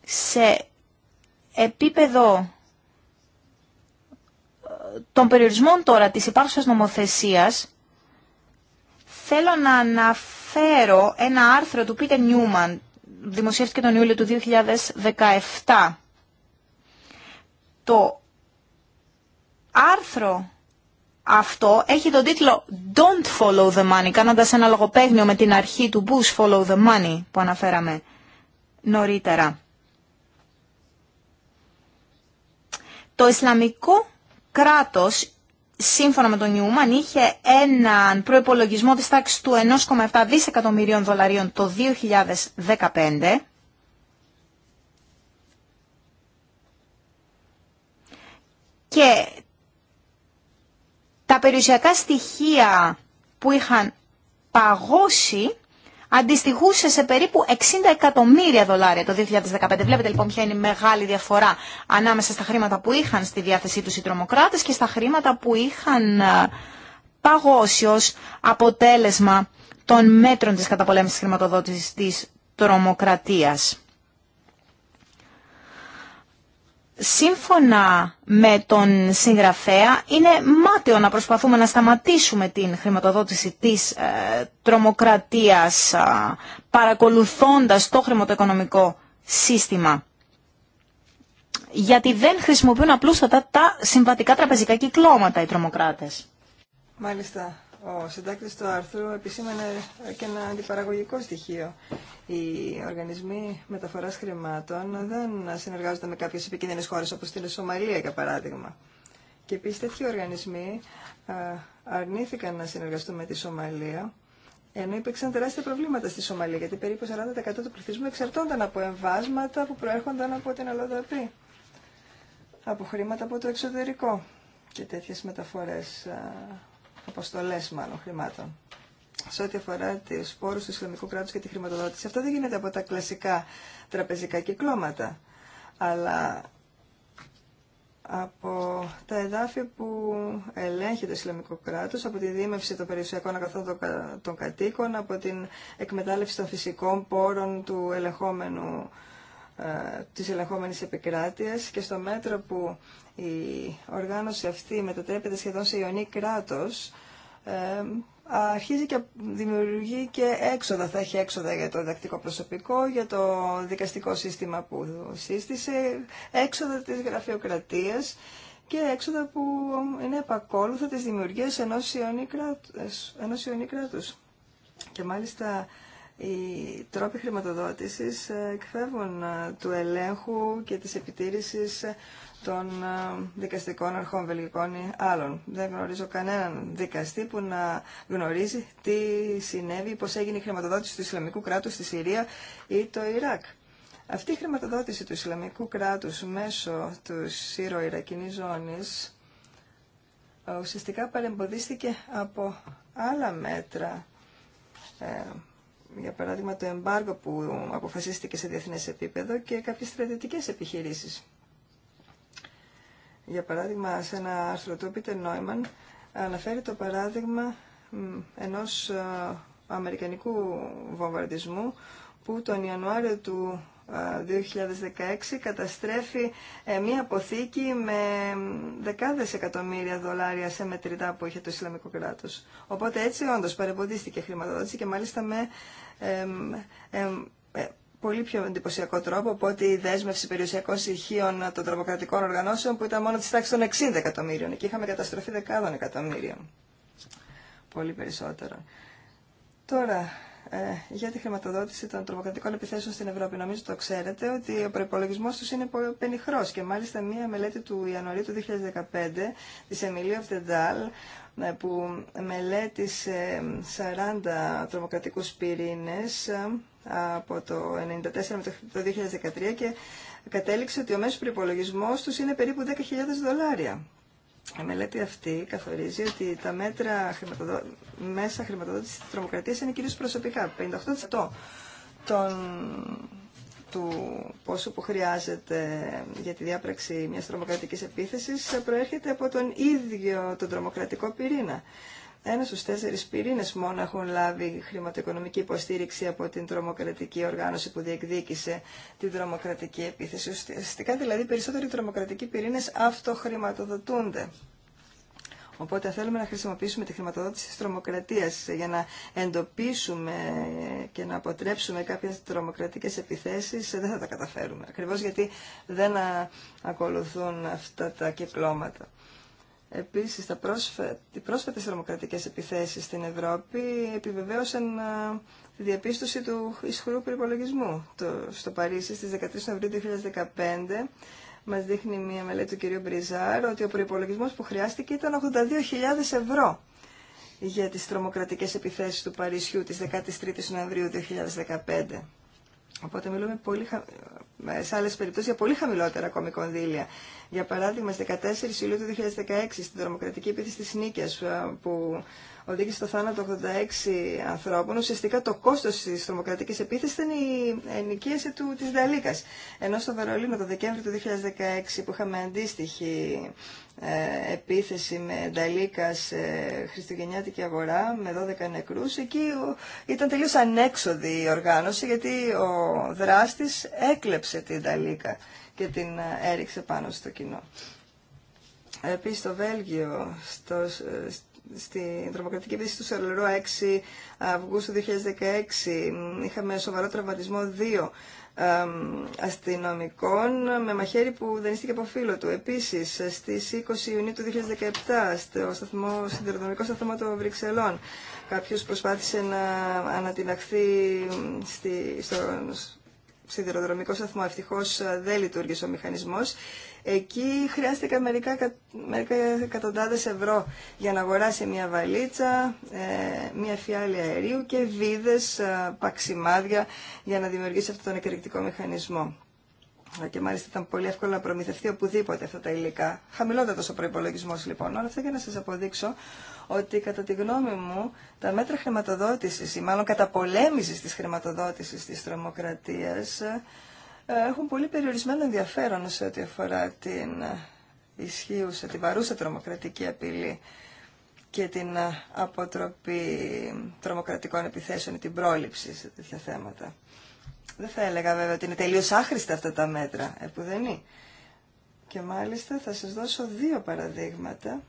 Speaker 3: Σε επίπεδο ε, των περιορισμών τώρα της υπάρχουσας νομοθεσίας, θέλω να αναφέρω ένα άρθρο του Peter Newman, δημοσιεύτηκε τον Ιούλιο του 2017. Το άρθρο αυτό έχει τον τίτλο Don't follow the money, κάνοντας ένα λογοπαίγνιο με την αρχή του Bush follow the money που αναφέραμε νωρίτερα. Το Ισλαμικό κράτος σύμφωνα με τον Νιούμαν, είχε έναν προϋπολογισμό της τάξης του 1,7 δισεκατομμυρίων δολαρίων το 2015 και τα περιουσιακά στοιχεία που είχαν παγώσει αντιστοιχούσε σε περίπου 60 εκατομμύρια δολάρια το 2015. Βλέπετε λοιπόν ποια είναι η μεγάλη διαφορά ανάμεσα στα χρήματα που είχαν στη διάθεσή τους οι τρομοκράτες και στα χρήματα που είχαν ε, παγώσει ως αποτέλεσμα των μέτρων της καταπολέμησης χρηματοδότησης της τρομοκρατίας. σύμφωνα με τον συγγραφέα είναι μάταιο να προσπαθούμε να σταματήσουμε την χρηματοδότηση της ε, τρομοκρατίας ε, παρακολουθώντας το χρηματοοικονομικό σύστημα. Γιατί δεν χρησιμοποιούν απλούστατα τα συμβατικά τραπεζικά κυκλώματα οι τρομοκράτες.
Speaker 1: Μάλιστα ο συντάκτης του άρθρου επισήμανε και ένα αντιπαραγωγικό στοιχείο. Οι οργανισμοί μεταφοράς χρημάτων δεν συνεργάζονται με κάποιες επικίνδυνες χώρες όπως την Σομαλία για παράδειγμα. Και επίσης τέτοιοι οργανισμοί αρνήθηκαν να συνεργαστούν με τη Σομαλία ενώ υπήρξαν τεράστια προβλήματα στη Σομαλία, γιατί περίπου 40% του πληθυσμού εξαρτώνταν από εμβάσματα που προέρχονταν από την Αλοδαπή, από χρήματα από το εξωτερικό και τέτοιες μεταφορές αποστολές μάλλον χρημάτων σε ό,τι αφορά του πόρου του Ισλαμικού κράτου και τη χρηματοδότηση. Αυτό δεν γίνεται από τα κλασικά τραπεζικά κυκλώματα, αλλά από τα εδάφη που ελέγχει το Ισλαμικό κράτος, από τη δίμευση των περιουσιακών αγαθών των κατοίκων, από την εκμετάλλευση των φυσικών πόρων του ελεγχόμενου ε, της ελεγχόμενης επικράτειας και στο μέτρο που η οργάνωση αυτή μετατρέπεται σχεδόν σε ιονή κράτος, ε, αρχίζει και δημιουργεί και έξοδα, θα έχει έξοδα για το διδακτικό προσωπικό, για το δικαστικό σύστημα που σύστησε, έξοδα της γραφειοκρατίας και έξοδα που είναι επακόλουθα της δημιουργίας ενός ιονή κράτους. Και μάλιστα οι τρόποι χρηματοδότησης ε, εκφεύγουν ε, του ελέγχου και της επιτήρησης ε, των δικαστικών αρχών βελγικών ή άλλων. Δεν γνωρίζω κανέναν δικαστή που να γνωρίζει τι συνέβη, πώς έγινε η χρηματοδότηση του Ισλαμικού κράτους στη Συρία ή το Ιράκ. Αυτή η χρηματοδότηση του Ισλαμικού κράτους μέσω του Σύρο-Ιρακινής ζώνης ουσιαστικά παρεμποδίστηκε από άλλα μέτρα για παράδειγμα το εμπάργο που αποφασίστηκε σε διεθνές επίπεδο και κάποιες στρατιωτικές επιχειρήσεις. Για παράδειγμα, σε ένα άρθρο του Νόιμαν αναφέρει το παράδειγμα ενός ε, αμερικανικού βομβαρδισμού που τον Ιανουάριο του 2016 ε, καταστρέφει ε, μία αποθήκη με δεκάδες εκατομμύρια δολάρια σε μετρητά που είχε το Ισλαμικό κράτος. Οπότε έτσι όντως παρεμποδίστηκε χρηματοδότηση και μάλιστα με ε, πολύ πιο εντυπωσιακό τρόπο από ότι η δέσμευση περιουσιακών στοιχείων των τρομοκρατικών οργανώσεων που ήταν μόνο τη τάξη των 60 εκατομμύριων. και είχαμε καταστροφή δεκάδων εκατομμύριων. Πολύ περισσότερο. Τώρα, ε, για τη χρηματοδότηση των τρομοκρατικών επιθέσεων στην Ευρώπη. Νομίζω το ξέρετε ότι ο προπολογισμό του είναι πενιχρό και μάλιστα μία μελέτη του Ιανουαρίου του 2015 τη Εμιλίου Αφτεντάλ ναι, που μελέτησε 40 τρομοκρατικούς πυρήνες ε, από το 1994 με το 2013 και κατέληξε ότι ο μέσος προϋπολογισμός τους είναι περίπου 10.000 δολάρια. Η μελέτη αυτή καθορίζει ότι τα μέτρα χρηματοδο... μέσα χρηματοδότηση της τρομοκρατίας είναι κυρίως προσωπικά. 58% των του πόσου που χρειάζεται για τη διάπραξη μιας τρομοκρατικής επίθεσης προέρχεται από τον ίδιο τον τρομοκρατικό πυρήνα. Ένα στους τέσσερις πυρήνες μόνο έχουν λάβει χρηματοοικονομική υποστήριξη από την τρομοκρατική οργάνωση που διεκδίκησε την τρομοκρατική επίθεση. Ουσιαστικά δηλαδή περισσότεροι τρομοκρατικοί πυρήνες αυτοχρηματοδοτούνται. Οπότε θέλουμε να χρησιμοποιήσουμε τη χρηματοδότηση της τρομοκρατίας για να εντοπίσουμε και να αποτρέψουμε κάποιες τρομοκρατικές επιθέσεις, δεν θα τα καταφέρουμε. Ακριβώς γιατί δεν ακολουθούν αυτά τα κυκλώματα. Επίσης, τα οι πρόσφατες τρομοκρατικές επιθέσεις στην Ευρώπη επιβεβαίωσαν τη διαπίστωση του ισχυρού προπολογισμού. Το... Στο Παρίσι στις 13 Νοεμβρίου 2015 Μα δείχνει μία μελέτη του κυρίου Μπριζάρ ότι ο προπολογισμό που χρειάστηκε ήταν 82.000 ευρώ για τι τρομοκρατικέ επιθέσει του Παρισιού τη 13 η Νοεμβρίου 2015. Οπότε μιλούμε πολύ χα... Ε, σε άλλε περιπτώσει για πολύ χαμηλότερα ακόμη κονδύλια. Για παράδειγμα, στι 14 Ιουλίου του 2016, στην τρομοκρατική επίθεση τη Νίκαια, ε, που οδήγησε στο θάνατο 86 ανθρώπων, ουσιαστικά το κόστο τη τρομοκρατική επίθεση ήταν η ενοικίαση τη Δαλίκα. Ενώ στο Βερολίνο το Δεκέμβριο του 2016 που είχαμε αντίστοιχη ε, επίθεση με Νταλίκα σε χριστουγεννιάτικη αγορά με 12 νεκρούς. Εκεί ήταν τελείως ανέξοδη η οργάνωση γιατί ο δράστης έκλεψε την Νταλίκα και την ε, έριξε πάνω στο κοινό. Επίσης στο Βέλγιο, στο, ε, στην τρομοκρατική πίεση του Σερλερό 6 Αυγούστου 2016 είχαμε σοβαρό τραυματισμό δύο αστυνομικών με μαχαίρι που δανείστηκε από φίλο του. Επίσης, στις 20 Ιουνίου του 2017, στο σταθμό, συντεροδομικό σταθμό των Βρυξελών, κάποιος προσπάθησε να ανατιναχθεί στη, στο, σιδηροδρομικό σταθμό. Ευτυχώ ε, δεν λειτουργήσε ο μηχανισμό. Εκεί χρειάστηκα μερικά, μερικά εκατοντάδε ευρώ για να αγοράσει μια βαλίτσα, ε, μια φιάλη αερίου και βίδε, ε, παξιμάδια για να δημιουργήσει αυτόν τον εκρηκτικό μηχανισμό και μάλιστα ήταν πολύ εύκολο να προμηθευτεί οπουδήποτε αυτά τα υλικά. Χαμηλότατο ο προπολογισμό λοιπόν. Όλα αυτά για να σα αποδείξω ότι κατά τη γνώμη μου τα μέτρα χρηματοδότηση ή μάλλον πολέμηση τη χρηματοδότηση τη τρομοκρατία ε, έχουν πολύ περιορισμένο ενδιαφέρον σε ό,τι αφορά την ισχύουσα, την παρούσα τρομοκρατική απειλή και την ε, αποτροπή τρομοκρατικών επιθέσεων ή την πρόληψη σε τέτοια θέματα. Δεν θα έλεγα βέβαια ότι είναι τελείω άχρηστα αυτά τα μέτρα, επουδενή. Και μάλιστα θα σας δώσω δύο παραδείγματα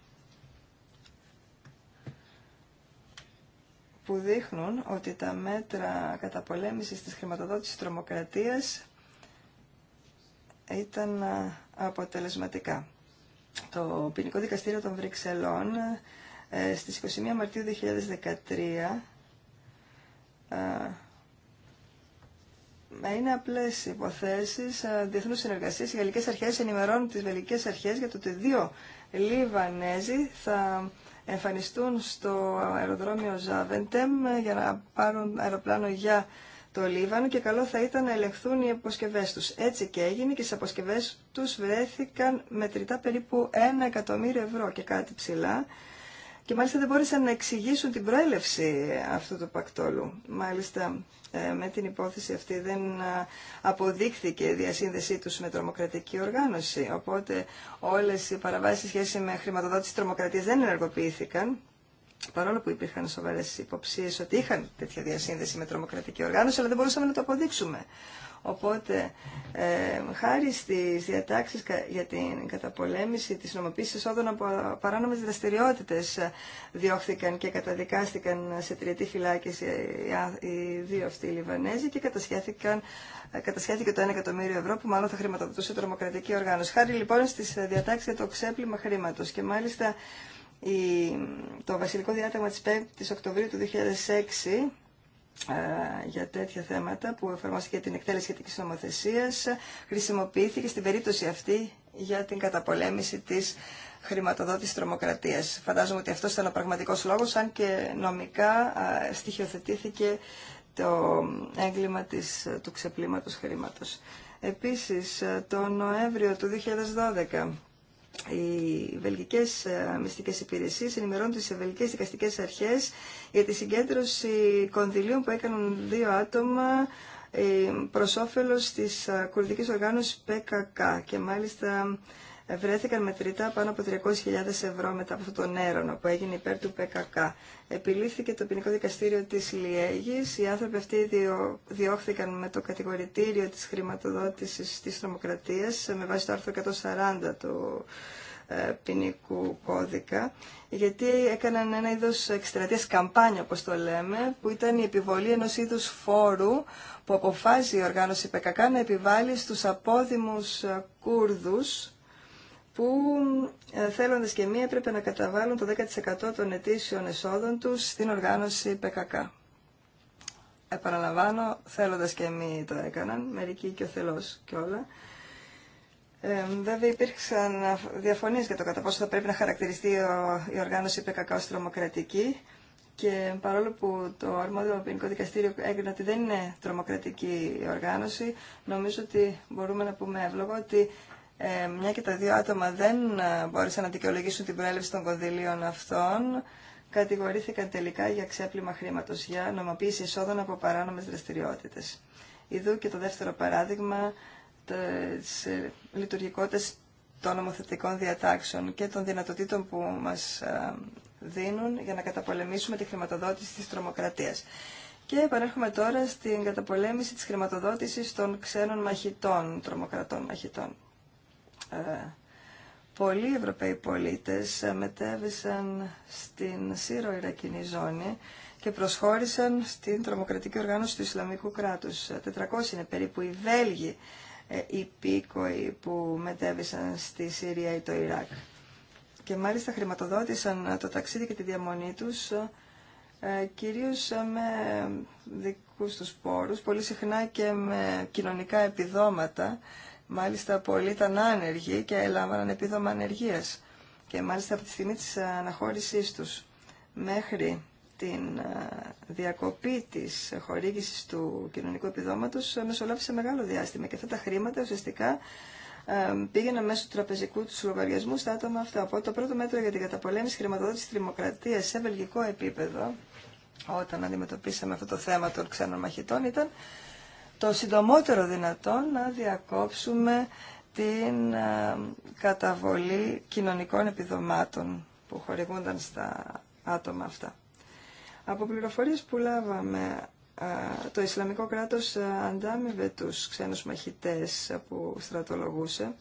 Speaker 1: που δείχνουν ότι τα μέτρα καταπολέμησης της χρηματοδότησης τρομοκρατίας ήταν αποτελεσματικά. Το ποινικό δικαστήριο των Βρυξελών ε, στις 21 Μαρτίου 2013 είναι απλέ υποθέσει διεθνού συνεργασίε, Οι ε, γαλλικέ αρχέ ενημερώνουν τι βελγικέ αρχέ για το ότι δύο Λιβανέζοι θα εμφανιστούν στο αεροδρόμιο Ζάβεντεμ για να πάρουν αεροπλάνο για το Λίβανο και καλό θα ήταν να ελεγχθούν οι αποσκευέ του. Έτσι και έγινε και στι αποσκευέ του βρέθηκαν μετρητά περίπου ένα εκατομμύριο ευρώ και κάτι ψηλά και μάλιστα δεν μπόρεσαν να εξηγήσουν την προέλευση αυτού του πακτόλου. Μάλιστα ε, με την υπόθεση αυτή δεν ε, αποδείχθηκε η διασύνδεσή τους με τρομοκρατική οργάνωση. Οπότε όλες οι παραβάσεις σε σχέση με χρηματοδότηση τρομοκρατίας δεν ενεργοποιήθηκαν. Παρόλο που υπήρχαν σοβαρές υποψίες ότι είχαν τέτοια διασύνδεση με τρομοκρατική οργάνωση, αλλά δεν μπορούσαμε να το αποδείξουμε. Οπότε, ε, χάρη στι διατάξει για την καταπολέμηση τη νομοποίηση εσόδων από παράνομε δραστηριότητε ε, διώχθηκαν και καταδικάστηκαν σε τριετή φυλάκιση οι δύο αυτοί οι Λιβανέζοι και κατασχέθηκαν, ε, κατασχέθηκε το 1 εκατομμύριο ευρώ που μάλλον θα χρηματοδοτούσε τρομοκρατική οργάνωση. Χάρη λοιπόν στι ε, διατάξει για το ξέπλυμα χρήματο και μάλιστα το βασιλικό διάταγμα της 5ης Οκτωβρίου του 2006 ε, για τέτοια θέματα που εφαρμόστηκε την εκτέλεση σχετική νομοθεσία χρησιμοποιήθηκε στην περίπτωση αυτή για την καταπολέμηση της χρηματοδότηση τρομοκρατίας. Φαντάζομαι ότι αυτό ήταν ο πραγματικός λόγος, αν και νομικά ε, στοιχειοθετήθηκε το έγκλημα της, του ξεπλήματος χρήματος. Επίσης, ε, το Νοέμβριο του 2012 οι βελγικές ε, μυστικές υπηρεσίε, ενημερώνουν τις βελγικές δικαστικέ αρχές για τη συγκέντρωση κονδυλίων που έκαναν δύο άτομα ε, προ όφελο τη ε, κουρδική οργάνωση ΠΚΚ και μάλιστα βρέθηκαν μετρητά πάνω από 300.000 ευρώ μετά από τον έρωνο που έγινε υπέρ του ΠΚΚ. Επιλήφθηκε το ποινικό δικαστήριο τη Λιέγης. Οι άνθρωποι αυτοί διώχθηκαν με το κατηγορητήριο τη χρηματοδότηση τη τρομοκρατία με βάση το άρθρο 140 του ε, ποινικού κώδικα, γιατί έκαναν ένα είδος εκστρατείας καμπάνια, όπως το λέμε, που ήταν η επιβολή ενός είδους φόρου που αποφάζει η οργάνωση ΠΚΚ να επιβάλλει στους απόδημους ε, Κούρδους που ε, θέλοντας και μία έπρεπε να καταβάλουν το 10% των ετήσιων εσόδων τους στην οργάνωση ΠΚΚ. Επαναλαμβάνω, θέλοντας και εμεί το έκαναν, μερικοί και ο θελός και όλα. Ε, βέβαια υπήρξαν διαφωνίες για το κατά πόσο θα πρέπει να χαρακτηριστεί η οργάνωση ΠΚΚ ως τρομοκρατική και παρόλο που το αρμόδιο ποινικό δικαστήριο έγινε ότι δεν είναι τρομοκρατική η οργάνωση, νομίζω ότι μπορούμε να πούμε εύλογο ότι ε, μια και τα δύο άτομα δεν ε, μπόρεσαν να δικαιολογήσουν την προέλευση των κονδυλίων αυτών, κατηγορήθηκαν τελικά για ξέπλυμα χρήματο για νομοποίηση εσόδων από παράνομε δραστηριότητε. Ιδού και το δεύτερο παράδειγμα τη ε, λειτουργικότητα των νομοθετικών διατάξεων και των δυνατοτήτων που μα ε, δίνουν για να καταπολεμήσουμε τη χρηματοδότηση τη τρομοκρατίας. Και επανέρχομαι τώρα στην καταπολέμηση της χρηματοδότησης των ξένων μαχητών, τρομοκρατών μαχητών. Ε, πολλοί Ευρωπαίοι πολίτες μετέβησαν στην Σύρο-Ιρακινή ζώνη και προσχώρησαν στην τρομοκρατική οργάνωση του Ισλαμικού κράτους. 400 είναι περίπου οι Βέλγοι ε, υπήκοοι που μετέβησαν στη Συρία ή το Ιράκ. Και μάλιστα χρηματοδότησαν το ταξίδι και τη διαμονή τους ε, κυρίως με δικούς τους πόρους, πολύ συχνά και με κοινωνικά επιδόματα Μάλιστα πολλοί ήταν άνεργοι και έλαβαν επίδομα ανεργία. Και μάλιστα από τη στιγμή της αναχώρησής τους μέχρι την διακοπή της χορήγησης του κοινωνικού επιδόματος ε, μεσολάβησε μεγάλο διάστημα και αυτά τα χρήματα ουσιαστικά ε, πήγαιναν μέσω του τραπεζικού του λογαριασμού στα άτομα αυτά. Οπότε το πρώτο μέτρο για την καταπολέμηση χρηματοδότηση τριμοκρατία σε βελγικό επίπεδο, όταν αντιμετωπίσαμε αυτό το θέμα των ξένων μαχητών, ήταν το συντομότερο δυνατόν να διακόψουμε την ε, καταβολή κοινωνικών επιδομάτων που χορηγούνταν στα άτομα αυτά. Από πληροφορίες που λάβαμε, ε, το Ισλαμικό κράτος ε, αντάμιβε τους ξένους μαχητές που στρατολογούσε.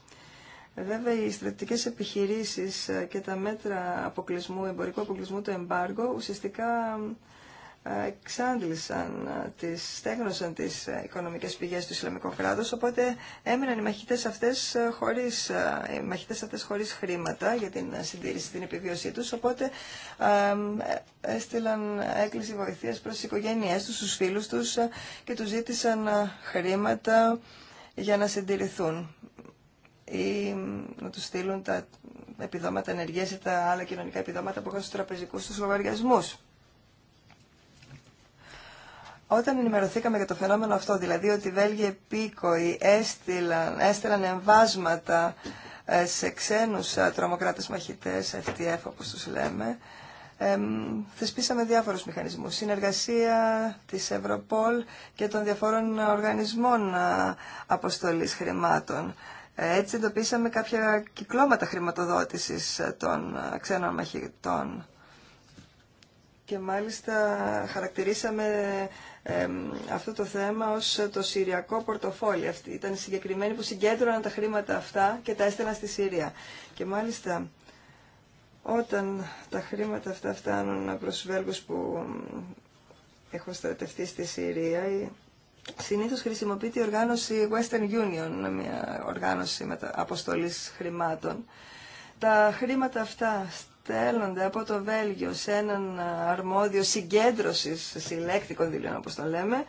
Speaker 1: Βέβαια, οι στρατιωτικές επιχειρήσεις και τα μέτρα αποκλεισμού, εμπορικού αποκλεισμού του εμπάργου ουσιαστικά εξάντλησαν, τις, στέγνωσαν τις ε, οικονομικές πηγές του Ισλαμικού κράτους, οπότε έμειναν οι μαχητές αυτές ε, χωρίς, ε, οι μαχητές αυτές χωρίς χρήματα για την συντήρηση, την επιβίωσή τους, οπότε έστειλαν έκκληση βοηθείας προς τις οικογένειές τους, τους φίλους τους και τους ζήτησαν χρήματα για να συντηρηθούν ή να τους στείλουν τα επιδόματα ενεργείας ή τα άλλα κοινωνικά επιδόματα που είχαν στους τραπεζικούς τους λογαριασμούς. Όταν ενημερωθήκαμε για το φαινόμενο αυτό, δηλαδή ότι οι Βέλγοι επίκοοι έστειλαν, εμβάσματα ε, σε ξένους ε, τρομοκράτες μαχητές, FTF όπως τους λέμε, θεσπίσαμε διάφορους μηχανισμούς. Συνεργασία της Ευρωπόλ και των διαφορών οργανισμών ε, αποστολής χρημάτων. Έτσι εντοπίσαμε κάποια κυκλώματα χρηματοδότησης των ξένων μαχητών. Και μάλιστα χαρακτηρίσαμε αυτό το θέμα ως το συριακό πορτοφόλι. Αυτή ήταν συγκεκριμένοι που συγκέντρωναν τα χρήματα αυτά και τα έστεναν στη Συρία. Και μάλιστα όταν τα χρήματα αυτά φτάνουν προς Βέλγους που έχουν στρατευτεί στη Συρία, συνήθως χρησιμοποιείται η οργάνωση Western Union, μια οργάνωση αποστολής χρημάτων. Τα χρήματα αυτά στέλνονται από το Βέλγιο σε έναν αρμόδιο συγκέντρωσης συλλέκτικων δουλειών όπως το λέμε,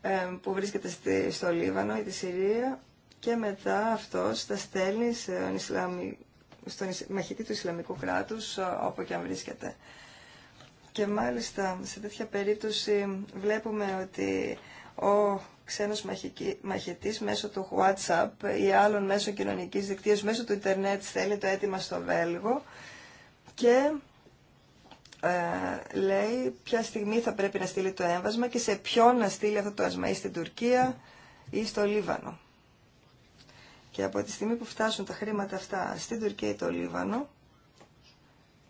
Speaker 1: ε, που βρίσκεται στο Λίβανο ή τη Συρία και μετά αυτός τα στέλνει στον, μαχητή του Ισλαμικού κράτους, ε, όπου και αν βρίσκεται. Και μάλιστα σε τέτοια περίπτωση βλέπουμε ότι ο ξένος μαχητής μέσω του WhatsApp ή άλλων μέσων κοινωνικής δικτύωσης, μέσω του Ιντερνετ στέλνει το αίτημα στο Βέλγο και ε, λέει ποια στιγμή θα πρέπει να στείλει το έμβασμα και σε ποιον να στείλει αυτό το έμβασμα, ή στην Τουρκία ή στο Λίβανο. Και από τη στιγμή που φτάσουν τα χρήματα αυτά στην Τουρκία ή το Λίβανο,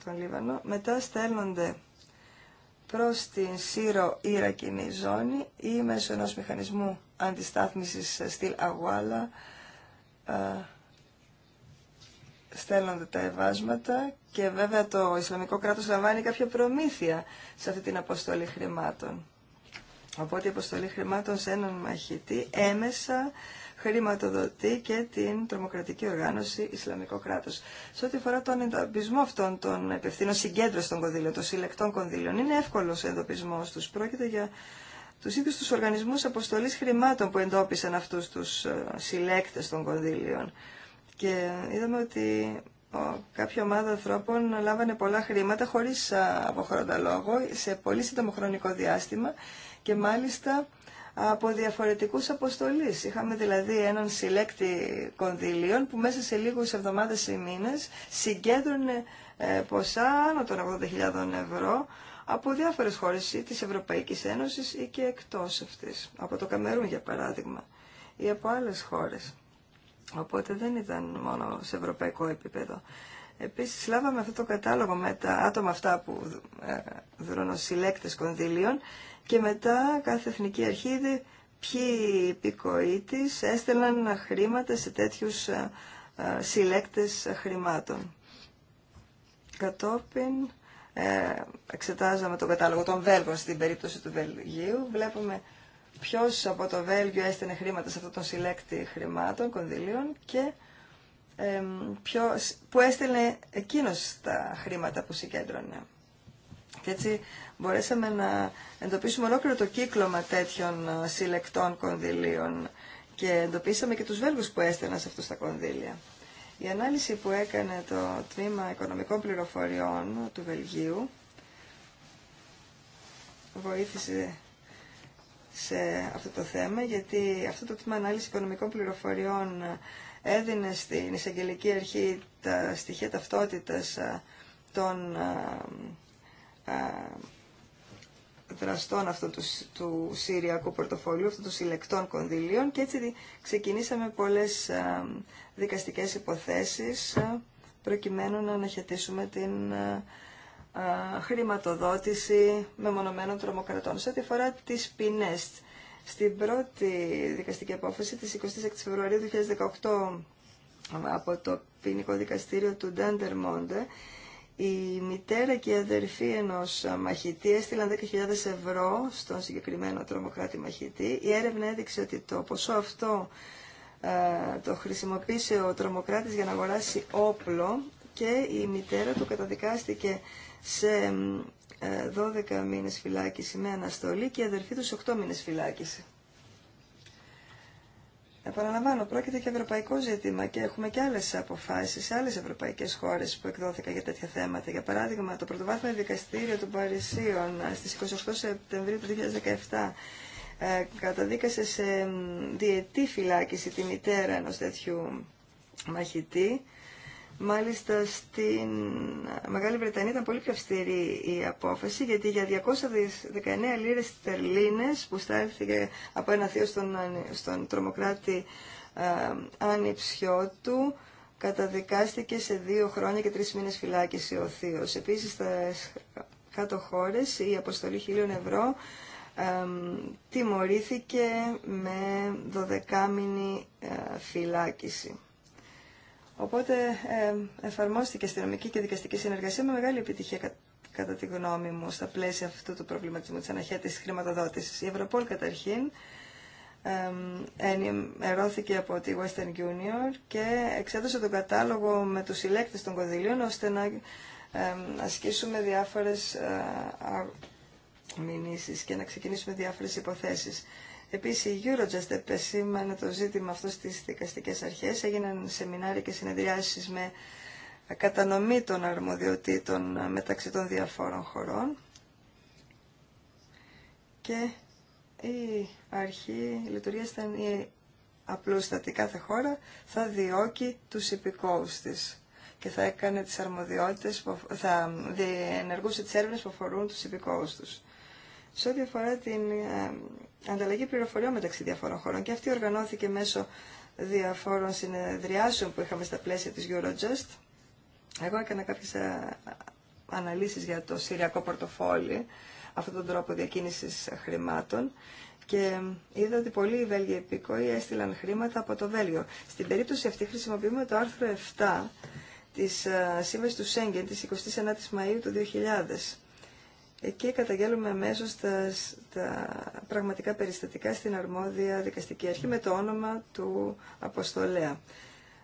Speaker 1: το Λίβανο μετά στέλνονται προς την Σύρο ηρακινη ζώνη ή μέσω ενός μηχανισμού αντιστάθμισης στυλ Αγουάλα ε, στέλνονται τα ευάσματα και βέβαια το Ισλαμικό κράτος λαμβάνει κάποια προμήθεια σε αυτή την αποστολή χρημάτων. Οπότε η αποστολή χρημάτων σε έναν μαχητή έμεσα χρηματοδοτεί και την τρομοκρατική οργάνωση Ισλαμικό κράτο. Σε ό,τι αφορά τον εντοπισμό αυτών των επευθύνων συγκέντρωση των κονδύλων, των συλλεκτών κονδύλων, είναι εύκολο ο εντοπισμό του. Πρόκειται για του ίδιου του οργανισμού αποστολή χρημάτων που εντόπισαν αυτού του ε, συλλέκτε των κονδύλιων. Και είδαμε ότι κάποια ομάδα ανθρώπων λάβανε πολλά χρήματα χωρίς αποχρόντα λόγο σε πολύ σύντομο χρονικό διάστημα και μάλιστα από διαφορετικούς αποστολείς. Είχαμε δηλαδή έναν συλλέκτη κονδυλίων που μέσα σε λίγους εβδομάδες ή μήνες συγκέντρωνε ε, ποσά άνω των 80.000 ευρώ από διάφορες χώρες ή της Ευρωπαϊκής Ένωσης ή και εκτός αυτής, από το Καμερούν για παράδειγμα ή από άλλες χώρες. Οπότε δεν ήταν μόνο σε ευρωπαϊκό επίπεδο. Επίσης λάβαμε αυτό το κατάλογο με τα άτομα αυτά που ε, συλλέκτες κονδύλιων και μετά κάθε εθνική αρχή είδε ποιοι υπηκοοί της έστελναν χρήματα σε τέτοιους ε, ε, συλλέκτες χρημάτων. Κατόπιν εξετάζαμε τον κατάλογο των Βέλγων στην περίπτωση του Βελγίου. Βλέπουμε Ποιο από το Βέλγιο έστενε χρήματα σε αυτόν τον συλλέκτη χρημάτων, κονδυλίων και ποιος, που έστελνε εκείνος τα χρήματα που συγκέντρωνε. Και έτσι μπορέσαμε να εντοπίσουμε ολόκληρο το κύκλωμα τέτοιων ε, συλλεκτών κονδυλίων και εντοπίσαμε και τους Βέλγους που έστελναν σε αυτούς τα κονδύλια. Η ανάλυση που έκανε το Τμήμα Οικονομικών Πληροφοριών του Βελγίου βοήθησε σε αυτό το θέμα, γιατί αυτό το τμήμα ανάλυση οικονομικών πληροφοριών ε, έδινε στην εισαγγελική αρχή τα στοιχεία ταυτότητας ε, των ε, δραστών αυτού του, του συριακού πορτοφολίου, αυτού του συλλεκτών κονδυλίων και έτσι ξεκινήσαμε πολλές δικαστικές υποθέσεις προκειμένου να αναχαιτήσουμε την χρηματοδότηση μεμονωμένων τρομοκρατών. Σε ό,τι αφορά τις ποινές, στην πρώτη δικαστική απόφαση της 26 Φεβρουαρίου 2018 από το ποινικό δικαστήριο του Ντάντερ Μόντε, η μητέρα και η αδερφή ενός μαχητή έστειλαν 10.000 ευρώ στον συγκεκριμένο τρομοκράτη μαχητή. Η έρευνα έδειξε ότι το ποσό αυτό το χρησιμοποίησε ο τρομοκράτης για να αγοράσει όπλο και η μητέρα του καταδικάστηκε σε 12 ε, μήνες φυλάκιση με αναστολή και η αδερφή τους 8 μήνες φυλάκιση. Επαναλαμβάνω, πρόκειται και ευρωπαϊκό ζήτημα και έχουμε και άλλε αποφάσει σε άλλε ευρωπαϊκέ χώρε που εκδόθηκαν για τέτοια θέματα. Για παράδειγμα, το πρωτοβάθμιο δικαστήριο των Παρισίων ε, στι 28 Σεπτεμβρίου του 2017 ε, καταδίκασε σε διετή φυλάκιση τη μητέρα ενό τέτοιου μαχητή Μάλιστα στην Μεγάλη Βρετανία ήταν πολύ πιο αυστηρή η απόφαση γιατί για 219 λίρες τερλίνες που στάλθηκε από ένα θείο στον, στον τρομοκράτη ε, άνυψιό του καταδικάστηκε σε δύο χρόνια και τρεις μήνες φυλάκιση ο θείος. Επίσης στα κάτω χώρες η αποστολή χιλίων ευρώ ε, τιμωρήθηκε με 12 μήνη ε, φυλάκιση. Οπότε εφαρμόστηκε αστυνομική και δικαστική συνεργασία με μεγάλη επιτυχία κατά τη γνώμη μου στα πλαίσια αυτού του προβληματισμού της αναχέτησης χρηματοδότησης. Η Ευρωπόλ καταρχήν ερώθηκε από τη Western Junior και εξέδωσε τον κατάλογο με τους συλλέκτες των κονδυλίων ώστε να ασκήσουμε διάφορες ε, μηνύσεις και να ξεκινήσουμε διάφορες υποθέσεις. Επίση, η Eurojust επεσήμανε το ζήτημα αυτό στις δικαστικέ αρχές. Έγιναν σεμινάρια και συνεδριάσεις με κατανομή των αρμοδιοτήτων μεταξύ των διαφόρων χωρών. Και η αρχή λειτουργία ήταν η απλούστατη. Κάθε χώρα θα διώκει τους υπηκόους τη. και θα έκανε τις αρμοδιότητες, που, θα διενεργούσε τις έρευνες που αφορούν τους υπηκόους τους. Σε ό,τι αφορά την ε, ανταλλαγή πληροφοριών μεταξύ διαφόρων χωρών και αυτή οργανώθηκε μέσω διαφόρων συνεδριάσεων που είχαμε στα πλαίσια της Eurojust. Εγώ έκανα κάποιες ε, αναλύσεις για το συριακό πορτοφόλι, αυτόν τον τρόπο διακίνησης χρημάτων και ε, είδα ότι πολλοί Βέλγοι επίκοοι έστειλαν χρήματα από το Βέλγιο. Στην περίπτωση αυτή χρησιμοποιούμε το άρθρο 7 της ε, Σύμβασης του Σέγγεν της 29ης Μαΐου του 2000 Εκεί καταγγέλουμε αμέσω τα, τα πραγματικά περιστατικά στην αρμόδια δικαστική αρχή με το όνομα του αποστολέα.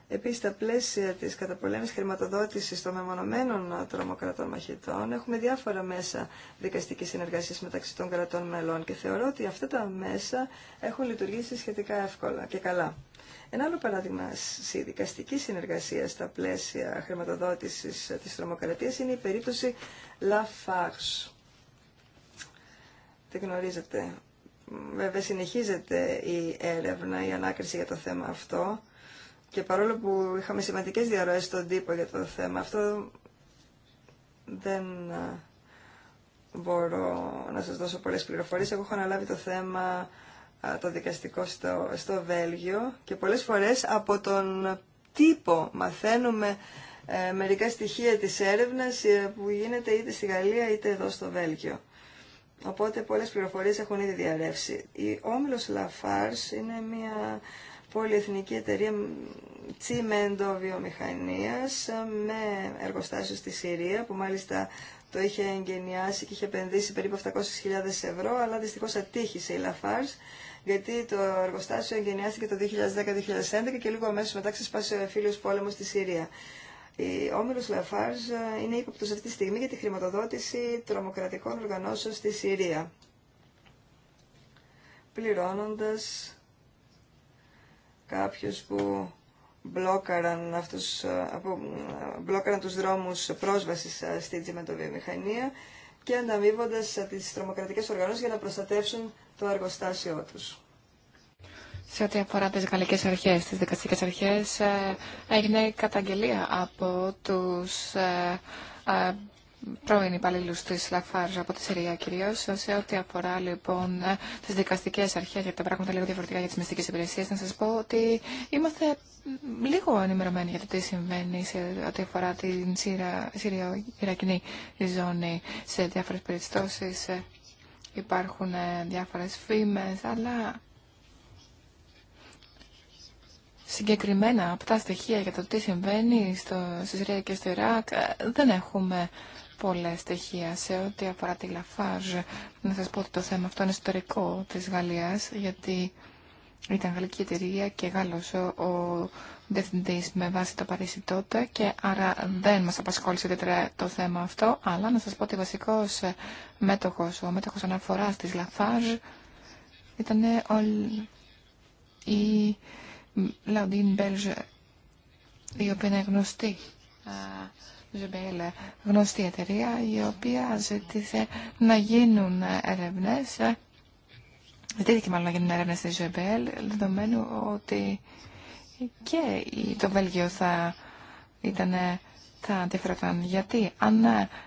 Speaker 1: Επίση, στα πλαίσια τη καταπολέμη χρηματοδότηση των μεμονωμένων τρομοκρατών μαχητών, έχουμε διάφορα μέσα δικαστική συνεργασία μεταξύ των κρατών μελών και θεωρώ ότι αυτά τα μέσα έχουν λειτουργήσει σχετικά εύκολα και καλά. Ένα άλλο παράδειγμα στη δικαστική συνεργασία στα πλαίσια χρηματοδότηση τη τρομοκρατία είναι η περίπτωση Lafarge τη γνωρίζετε. Βέβαια συνεχίζεται η έρευνα, η ανάκριση για το θέμα αυτό και παρόλο που είχαμε σημαντικές διαρροές στον τύπο για το θέμα αυτό δεν ε, μπορώ να σας δώσω πολλές πληροφορίες. Εγώ έχω αναλάβει το θέμα ε, το δικαστικό στο, στο Βέλγιο και πολλές φορές από τον τύπο μαθαίνουμε ε, μερικά στοιχεία της έρευνας που γίνεται είτε στη Γαλλία είτε εδώ στο Βέλγιο. Οπότε πολλές πληροφορίες έχουν ήδη διαρρεύσει. Η Όμιλος Λαφάρς είναι μια πολυεθνική εταιρεία τσιμέντο βιομηχανίας με εργοστάσιο στη Συρία που μάλιστα το είχε εγγενιάσει και είχε επενδύσει περίπου 700.000 ευρώ αλλά δυστυχώς ατύχησε η Λαφάρς γιατί το εργοστάσιο εγγενιάστηκε το 2010-2011 και λίγο αμέσως μετά ξεσπάσε ο εμφύλιος πόλεμος στη Συρία ο Όμιλος Λαφάρζ ε, είναι ύποπτος αυτή τη στιγμή για τη χρηματοδότηση τρομοκρατικών οργανώσεων στη Συρία, πληρώνοντας κάποιους που μπλόκαραν, αυτούς, ε, ε, μπλόκαραν τους δρόμους πρόσβασης στη τσιμεντοβιομηχανία και ανταμείβοντας τις τρομοκρατικές οργανώσεις για να προστατεύσουν το αργοστάσιο τους
Speaker 2: σε ό,τι αφορά τις γαλλικές αρχές, τις δικαστικές αρχές, ε, έγινε καταγγελία από τους ε, ε, πρώην υπαλλήλου τη Λαφάρζ από τη Συρία κυρίω. Σε ό,τι αφορά λοιπόν τι δικαστικέ αρχέ, γιατί τα πράγματα λίγο διαφορετικά για τι μυστικέ υπηρεσίε, να σα πω ότι είμαστε λίγο ενημερωμένοι για το τι συμβαίνει σε ό,τι αφορά την συρια ιρακινη ζώνη σε διάφορε περιπτώσει. Υπάρχουν διάφορε φήμε, αλλά συγκεκριμένα από τα στοιχεία για το τι συμβαίνει στο, στη Συρία και στο Ιράκ ε, δεν έχουμε πολλά στοιχεία σε ό,τι αφορά τη Λαφάζ. Να σας πω ότι το θέμα αυτό είναι ιστορικό της Γαλλίας γιατί ήταν γαλλική εταιρεία και Γάλλος ο διευθυντής με βάση το Παρίσι τότε και άρα δεν μας απασχόλησε ιδιαίτερα το θέμα αυτό αλλά να σας πω ότι βασικός μέτοχος, ο μέτοχος αναφοράς της Λαφάζ ήταν η Λαουντίν Μπέλζ, η οποία είναι γνωστή γνωστή εταιρεία η οποία ζήτησε να γίνουν έρευνες ε, ζητήθηκε μάλλον να γίνουν έρευνες στη ΖΕΜΠΕΛ δεδομένου ότι και το Βέλγιο θα ήταν θα αντιφερόταν. Γιατί αν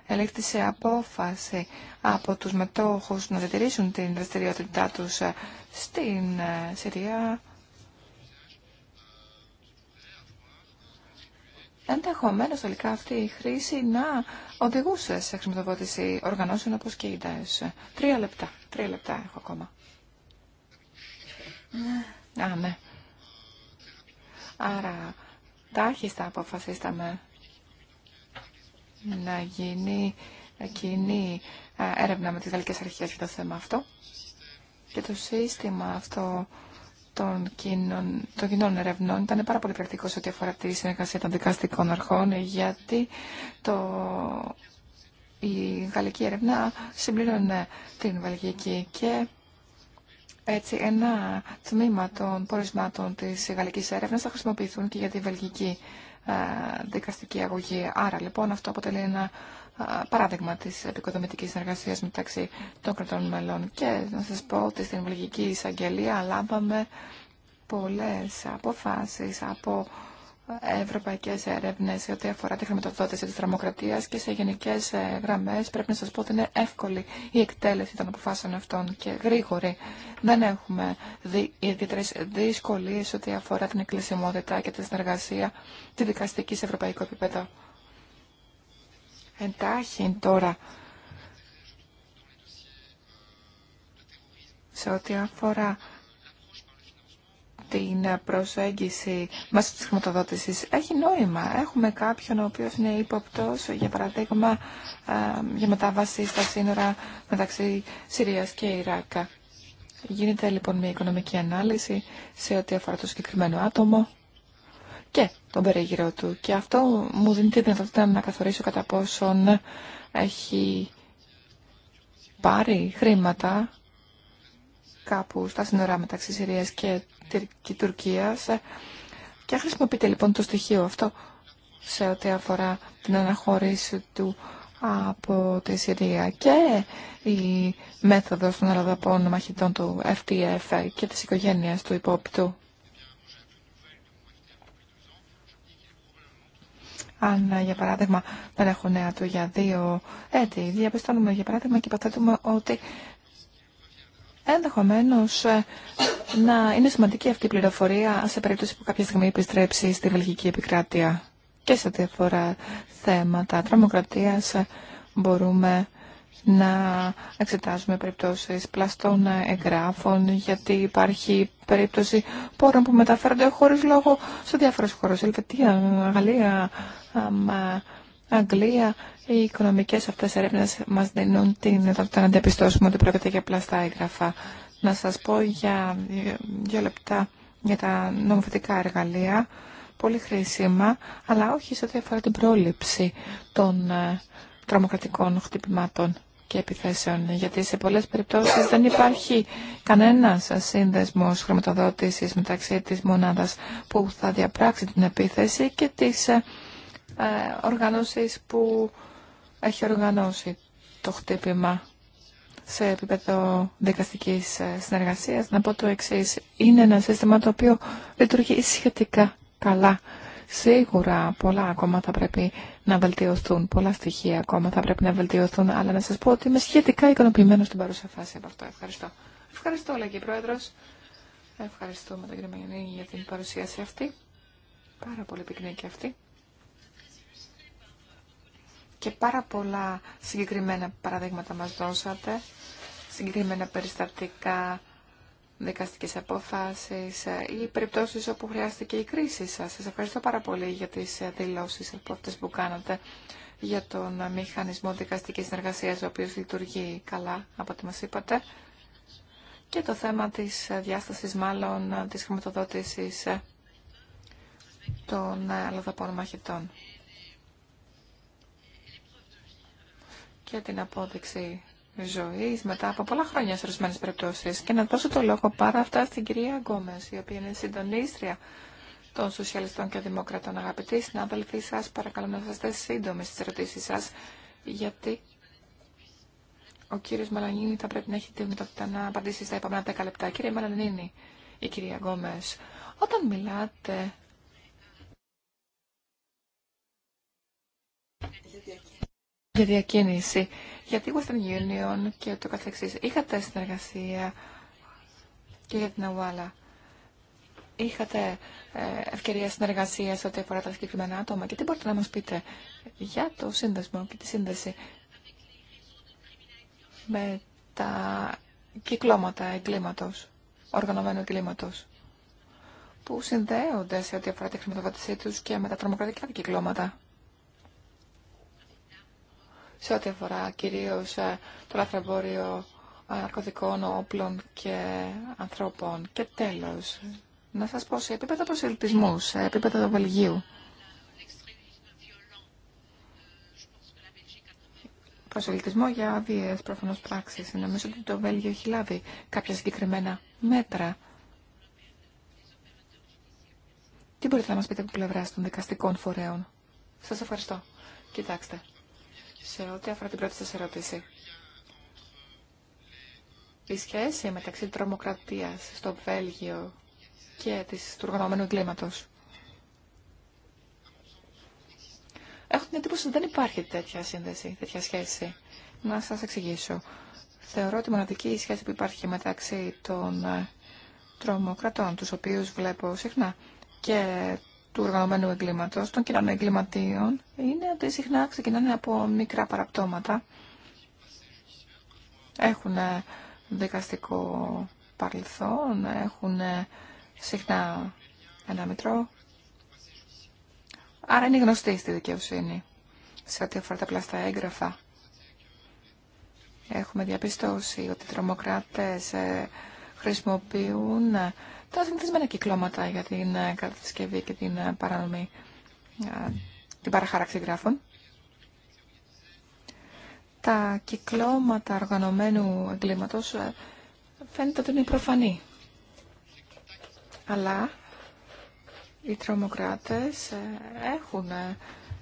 Speaker 2: ελέγχθησε απόφαση από τους μετόχους να διατηρήσουν την δραστηριότητά τους ε, στην ε, Συρία, Ενδεχομένω τελικά αυτή η χρήση να οδηγούσε σε χρηματοδότηση οργανώσεων όπω και η ΔΕΣ. Τρία λεπτά. Τρία λεπτά έχω ακόμα. ναι. Άρα, τάχιστα αποφασίσταμε να γίνει κοινή ε, έρευνα με τις γαλλικές αρχές για το θέμα αυτό. Και το σύστημα αυτό των, κοινων, των κοινών ερευνών ήταν πάρα πολύ πρακτικό ό,τι αφορά τη συνεργασία των δικαστικών αρχών, γιατί το, η γαλλική έρευνα συμπλήρωνε την βαλγική και έτσι ένα τμήμα των πορισμάτων της γαλλικής έρευνας θα χρησιμοποιηθούν και για τη βελγική ε, δικαστική αγωγή. Άρα λοιπόν αυτό αποτελεί ένα παράδειγμα τη επικοδομητική συνεργασίας μεταξύ των κρατών μελών. Και να σα πω ότι στην Βελγική Εισαγγελία λάβαμε πολλέ αποφάσει από ευρωπαϊκέ έρευνε, σε ό,τι αφορά τη χρηματοδότηση τη τρομοκρατία και σε γενικέ ε, γραμμέ πρέπει να σα πω ότι είναι εύκολη η εκτέλεση των αποφάσεων αυτών και γρήγορη. Δεν έχουμε ιδιαίτερε δυσκολίε δυσκολίες ό,τι αφορά την εκκλησιμότητα και τη συνεργασία τη δικαστική σε ευρωπαϊκό επίπεδο εντάχει τώρα σε ό,τι αφορά την προσέγγιση μέσω της χρηματοδότησης έχει νόημα. Έχουμε κάποιον ο οποίος είναι ύποπτος, για παραδείγμα, για μετάβαση στα σύνορα μεταξύ Συρίας και Ιράκ. Γίνεται λοιπόν μια οικονομική ανάλυση σε ό,τι αφορά το συγκεκριμένο άτομο και τον περίγυρο του. Και αυτό μου δίνει τη δυνατότητα να καθορίσω κατά πόσον έχει πάρει χρήματα κάπου στα σύνορα μεταξύ Συρίας και, Τουρκίας και χρησιμοποιείται λοιπόν το στοιχείο αυτό σε ό,τι αφορά την αναχώρηση του από τη Συρία και η μέθοδος των αλλαδαπών μαχητών του FTF και της οικογένειας του υπόπτου. αν για παράδειγμα δεν έχω νέα του για δύο έτη. Διαπιστώνουμε για παράδειγμα και υποθέτουμε ότι ενδεχομένω ε, να είναι σημαντική αυτή η πληροφορία σε περίπτωση που κάποια στιγμή επιστρέψει στη βελγική επικράτεια και σε διάφορα θέματα τρομοκρατίας ε, μπορούμε να εξετάζουμε περιπτώσεις πλαστών εγγράφων, γιατί υπάρχει περίπτωση πόρων που μεταφέρονται χωρίς λόγο σε διάφορες χώρες. Ελβετία, Γαλλία, Αγγλία, οι οικονομικές αυτές έρευνες μας δίνουν την δυνατότητα να διαπιστώσουμε ότι πρόκειται για πλαστά έγγραφα. Να σας πω για δύο λεπτά για τα νομοθετικά εργαλεία, πολύ χρήσιμα, αλλά όχι σε ό,τι αφορά την πρόληψη των ε, τρομοκρατικών χτυπημάτων και επιθέσεων, γιατί σε πολλές περιπτώσεις δεν υπάρχει κανένας σύνδεσμος χρηματοδότησης μεταξύ της μονάδας που θα διαπράξει την επίθεση και της ε, που έχει οργανώσει το χτύπημα σε επίπεδο δικαστικής ε, συνεργασίας. Να πω το εξής, είναι ένα σύστημα το οποίο λειτουργεί σχετικά καλά Σίγουρα πολλά ακόμα θα πρέπει να βελτιωθούν, πολλά στοιχεία ακόμα θα πρέπει να βελτιωθούν, αλλά να σας πω ότι είμαι σχετικά ικανοποιημένο στην παρούσα από αυτό. Ευχαριστώ. Ευχαριστώ, λέγει η Πρόεδρος. Ευχαριστούμε τον κύριο Μαγιανίνη για την παρουσίαση αυτή. Πάρα πολύ πυκνή και αυτή. Και πάρα πολλά συγκεκριμένα παραδείγματα μας δώσατε, συγκεκριμένα περιστατικά δικαστικές αποφάσεις ε, ή περιπτώσεις όπου χρειάστηκε η κρίση σας. Σας ευχαριστώ πάρα πολύ για τις ε, δηλώσεις αυτές που κάνατε για τον ε, μηχανισμό δικαστικής συνεργασίας ο οποίος λειτουργεί καλά από ό,τι μας είπατε και το θέμα της διάστασης μάλλον της χρηματοδότησης των αλλοδαπών μαχητών και την απόδειξη Ζωή μετά από πολλά χρόνια σε ορισμένε περιπτώσει και να δώσω το λόγο πάρα αυτά στην κυρία Γκόμε, η οποία είναι συντονίστρια των Σοσιαλιστών και Δημοκρατών. Αγαπητοί συνάδελφοι σας, παρακαλώ να είστε σύντομοι στι ερωτήσει σα, γιατί ο κύριο Μαλανίνη θα πρέπει να έχει τη δυνατότητα να απαντήσει στα επόμενα 10 λεπτά. Κύριε Μαλανίνη, η κυρία Γκόμε, όταν μιλάτε για διακίνηση για τη Western Union και το καθεξής. Είχατε συνεργασία και για την Αουάλα. Είχατε ε, ευκαιρία συνεργασίας ό,τι αφορά τα συγκεκριμένα άτομα και τι μπορείτε να μας πείτε για το σύνδεσμο και τη σύνδεση με τα κυκλώματα εγκλήματος, οργανωμένου εγκλήματος που συνδέονται σε ό,τι αφορά τη χρηματοδότησή τους και με τα τρομοκρατικά κυκλώματα σε ό,τι αφορά κυρίως ε, το λαθρεμπόριο ε, ναρκωτικών, όπλων και ανθρώπων. Και τέλος, να σας πω σε επίπεδο προσελτισμού, σε επίπεδο του Βελγίου. Προσελτισμό για άδειε προφανώς πράξεις. Νομίζω ότι το Βέλγιο έχει λάβει κάποια συγκεκριμένα μέτρα. Τι μπορείτε να μας πείτε από πλευρά των δικαστικών φορέων. Σας ευχαριστώ. Κοιτάξτε, σε ό,τι αφορά την πρώτη σας ερώτηση. Η σχέση μεταξύ τρομοκρατίας στο Βέλγιο και της, του οργανωμένου εγκλήματος. Έχω την εντύπωση ότι δεν υπάρχει τέτοια σύνδεση, τέτοια σχέση. Να σας εξηγήσω. Θεωρώ ότι η μοναδική σχέση που υπάρχει μεταξύ των ε, τρομοκρατών, τους οποίους βλέπω συχνά, και του οργανωμένου εγκλήματος, των κοινών εγκληματίων, είναι ότι συχνά ξεκινάνε από μικρά παραπτώματα. Έχουν δικαστικό παρελθόν, έχουν συχνά ένα μητρό. Άρα είναι γνωστή στη δικαιοσύνη σε ό,τι αφορά τα πλαστά έγγραφα. Έχουμε διαπιστώσει ότι οι τρομοκράτες ε, χρησιμοποιούν ε, τα συνηθισμένα κυκλώματα για την ε, κατασκευή και την ε, παρανομή, την παραχάραξη γράφων. Τα κυκλώματα οργανωμένου εγκλήματος φαίνεται ότι είναι προφανή. Αλλά οι τρομοκράτες έχουν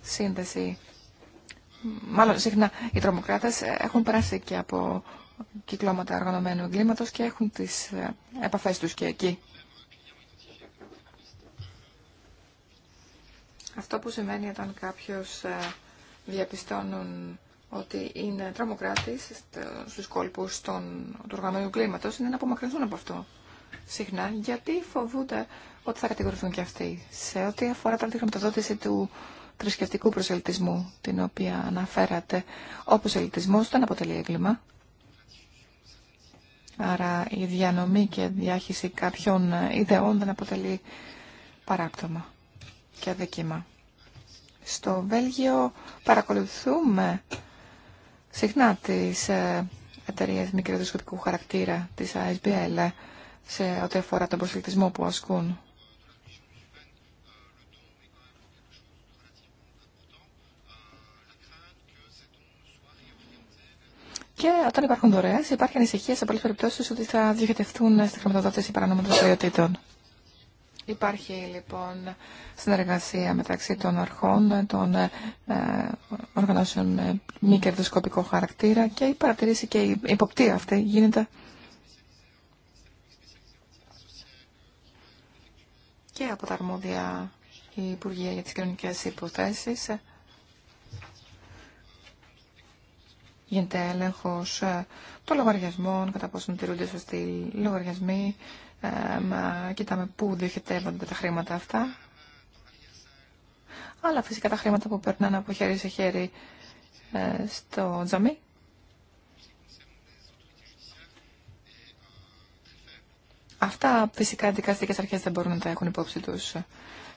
Speaker 2: σύνδεση.
Speaker 1: Μάλλον συχνά
Speaker 2: οι τρομοκράτες έχουν περάσει και από κυκλώματα οργανωμένου εγκλήματος και έχουν τις ε, επαφές τους και εκεί. Αυτό που σημαίνει όταν κάποιος ε, διαπιστώνουν ότι είναι τρομοκράτης στους κόλπους των, του οργανωμένου κλίματος είναι να απομακρυνθούν από αυτό συχνά, γιατί φοβούνται ότι θα κατηγορηθούν και αυτοί. Σε ό,τι αφορά την τη χρηματοδότηση του θρησκευτικού προσελτισμού, την οποία αναφέρατε, ο προσελτισμός δεν αποτελεί έγκλημα. Άρα η διανομή και διάχυση κάποιων ιδεών δεν αποτελεί παράπτωμα και αδίκημα. Στο Βέλγιο παρακολουθούμε συχνά τις ε, εταιρείες μικροδοσκοπικού χαρακτήρα της ASBL ε, σε ό,τι αφορά τον προσελκτισμό που ασκούν. Και όταν υπάρχουν δωρεέ, υπάρχει ανησυχία σε πολλέ περιπτώσει ότι θα διοικητευτούν στη χρηματοδότηση παρανόμων δραστηριοτήτων. Υπάρχει λοιπόν συνεργασία μεταξύ των αρχών, των ε, οργανώσεων με μη κερδοσκοπικό χαρακτήρα και η παρατηρήση και η υποπτή αυτή γίνεται και από τα αρμόδια Υπουργεία για τις Κοινωνικές Υποθέσεις γίνεται έλεγχο ε, των λογαριασμών, κατά σωστοί λογαριασμοί, τηρούνται σωστοί λογαριασμοί, ε, κοιτάμε πού διοχετεύονται τα χρήματα αυτά. Αλλά φυσικά τα χρήματα που περνάνε από χέρι σε χέρι ε, στο τζαμί. Αυτά φυσικά οι δικαστικές αρχές δεν μπορούν να τα έχουν υπόψη τους.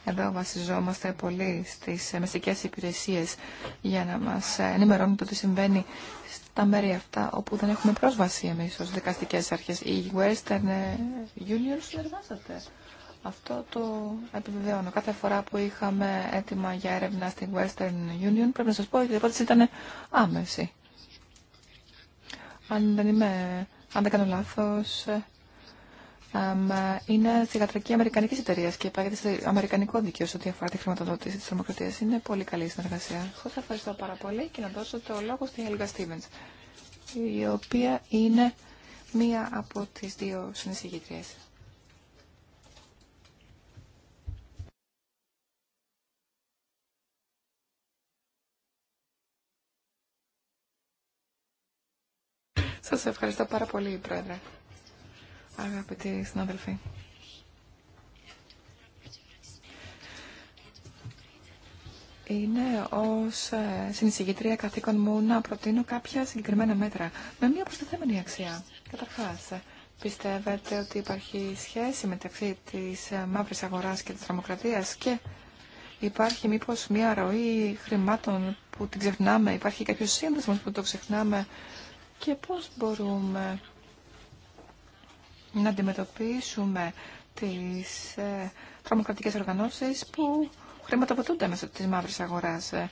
Speaker 2: Εδώ βασιζόμαστε πολύ στις ε, μεσικές υπηρεσίες για να μας ε, ενημερώνουν το τι συμβαίνει στα μέρη αυτά όπου δεν έχουμε πρόσβαση εμείς ως δικαστικές αρχές. Η Western ε, Union συνεργάζεται. Αυτό το επιβεβαιώνω. Κάθε φορά που είχαμε έτοιμα για έρευνα στην Western Union, πρέπει να σας πω ότι η ερώτηση ήταν άμεση. Αν δεν, είμαι, αν δεν κάνω λάθος, είναι θηγατρική Αμερικανική εταιρεία και υπάγεται σε Αμερικανικό δίκαιο σε ό,τι αφορά τη χρηματοδότηση τη τρομοκρατία. Είναι πολύ καλή η συνεργασία. Σα ευχαριστώ πάρα πολύ και να δώσω το λόγο στην Ελγα Στίβεν, η οποία είναι μία από τις δύο συνεισηγητρίες. Σας ευχαριστώ πάρα πολύ, Πρόεδρε αγαπητοί συνάδελφοι. Είναι ω ε, συνεισηγητρία καθήκον μου να προτείνω κάποια συγκεκριμένα μέτρα με μια προστιθέμενη αξία. Καταρχά, πιστεύετε ότι υπάρχει σχέση μεταξύ τη ε, μαύρη αγορά και τη τρομοκρατία και υπάρχει μήπω μια ροή χρημάτων που την ξεχνάμε, υπάρχει κάποιο σύνδεσμο που το ξεχνάμε και πώ μπορούμε να αντιμετωπίσουμε τις ε, τρομοκρατικές οργανώσεις που χρηματοδοτούνται μέσω της μαύρης αγοράς. Ε,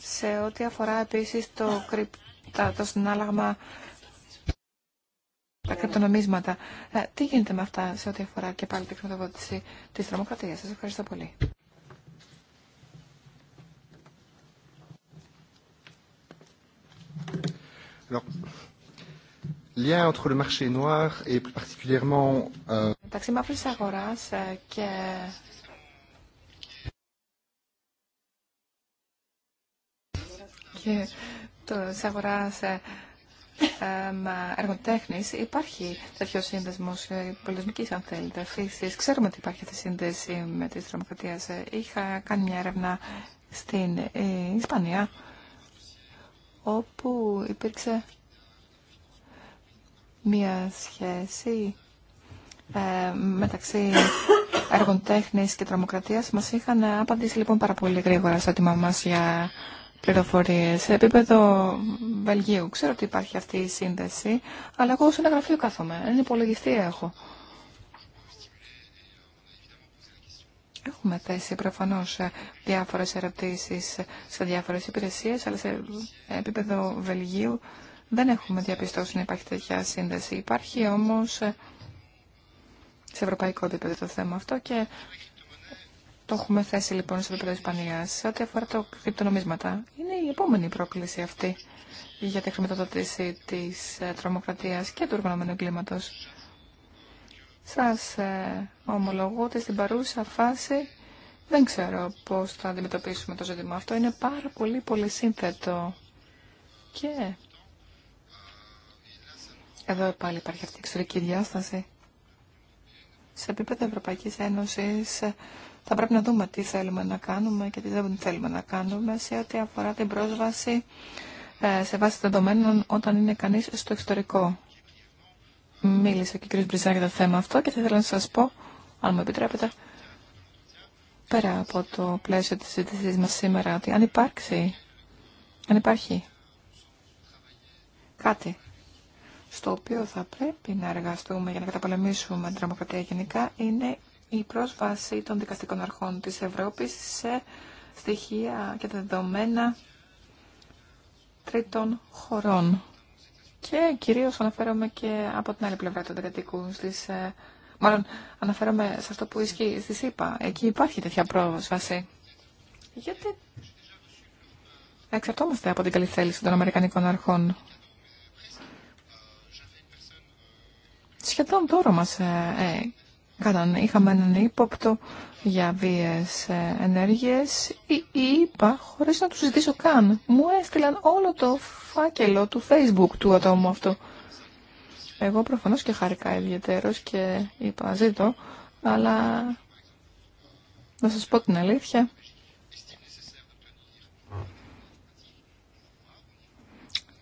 Speaker 2: σε ό,τι αφορά επίσης το, κρυπτα, το συνάλλαγμα, τα κρυπτονομίσματα, ε, τι γίνεται με αυτά σε ό,τι αφορά και πάλι τη χρηματοδότηση της τρομοκρατίας. Σας ευχαριστώ πολύ lien entre le marché noir et plus particulièrement... Μεταξύ euh, μαύρης αγοράς ε, και και αγορά ε, εργοτέχνη υπάρχει τέτοιο σύνδεσμο ε, πολιτισμική, αν θέλετε Ξέρουμε ότι υπάρχει αυτή η σύνδεση με τη τρομοκρατία. Είχα κάνει μια έρευνα στην Ισπανία όπου υπήρξε μια σχέση ε, μεταξύ έργων τέχνης και τρομοκρατίας. Μας είχαν απαντήσει λοιπόν πάρα πολύ γρήγορα στο έτοιμά μας για πληροφορίες. Σε επίπεδο Βελγίου ξέρω ότι υπάρχει αυτή η σύνδεση, αλλά εγώ σε ένα γραφείο κάθομαι, έναν υπολογιστή έχω. Έχουμε θέσει προφανώ διάφορε ερωτήσει σε διάφορε υπηρεσίε, αλλά σε επίπεδο Βελγίου δεν έχουμε διαπιστώσει να υπάρχει τέτοια σύνδεση. Υπάρχει όμως ε, σε ευρωπαϊκό επίπεδο το θέμα αυτό και το έχουμε θέσει λοιπόν σε επίπεδο Ισπανία. Σε ό,τι αφορά το κρυπτονομίσματα, είναι η επόμενη πρόκληση αυτή για τη χρηματοδότηση τη ε, τρομοκρατία και του οργανωμένου κλίματο. Σα ε, ομολογώ ότι στην παρούσα φάση δεν ξέρω πώ θα αντιμετωπίσουμε το ζήτημα αυτό. Είναι πάρα πολύ πολύ σύνθετο και εδώ πάλι υπάρχει αυτή η εξωτερική διάσταση. Σε επίπεδο Ευρωπαϊκή Ένωση ε, θα πρέπει να δούμε τι θέλουμε να κάνουμε και τι δεν θέλουμε να κάνουμε σε ό,τι αφορά την πρόσβαση ε, σε βάση δεδομένων όταν είναι κανεί στο εξωτερικό. Μίλησε και ο κ. Μπριζά για το θέμα αυτό και θα ήθελα να σας πω, αν μου επιτρέπετε, πέρα από το πλαίσιο τη συζήτησή μα σήμερα, ότι αν υπάρξει, αν υπάρχει κάτι στο οποίο θα πρέπει να εργαστούμε για να καταπολεμήσουμε την τρομοκρατία γενικά είναι η πρόσβαση των δικαστικών αρχών της Ευρώπης σε στοιχεία και δεδομένα τρίτων χωρών. Και κυρίως αναφέρομαι και από την άλλη πλευρά των Αντικατοικού, στις, ε, μάλλον αναφέρομαι σε αυτό που ισχύει στη ΣΥΠΑ. Εκεί υπάρχει τέτοια πρόσβαση. Γιατί εξαρτώμαστε από την καλή θέληση των Αμερικανικών αρχών σχεδόν τώρα μας ε, Είχαμε έναν ύποπτο για βίες ε, ενέργειες. Ή, είπα, χωρίς να τους ζητήσω καν, μου έστειλαν όλο το φάκελο του facebook του ατόμου αυτού Εγώ προφανώς και χαρικά ιδιαίτερος και είπα ζήτω, αλλά να σας πω την αλήθεια,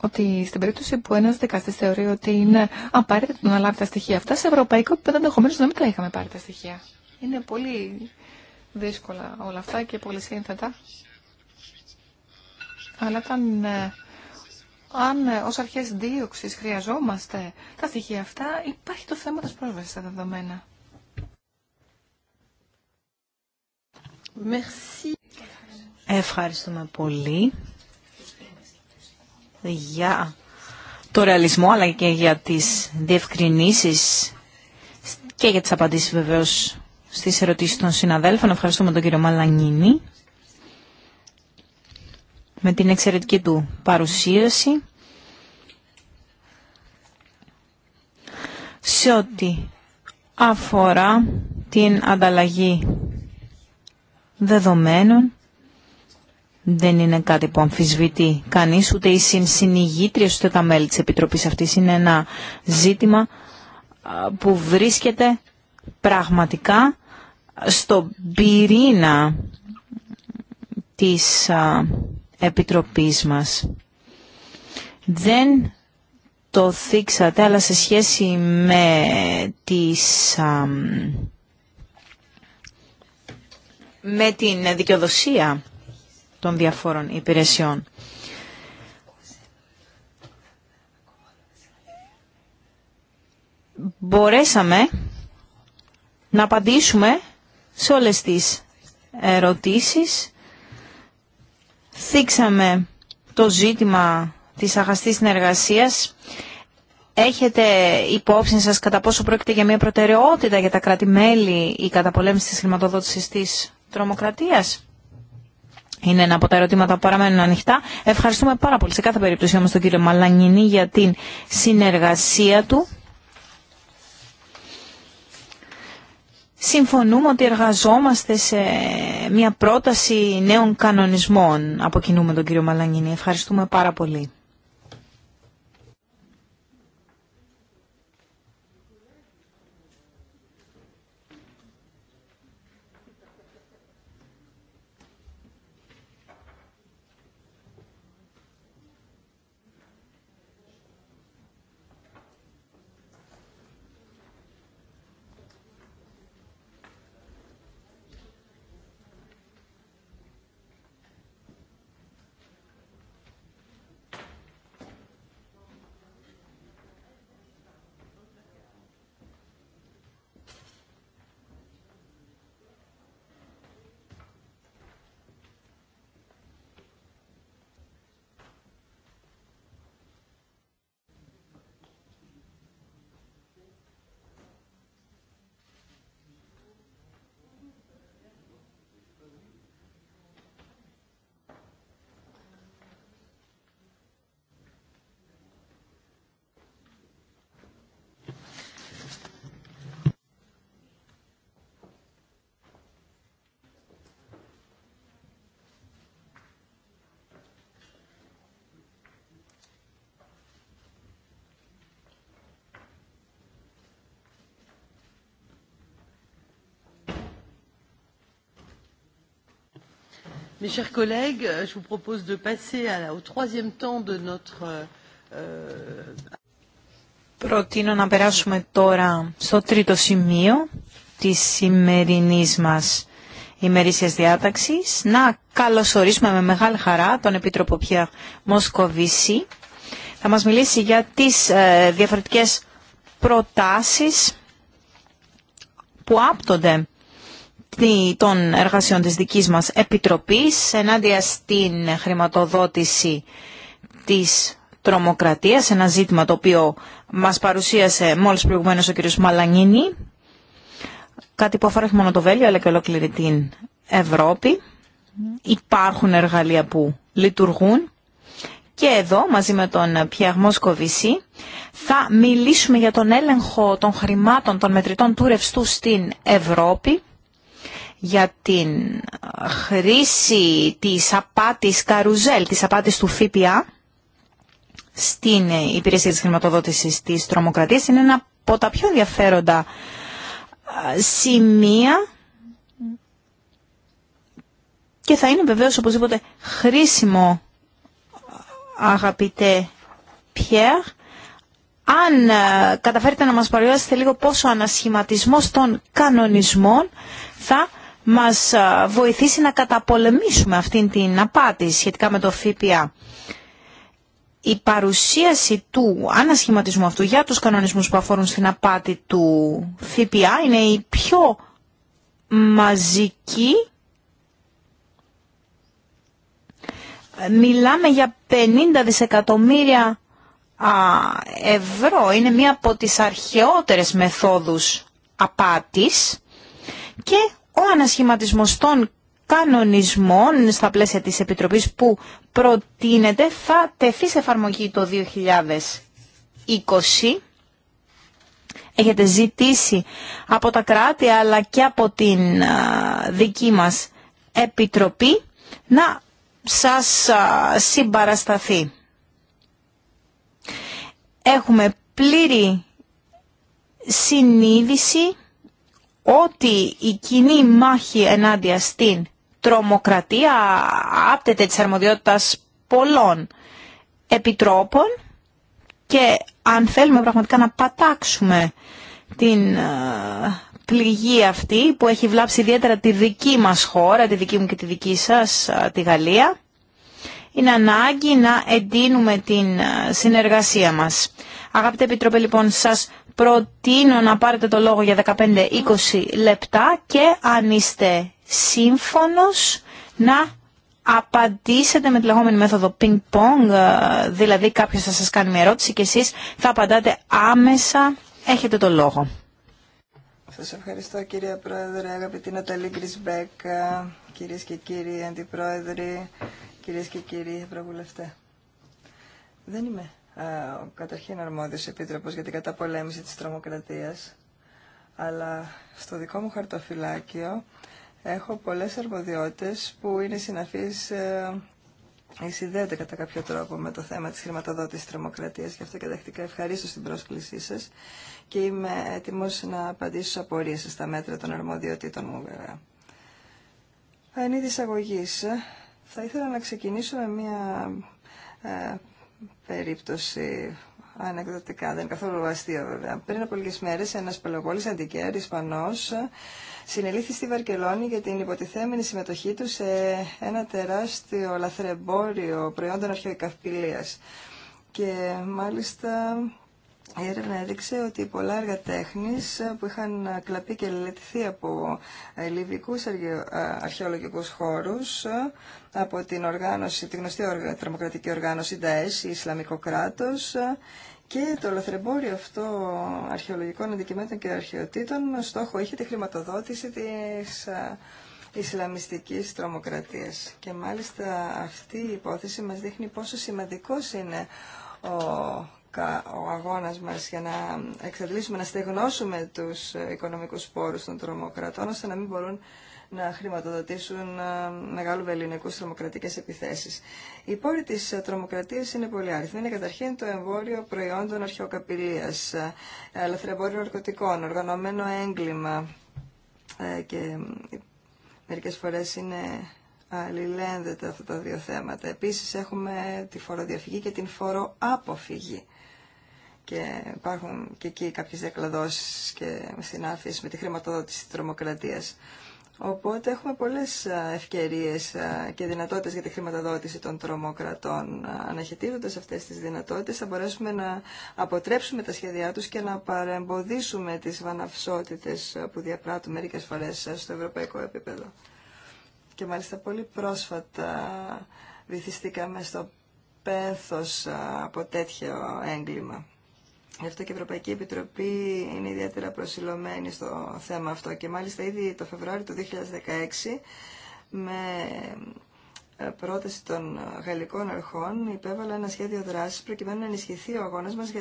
Speaker 2: ότι στην περίπτωση που ένα δικαστή θεωρεί ότι είναι απαραίτητο να λάβει τα στοιχεία αυτά, σε ευρωπαϊκό επίπεδο ενδεχομένω να μην τα είχαμε πάρει τα στοιχεία. Είναι πολύ δύσκολα όλα αυτά και πολύ σύνθετα. Αλλά ε, αν ε, ω αρχέ δίωξη χρειαζόμαστε τα στοιχεία αυτά, υπάρχει το θέμα τη πρόσβαση στα δεδομένα.
Speaker 3: Ευχαριστούμε πολύ για το ρεαλισμό αλλά και για τις διευκρινήσεις και για τις απαντήσεις βεβαίως στις ερωτήσεις των συναδέλφων. Ευχαριστούμε τον κύριο Μαλανίνη με την εξαιρετική του παρουσίαση σε ό,τι αφορά την ανταλλαγή δεδομένων δεν είναι κάτι που αμφισβητεί κανείς, ούτε οι συνσυνηγήτριε ούτε τα μέλη της Επιτροπής αυτής. Είναι ένα ζήτημα που βρίσκεται πραγματικά στο πυρήνα της Επιτροπής μας. Δεν το θίξατε, αλλά σε σχέση με τις με την δικαιοδοσία των διαφόρων υπηρεσιών. Μπορέσαμε να απαντήσουμε σε όλες τις ερωτήσεις. Θίξαμε το ζήτημα της αγαστής συνεργασίας. Έχετε υπόψη σας κατά πόσο πρόκειται για μια προτεραιότητα για τα κράτη-μέλη η καταπολέμηση της χρηματοδότησης της τρομοκρατίας είναι ένα από τα ερωτήματα που παραμένουν ανοιχτά. Ευχαριστούμε πάρα πολύ σε κάθε περίπτωση όμως τον κύριο Μαλανινή για την συνεργασία του. Συμφωνούμε ότι εργαζόμαστε σε μια πρόταση νέων κανονισμών Αποκινούμε τον κύριο Μαλανινή. Ευχαριστούμε πάρα πολύ.
Speaker 1: Mes chers collègues,
Speaker 3: Προτείνω να περάσουμε τώρα στο τρίτο σημείο της σημερινής μας ημερήσιας διάταξης. Να καλωσορίσουμε με μεγάλη χαρά τον Επίτροπο Πια Μοσκοβίση. Θα μας μιλήσει για τις ε, διαφορετικές προτάσεις που άπτονται των εργασιών της δικής μας Επιτροπής ενάντια στην χρηματοδότηση της τρομοκρατίας, ένα ζήτημα το οποίο μας παρουσίασε μόλις προηγουμένως ο κ. Μαλανίνη, κάτι που αφορά μόνο το Βέλιο αλλά και ολόκληρη την Ευρώπη. Υπάρχουν εργαλεία που λειτουργούν και εδώ μαζί με τον Πιέρ Μοσκοβισή θα μιλήσουμε για τον έλεγχο των χρημάτων των μετρητών του ρευστού στην Ευρώπη για την χρήση της απάτης καρουζέλ, της απάτης του ΦΠΑ στην υπηρεσία της χρηματοδότησης της τρομοκρατίας είναι ένα από τα πιο ενδιαφέροντα σημεία και θα είναι βεβαίως οπωσδήποτε χρήσιμο αγαπητέ Πιέρ αν καταφέρετε να μας παρουσιάσετε λίγο πόσο ανασχηματισμός των κανονισμών θα μας βοηθήσει να καταπολεμήσουμε αυτήν την απάτη σχετικά με το ΦΠΑ. Η παρουσίαση του ανασχηματισμού αυτού για τους κανονισμούς που αφορούν στην απάτη του ΦΠΑ είναι η πιο μαζική. Μιλάμε για 50 δισεκατομμύρια ευρώ. Είναι μία από τις αρχαιότερες μεθόδους απάτης και ο ανασχηματισμός των κανονισμών στα πλαίσια της Επιτροπής που προτείνεται θα τεθεί σε εφαρμογή το 2020. Έχετε ζητήσει από τα κράτη αλλά και από την δική μας Επιτροπή να σας συμπαρασταθεί. Έχουμε πλήρη συνείδηση ότι η κοινή μάχη ενάντια στην τρομοκρατία άπτεται της αρμοδιότητας πολλών επιτρόπων και αν θέλουμε πραγματικά να πατάξουμε την ε, πληγή αυτή που έχει βλάψει ιδιαίτερα τη δική μας χώρα, τη δική μου και τη δική σας, ε, τη Γαλλία, είναι ανάγκη να εντείνουμε την ε, συνεργασία μας. Αγαπητέ Επιτρόπε, λοιπόν, σας προτείνω να πάρετε το λόγο για 15-20 λεπτά και αν είστε σύμφωνος να απαντήσετε με τη λεγόμενη μέθοδο ping-pong, ε, δηλαδή κάποιος θα σας κάνει μια ερώτηση και εσείς θα απαντάτε άμεσα, έχετε το λόγο.
Speaker 1: Σας ευχαριστώ κυρία Πρόεδρε, αγαπητή Ναταλή Γκρισμπέκ, ε, κυρίες και κύριοι αντιπρόεδροι, κυρίες και κύριοι ευρωβουλευτέ. Δεν είμαι α, ο καταρχήν αρμόδιος επίτροπος για την καταπολέμηση της τρομοκρατίας, αλλά στο δικό μου χαρτοφυλάκιο έχω πολλές αρμοδιότητες που είναι συναφείς ε, εισιδέονται κατά κάποιο τρόπο με το θέμα της χρηματοδότησης τρομοκρατίας Γι' αυτό και δεχτήκα ευχαρίστω στην πρόσκλησή σας και είμαι έτοιμος να απαντήσω στις απορίες στα μέτρα των αρμοδιοτήτων μου βέβαια. Εν είδη εισαγωγής, θα ήθελα να ξεκινήσω με μια ε, περίπτωση ανεκδοτικά, δεν είναι καθόλου αστείο βέβαια. Πριν από λίγες μέρες ένας πελοπόλης αντικέρ, Ισπανός, συνελήφθη στη Βαρκελόνη για την υποτιθέμενη συμμετοχή του σε ένα τεράστιο λαθρεμπόριο προϊόντων αρχαιοκαυπηλείας Και μάλιστα η έρευνα έδειξε ότι πολλά έργα τέχνης ε, που είχαν ε, κλαπεί και λετηθεί από ε, λιβικούς αρχαιολογικούς χώρους από την οργάνωση, τη γνωστή τρομοκρατική οργάνωση ΝΤΑΕΣ, η Ισλαμικό κράτος και το λαθρεμπόριο αυτό αρχαιολογικών αντικειμένων και αρχαιοτήτων στόχο είχε τη χρηματοδότηση της Ισλαμιστικής τρομοκρατίας. Και μάλιστα αυτή η υπόθεση μας δείχνει πόσο σημαντικός είναι ο ο αγώνας μας για να εξαντλήσουμε, να στεγνώσουμε τους οικονομικούς πόρους των τρομοκρατών, ώστε να μην μπορούν να χρηματοδοτήσουν ε, μεγάλου ελληνικού τρομοκρατικέ επιθέσει. Οι πόροι τη ε, τρομοκρατία είναι πολύ άριθμοι. Είναι καταρχήν το εμβόλιο προϊόντων αρχαιοκαπηλεία, ε, ελευθερεμπόριο ναρκωτικών, οργανωμένο έγκλημα και μερικέ φορέ είναι αλληλένδετα αυτά τα δύο θέματα. Επίση έχουμε τη φοροδιαφυγή και την φοροαποφυγή και υπάρχουν και εκεί κάποιες διακλαδώσει και συνάφειες με τη χρηματοδότηση της τρομοκρατίας. Οπότε έχουμε πολλές ευκαιρίες και δυνατότητες για τη χρηματοδότηση των τρομοκρατών. Αναχαιτίζοντας αυτές τις δυνατότητες θα μπορέσουμε να αποτρέψουμε τα σχέδιά τους και να παρεμποδίσουμε τις βαναυσότητες που διαπράττουν μερικές φορές στο ευρωπαϊκό επίπεδο. Και μάλιστα πολύ πρόσφατα βυθιστήκαμε στο πέθος από τέτοιο έγκλημα. Γι' αυτό και η Ευρωπαϊκή Επιτροπή είναι ιδιαίτερα προσιλωμένη στο θέμα αυτό και μάλιστα ήδη το Φεβρουάριο του 2016 με ε, πρόταση των γαλλικών αρχών υπέβαλα ένα σχέδιο δράσης προκειμένου να ενισχυθεί ο αγώνας μας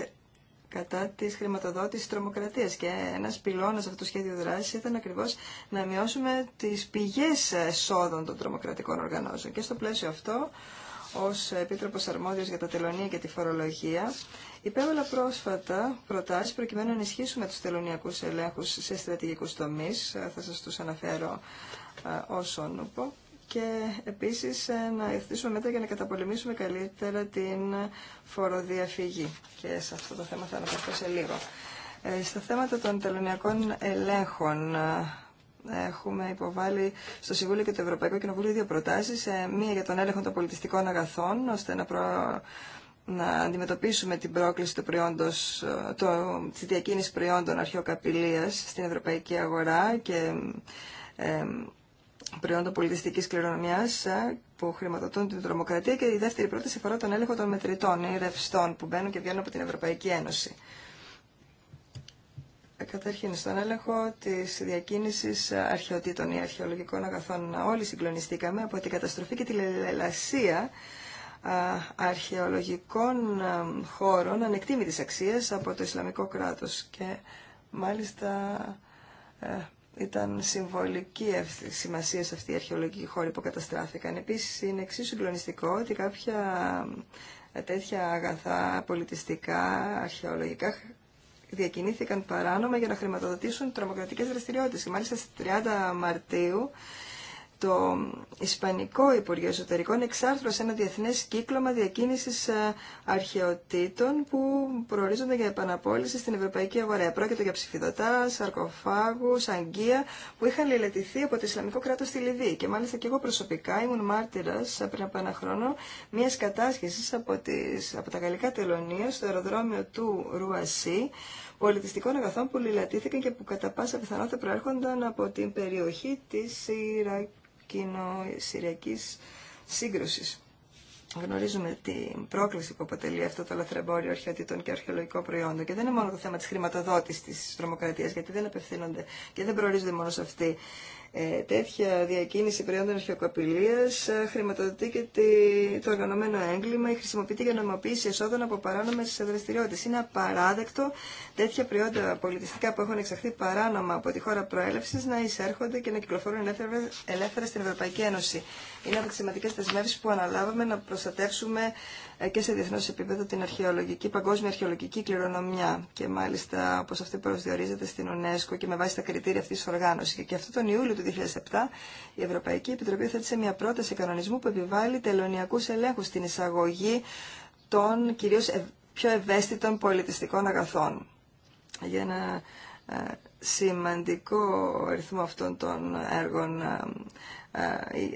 Speaker 1: κατά τη χρηματοδότηση τρομοκρατία. Και ένα πυλώνα αυτού του σχέδιου δράση ήταν ακριβώ να μειώσουμε τι πηγέ εσόδων των τρομοκρατικών οργανώσεων. Και στο πλαίσιο αυτό, ω Επίτροπο Αρμόδιο για τα Τελωνία και τη Φορολογία, Υπέβαλα πρόσφατα προτάσει προκειμένου να ενισχύσουμε του τελωνιακού ελέγχου σε στρατηγικού τομεί. Θα σας του αναφέρω όσον νούπο. Και επίσης ε, να ευθύσουμε μέτρα για να καταπολεμήσουμε καλύτερα την φοροδιαφυγή. Και σε αυτό το θέμα θα αναφερθώ σε λίγο. Ε, στα θέματα των τελωνιακών ελέγχων ε, έχουμε υποβάλει στο Συμβούλιο και το Ευρωπαϊκό Κοινοβούλιο δύο προτάσει. Μία για τον έλεγχο των πολιτιστικών αγαθών, ώστε να προ να αντιμετωπίσουμε την πρόκληση του προϊόντος, το, της διακίνησης προϊόντων αρχαιοκαπηλείας στην ευρωπαϊκή αγορά και ε, προϊόντων πολιτιστικής κληρονομιάς ε, που χρηματοδοτούν την τρομοκρατία και η δεύτερη πρόταση αφορά τον έλεγχο των μετρητών ή ρευστών που μπαίνουν και βγαίνουν από την Ευρωπαϊκή Ένωση. Ε, καταρχήν, στον έλεγχο τη διακίνηση αρχαιοτήτων ή αρχαιολογικών αγαθών, όλοι συγκλονιστήκαμε από την καταστροφή και τη λελασία αρχαιολογικών χώρων ανεκτήμητης αξίας από το Ισλαμικό κράτος και μάλιστα ήταν συμβολική σημασία σε αυτή η αρχαιολογική χώρη που καταστράφηκαν. Επίσης είναι εξίσου συγκλονιστικό ότι κάποια τέτοια αγαθά πολιτιστικά, αρχαιολογικά διακινήθηκαν παράνομα για να χρηματοδοτήσουν τρομοκρατικές δραστηριότητες. μάλιστα στις 30 Μαρτίου το Ισπανικό Υπουργείο Εσωτερικών εξάρθρωσε ένα διεθνές κύκλωμα διακίνησης ε, αρχαιοτήτων που προορίζονται για επαναπόληση στην ευρωπαϊκή αγορά. Πρόκειται για ψηφιδωτά, Σαρκοφάγου, αγγεία που είχαν ληλετηθεί από το Ισλαμικό κράτος στη Λιβύη. Και μάλιστα και εγώ προσωπικά ήμουν μάρτυρας ε, πριν από ένα χρόνο μιας κατάσχεσης από, από τα γαλλικά τελωνία στο αεροδρόμιο του Ρουασί πολιτιστικών αγαθών που ληλατήθηκαν και που κατά πάσα πιθανότητα προέρχονταν από την περιοχή της Ιρακ Παλαιστίνο-Συριακής σύγκρουσης. Γνωρίζουμε την πρόκληση που αποτελεί αυτό το λαθρεμπόριο αρχαιοτήτων και αρχαιολογικών προϊόντων. Και δεν είναι μόνο το θέμα τη χρηματοδότηση τη τρομοκρατία, γιατί δεν απευθύνονται και δεν προορίζονται μόνο σε αυτή ε, τέτοια διακίνηση προϊόντων αρχαιοκοπηλία ε, χρηματοδοτεί και το οργανωμένο έγκλημα ή χρησιμοποιείται για νομοποίηση εσόδων από παράνομε δραστηριότητε. Είναι απαράδεκτο τέτοια προϊόντα πολιτιστικά που έχουν εξαχθεί παράνομα από τη χώρα προέλευσης να εισέρχονται και να κυκλοφορούν ελεύθερα, ελεύθερα στην Ευρωπαϊκή Ένωση. Είναι από τι σημαντικέ δεσμεύσει που αναλάβαμε να προστατεύσουμε ε, και σε διεθνέ επίπεδο την αρχαιολογική, παγκόσμια αρχαιολογική κληρονομιά και μάλιστα όπω αυτή προσδιορίζεται στην UNESCO και με βάση τα κριτήρια αυτή τη οργάνωση. Και, και αυτό τον Ιούλιο του 2007 η Ευρωπαϊκή Επιτροπή θέτησε μια πρόταση κανονισμού που επιβάλλει τελωνιακού ελέγχου στην εισαγωγή των κυρίω πιο ευαίσθητων πολιτιστικών αγαθών. Για ένα ε, σημαντικό ρυθμό αυτών των έργων ε,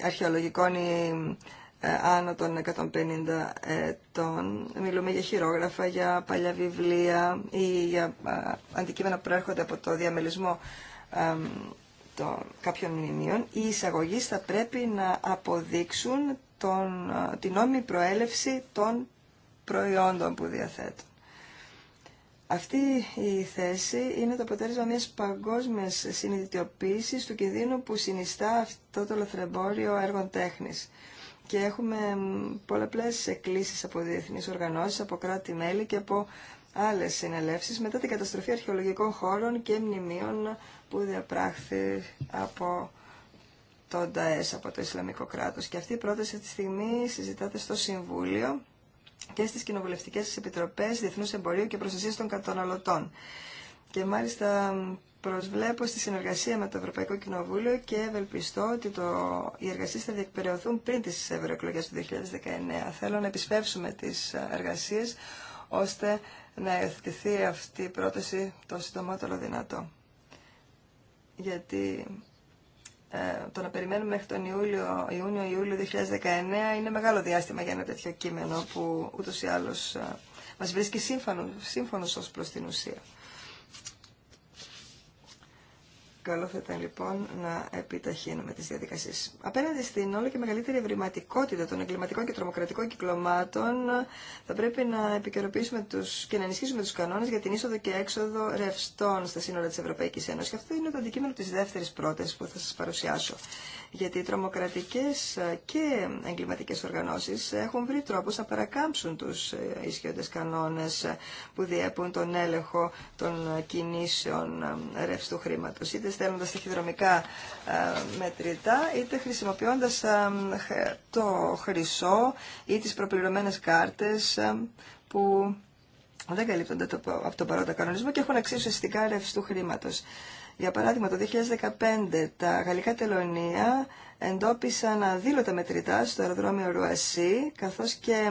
Speaker 1: αρχαιολογικών ή ε, άνω των 150 ετών. Μιλούμε για χειρόγραφα, για παλιά βιβλία ή για ε, αντικείμενα που προέρχονται από το διαμελισμό των κάποιων μνημείων. Οι εισαγωγείς θα πρέπει να αποδείξουν τον, ε, την νόμιμη προέλευση των προϊόντων που διαθέτουν. Αυτή η θέση είναι το αποτέλεσμα μιας παγκόσμιας συνειδητοποίησης του κινδύνου που συνιστά αυτό το λαθρεμπόριο έργων τέχνης και έχουμε πολλαπλές εκκλήσεις από διεθνείς οργανώσεις, από κράτη-μέλη και από άλλες συνελεύσεις μετά την καταστροφή αρχαιολογικών χώρων και μνημείων που διαπράχθη από τον ΤΑΕΣ, από το Ισλαμικό κράτος. Και αυτή η πρόταση αυτή τη στιγμή συζητάται στο Συμβούλιο και στις κοινοβουλευτικές επιτροπές Διεθνούς Εμπορίου και Προστασίας των Καταναλωτών. Και μάλιστα προσβλέπω στη συνεργασία με το Ευρωπαϊκό Κοινοβούλιο και ευελπιστώ ότι το, οι εργασίες θα διεκπαιρεωθούν πριν τι ευρωεκλογέ του 2019. Θέλω να επισπεύσουμε τι εργασίες ώστε να υιοθετηθεί αυτή η πρόταση το συντομότερο δυνατό. Γιατί ε, το να περιμένουμε μέχρι τον Ιούνιο, Ιούλιο 2019 είναι μεγάλο διάστημα για ένα τέτοιο κείμενο που ούτως ή άλλως ε, μας βρίσκει σύμφωνο, σύμφωνος ως προς την ουσία. Καλό θα ήταν λοιπόν να επιταχύνουμε τις διαδικασίες. Απέναντι στην όλο και μεγαλύτερη ευρηματικότητα των εγκληματικών και τρομοκρατικών κυκλωμάτων θα πρέπει να επικαιροποιήσουμε τους και να ενισχύσουμε τους κανόνες για την είσοδο και έξοδο ρευστών στα σύνορα της Ευρωπαϊκής Ένωσης. Και αυτό είναι το αντικείμενο τη δεύτερη πρόταση που θα σα παρουσιάσω γιατί οι τρομοκρατικές και εγκληματικές οργανώσεις έχουν βρει τρόπους να παρακάμψουν τους ισχύοντες κανόνες που διέπουν τον έλεγχο των κινήσεων ρευστού χρήματος, είτε στέλνοντας ταχυδρομικά ε, μετρητά, είτε χρησιμοποιώντας ε, το χρυσό ή τις προπληρωμένες κάρτες ε, που δεν καλύπτονται από τον παρόντα κανονισμό και έχουν αξίσει ουσιαστικά ρευστού χρήματο. Για παράδειγμα, το 2015 τα γαλλικά τελωνία εντόπισαν αδήλωτα μετρητά στο αεροδρόμιο Ρουασί, καθώς και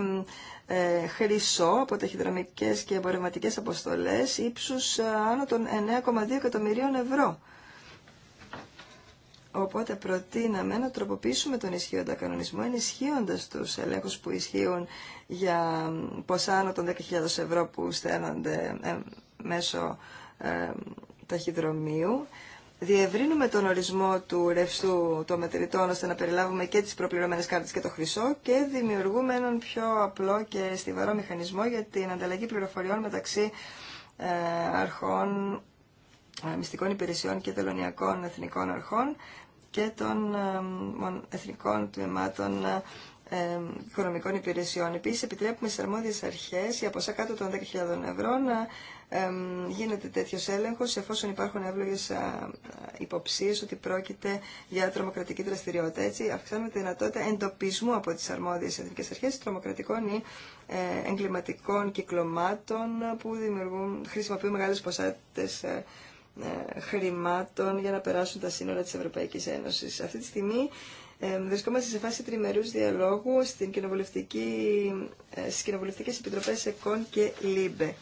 Speaker 1: ε, χρυσό από ταχυδρομικές και εμπορευματικές αποστολές ύψους ε, άνω των 9,2 εκατομμυρίων ευρώ. Οπότε προτείναμε να τροποποιήσουμε τον ισχύοντα κανονισμό ενισχύοντας τους ελέγχους που ισχύουν για ποσά άνω των 10.000 ευρώ που στέλνονται ε, μέσω ε, ταχυδρομείου. Διευρύνουμε τον ορισμό του ρευστού των μετρητών ώστε να περιλάβουμε και τις προπληρωμένες κάρτες και το χρυσό και δημιουργούμε έναν πιο απλό και στιβαρό μηχανισμό για την ανταλλαγή πληροφοριών μεταξύ ε, αρχών ε, μυστικών υπηρεσιών και τελωνιακών εθνικών αρχών και των ε, εθνικών τμήματων οικονομικών υπηρεσιών. Επίσης, επιτρέπουμε στις αρμόδιες αρχές για ποσά κάτω των 10.000 ευρώ να γίνεται τέτοιο έλεγχο, εφόσον υπάρχουν εύλογε υποψίε ότι πρόκειται για τρομοκρατική δραστηριότητα. Έτσι αυξάνουμε τη δυνατότητα εντοπισμού από τι αρμόδιε Εθνικέ αρχέ τρομοκρατικών ή ε, εγκληματικών κυκλωμάτων που δημιουργούν, χρησιμοποιούν μεγάλε ε, ε, χρημάτων για να περάσουν τα σύνορα της Ευρωπαϊκής Ένωσης. Αυτή τη στιγμή ε, βρισκόμαστε σε φάση τριμερούς διαλόγου στην κοινοβουλευτική, ε, στις κοινοβουλευτικές επιτροπές ΕΚΟΝ και ΛΥΜΠΕ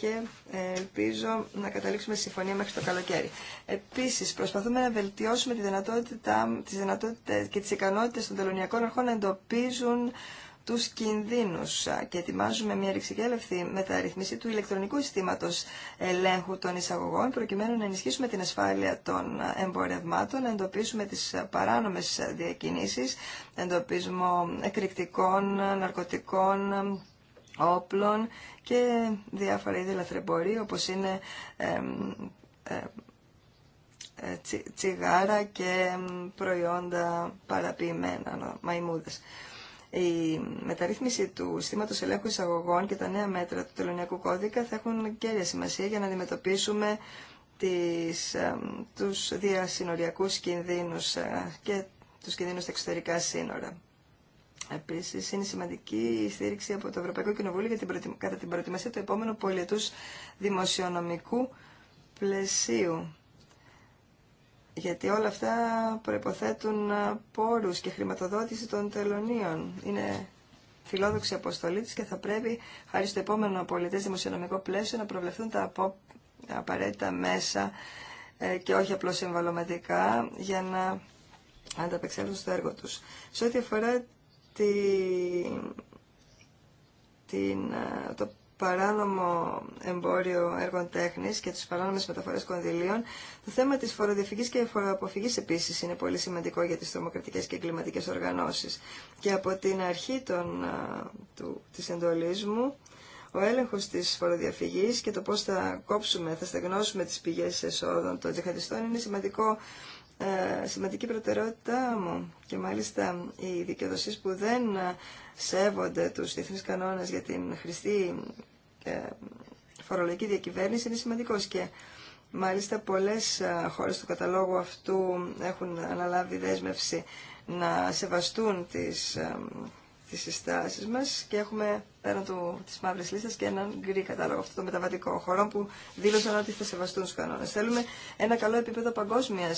Speaker 1: και ε, ελπίζω να καταλήξουμε στη συμφωνία μέχρι το καλοκαίρι. Επίση, προσπαθούμε να βελτιώσουμε τη δυνατότητα, τις δυνατότητες και τις ικανότητες των τελωνιακών αρχών να εντοπίζουν τους κινδύνους και ετοιμάζουμε μια ρηξικέλευθη μεταρρυθμίση του ηλεκτρονικού συστήματος ελέγχου των εισαγωγών προκειμένου να ενισχύσουμε την ασφάλεια των εμπορευμάτων, να εντοπίσουμε τις παράνομες διακινήσεις, εντοπισμό εκρηκτικών, ναρκωτικών, όπλων και διάφορα είδη λαθρεμπορεί, όπως είναι ε, τσιγάρα και προϊόντα παραποιημένα, μαϊμούδες. Η μεταρρύθμιση του συστήματο ελέγχου εισαγωγών και τα νέα μέτρα του Τελωνιακού Κώδικα θα έχουν κέρια σημασία για να αντιμετωπίσουμε τις, τους διασυνοριακούς κινδύνους ε, και τους κινδύνους στα εξωτερικά σύνορα. Επίση, είναι σημαντική η στήριξη από το Ευρωπαϊκό Κοινοβούλιο την κατά την προετοιμασία του επόμενου πολιετού δημοσιονομικού πλαισίου. Γιατί όλα αυτά προϋποθέτουν ε, πόρους και χρηματοδότηση των τελωνίων. Είναι φιλόδοξη αποστολή της και θα πρέπει, χάρη στο επόμενο πολιτές δημοσιονομικό πλαίσιο, να προβλεφθούν τα απαραίτητα μέσα ε, και όχι απλώς συμβαλωματικά για να ανταπεξέλθουν στο έργο τους. Σε ό,τι αφορά την, ε, το παράνομο εμπόριο έργων τέχνης και τις παράνομες μεταφορές κονδυλίων, το θέμα της φοροδιαφυγής και φοροαποφυγής επίσης είναι πολύ σημαντικό για τις τρομοκρατικές και εγκληματικές οργανώσεις. Και από την αρχή των, ε, του, της εντολής μου, ο έλεγχος της φοροδιαφυγής και το πώς θα κόψουμε, θα στεγνώσουμε τις πηγές εσόδων των τζιχαντιστών είναι σημαντικό ε, σημαντική προτεραιότητά μου και μάλιστα οι δικαιοδοσίες που δεν σέβονται τους διεθνείς κανόνες για την χρηστή ε, φορολογική διακυβέρνηση είναι σημαντικός και μάλιστα πολλές ε, χώρες του καταλόγου αυτού έχουν αναλάβει δέσμευση να σεβαστούν τις τι συστάσει μα και έχουμε πέραν τη μαύρη Λίστα και έναν γκρι κατάλογο αυτό το μεταβατικό χώρο που δήλωσαν ότι θα σεβαστούν του κανόνες. Θέλουμε ένα καλό επίπεδο παγκόσμια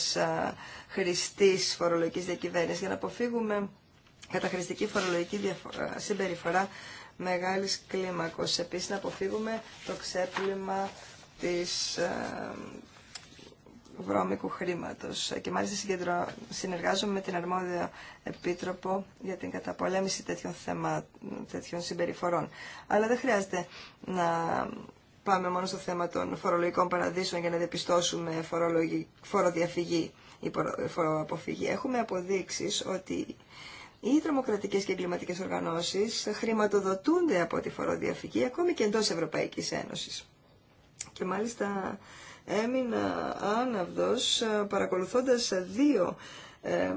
Speaker 1: χρηστή φορολογική διακυβέρνηση για να αποφύγουμε καταχρηστική φορολογική διαφορά, συμπεριφορά μεγάλη κλίμακο. Επίση, να αποφύγουμε το ξέπλυμα τη βρώμικου χρήματος ε, και μάλιστα συγκεντρω... συνεργάζομαι με την αρμόδια επίτροπο για την καταπολέμηση τέτοιων, θεμα... τέτοιων συμπεριφορών. Αλλά δεν χρειάζεται να πάμε μόνο στο θέμα των φορολογικών παραδείσων για να διαπιστώσουμε φορολογική... φοροδιαφυγή ή φοροαποφυγή. Έχουμε αποδείξεις ότι οι τρομοκρατικέ και εγκληματικέ οργανώσει χρηματοδοτούνται από τη φοροδιαφυγή ακόμη και εντό Ευρωπαϊκή Ένωση. Και μάλιστα έμεινα άναυδος ε, παρακολουθώντας δύο ε,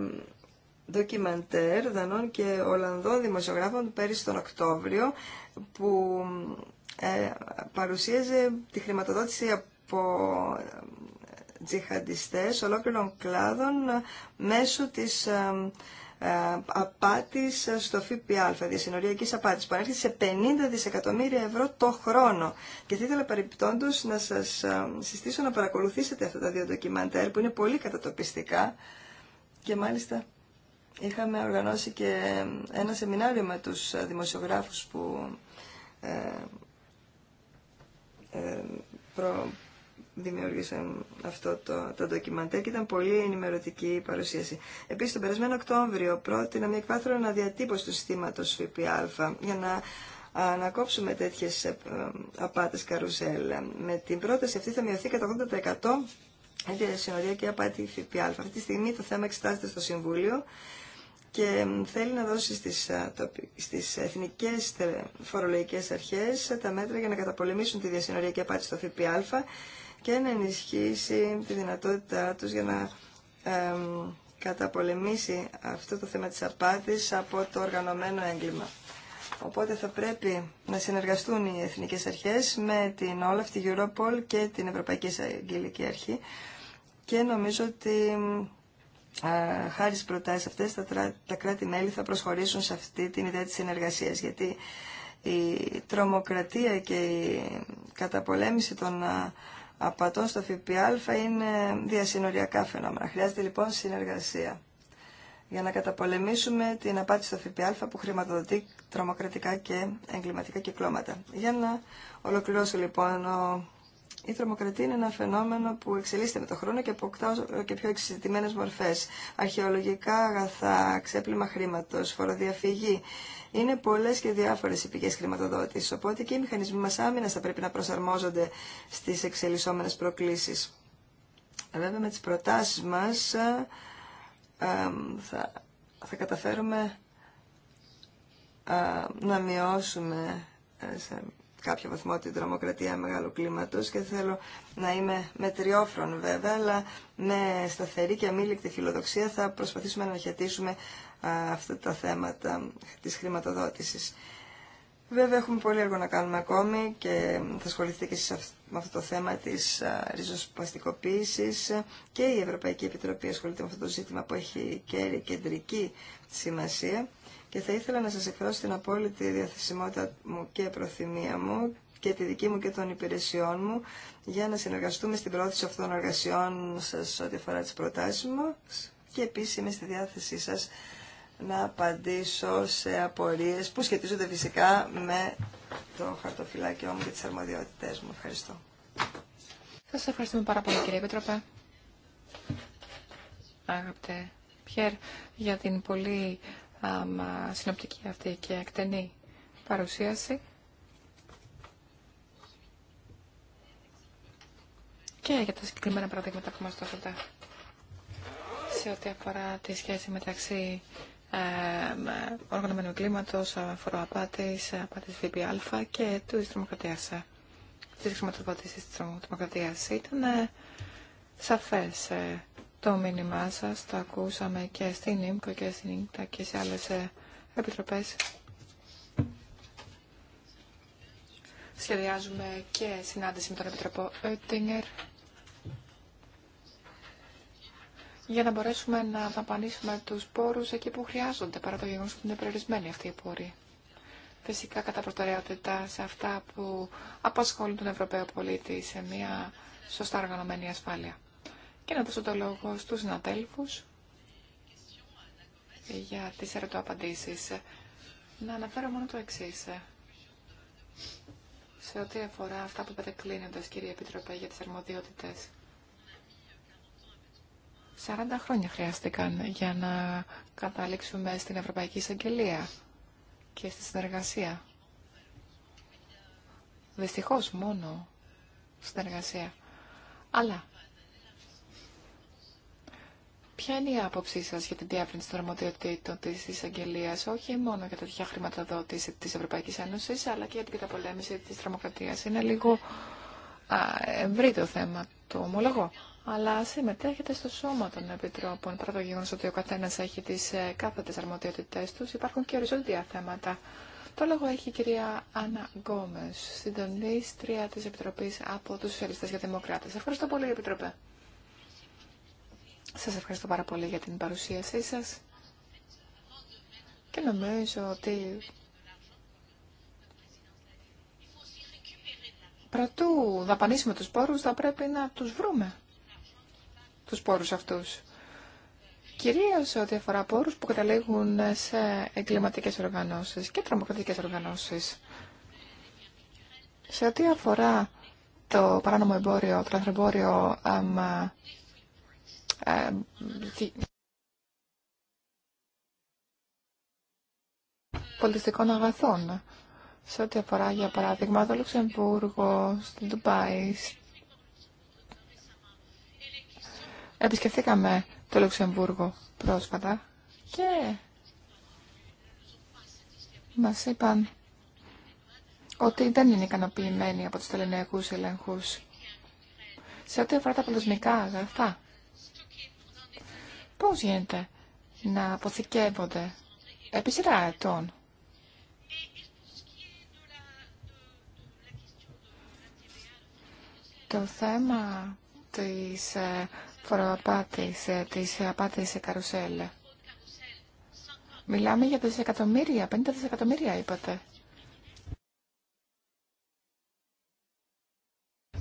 Speaker 1: ντοκιμαντέρ Δανών και Ολλανδών δημοσιογράφων πέρυσι τον Οκτώβριο που ε, παρουσίαζε τη χρηματοδότηση από ε, τζιχαντιστές ολόκληρων κλάδων ε, μέσω της ε, απάτης στο ΦΠΑ, διασυνοριακή απάτης, που ανέρχεται σε 50 δισεκατομμύρια ευρώ το χρόνο. Και θα ήθελα παρεμπιπτόντω να σας ε, συστήσω να παρακολουθήσετε αυτά τα δύο ντοκιμαντέρ που είναι πολύ κατατοπιστικά και μάλιστα είχαμε οργανώσει και ένα σεμινάριο με τους δημοσιογράφους που ε, δημιούργησαν αυτό το, το ντοκιμαντέρ και ήταν πολύ ενημερωτική η παρουσίαση. Επίση, τον περασμένο Οκτώβριο πρότεινα μια εκπάθρο αναδιατύπωση του συστήματο ΦΠΑ για να ανακόψουμε τέτοιε απάτε καρουσέλ. Με την πρόταση αυτή θα μειωθεί κατά 80% η και απάτη ΦΠΑ. Αυτή τη στιγμή το θέμα εξετάζεται στο Συμβούλιο και θέλει να δώσει στις, ε, στις εθνικές φορολογικές αρχές τα μέτρα για να καταπολεμήσουν τη διασυνοριακή απάτη στο ΦΠΑ και να ενισχύσει τη δυνατότητά τους για να καταπολεμήσει αυτό το θέμα της απάτης από το οργανωμένο έγκλημα. Οπότε θα πρέπει να συνεργαστούν οι εθνικές αρχές με την Όλαφ, τη Europol και την Ευρωπαϊκή Αγγελική Αρχή και νομίζω ότι ε, χάρη στις προτάσεις αυτές τα, τα κράτη-μέλη θα προσχωρήσουν σε αυτή την ιδέα της συνεργασίας γιατί η τρομοκρατία και η καταπολέμηση των ε, απατών στο ΦΠΑ είναι διασυνοριακά φαινόμενα. Χρειάζεται λοιπόν συνεργασία για να καταπολεμήσουμε την απάτη στο ΦΠΑ που χρηματοδοτεί τρομοκρατικά και εγκληματικά κυκλώματα. Για να ολοκληρώσω λοιπόν, η τρομοκρατία είναι ένα φαινόμενο που εξελίσσεται με τον χρόνο και αποκτά και πιο εξειδικευμένε μορφέ. Αρχαιολογικά αγαθά, ξέπλυμα χρήματο, φοροδιαφυγή, είναι πολλέ και διάφορε οι πηγέ χρηματοδότηση, οπότε και οι μηχανισμοί μα άμυνα θα πρέπει να προσαρμόζονται στι εξελισσόμενε προκλήσει. Βέβαια με τι προτάσει μα ε, ε, θα, θα καταφέρουμε ε, να μειώσουμε σε κάποιο βαθμό την τρομοκρατία μεγάλου κλίματος και θέλω να είμαι μετριόφρον βέβαια, αλλά με σταθερή και αμήλικτη φιλοδοξία θα προσπαθήσουμε να αναχαιτήσουμε αυτά τα θέματα της χρηματοδότησης. Βέβαια έχουμε πολύ έργο να κάνουμε ακόμη και θα ασχοληθείτε και εσείς με αυτό το θέμα της ριζοσπαστικοποίησης και η Ευρωπαϊκή Επιτροπή ασχολείται με αυτό το ζήτημα που έχει κέρει κεντρική σημασία και θα ήθελα να σας εκφράσω την απόλυτη διαθεσιμότητα μου και προθυμία μου και τη δική μου και των υπηρεσιών μου για να συνεργαστούμε στην πρόθεση αυτών των εργασιών σας ό,τι αφορά τις προτάσεις μου και επίσης είμαι στη διάθεσή σας να απαντήσω σε απορίες που σχετίζονται φυσικά με το χαρτοφυλάκιό μου και τις αρμοδιότητές μου. Ευχαριστώ.
Speaker 2: Σας ευχαριστούμε πάρα πολύ κύριε Επίτροπε. Αγαπητέ Πιέρ, για την πολύ συνοπτική αυτή και εκτενή παρουσίαση. Και για τα συγκεκριμένα παραδείγματα που μας δώσατε σε ό,τι αφορά τη σχέση μεταξύ οργανωμένου κλίματος, φοροαπάτης, απάτης ΒΠΑ και του τρομοκρατίας, της χρηματοδότησης της τρομοκρατίας. Ήταν ε, σαφές ε, το μήνυμά σας, το ακούσαμε και στην ΙΜΚΟ και στην ΙΝΚΤΑ και σε άλλες ε, επιτροπές. Σχεδιάζουμε και συνάντηση με τον Επιτροπό για να μπορέσουμε να δαπανίσουμε τους πόρους εκεί που χρειάζονται, παρά το γεγονός ότι είναι περιορισμένοι αυτοί οι πόροι. Φυσικά κατά προτεραιότητα σε αυτά που απασχολούν τον Ευρωπαίο πολίτη σε μια σωστά οργανωμένη ασφάλεια. Και να δώσω το λόγο στους συναδέλφους για τις ερωτοαπαντήσεις. Να αναφέρω μόνο το εξή. Σε ό,τι αφορά αυτά που πετεκλίνονται, κύριε Επιτροπέ, για τις αρμοδιότητες. 40 χρόνια χρειάστηκαν για να καταλήξουμε στην Ευρωπαϊκή Εισαγγελία και στη συνεργασία. Δυστυχώς μόνο συνεργασία. Αλλά Ποια είναι η άποψή σας για την διάφρυνση των αρμοδιοτήτων τη εισαγγελία, όχι μόνο για τέτοια χρηματοδότηση της Ευρωπαϊκής Ένωσης, αλλά και για την καταπολέμηση της τρομοκρατίας. Είναι λίγο α, ευρύ το θέμα, το ομολογώ αλλά συμμετέχετε στο σώμα των επιτρόπων. Παρά το γεγονό ότι ο καθένα έχει τι ε, κάθετε αρμοδιότητέ του, υπάρχουν και οριζόντια θέματα. Το λόγο έχει η κυρία Άννα Γκόμε, συντονίστρια τη Επιτροπή από του Σοσιαλιστέ για Δημοκράτε. Ευχαριστώ πολύ, Επιτροπέ. Σα ευχαριστώ πάρα πολύ για την παρουσίασή σα και νομίζω ότι πρωτού δαπανίσουμε τους πόρους θα πρέπει να τους βρούμε τους πόρους αυτούς. Κυρίως ό,τι αφορά πόρους που καταλήγουν σε εγκληματικές οργανώσεις και τρομοκρατικές οργανώσεις. Σε ό,τι αφορά το παράνομο εμπόριο, το λαθρεμπόριο ε, πολιτιστικών αγαθών. Σε ό,τι αφορά, για παράδειγμα, το Λουξεμβούργο, στην Ντουμπάι, Επισκεφθήκαμε το Λουξεμβούργο πρόσφατα και μας είπαν ότι δεν είναι ικανοποιημένοι από τους τελενιακούς ελέγχους. Σε ό,τι αφορά τα πολιτισμικά αγαθά, πώς γίνεται να αποθηκεύονται επί σειρά ετών. Το θέμα της ε, φοροαπάτης, ε, της απάτης σε καρουσέλ. Μιλάμε για δισεκατομμύρια, 50 δισεκατομμύρια είπατε.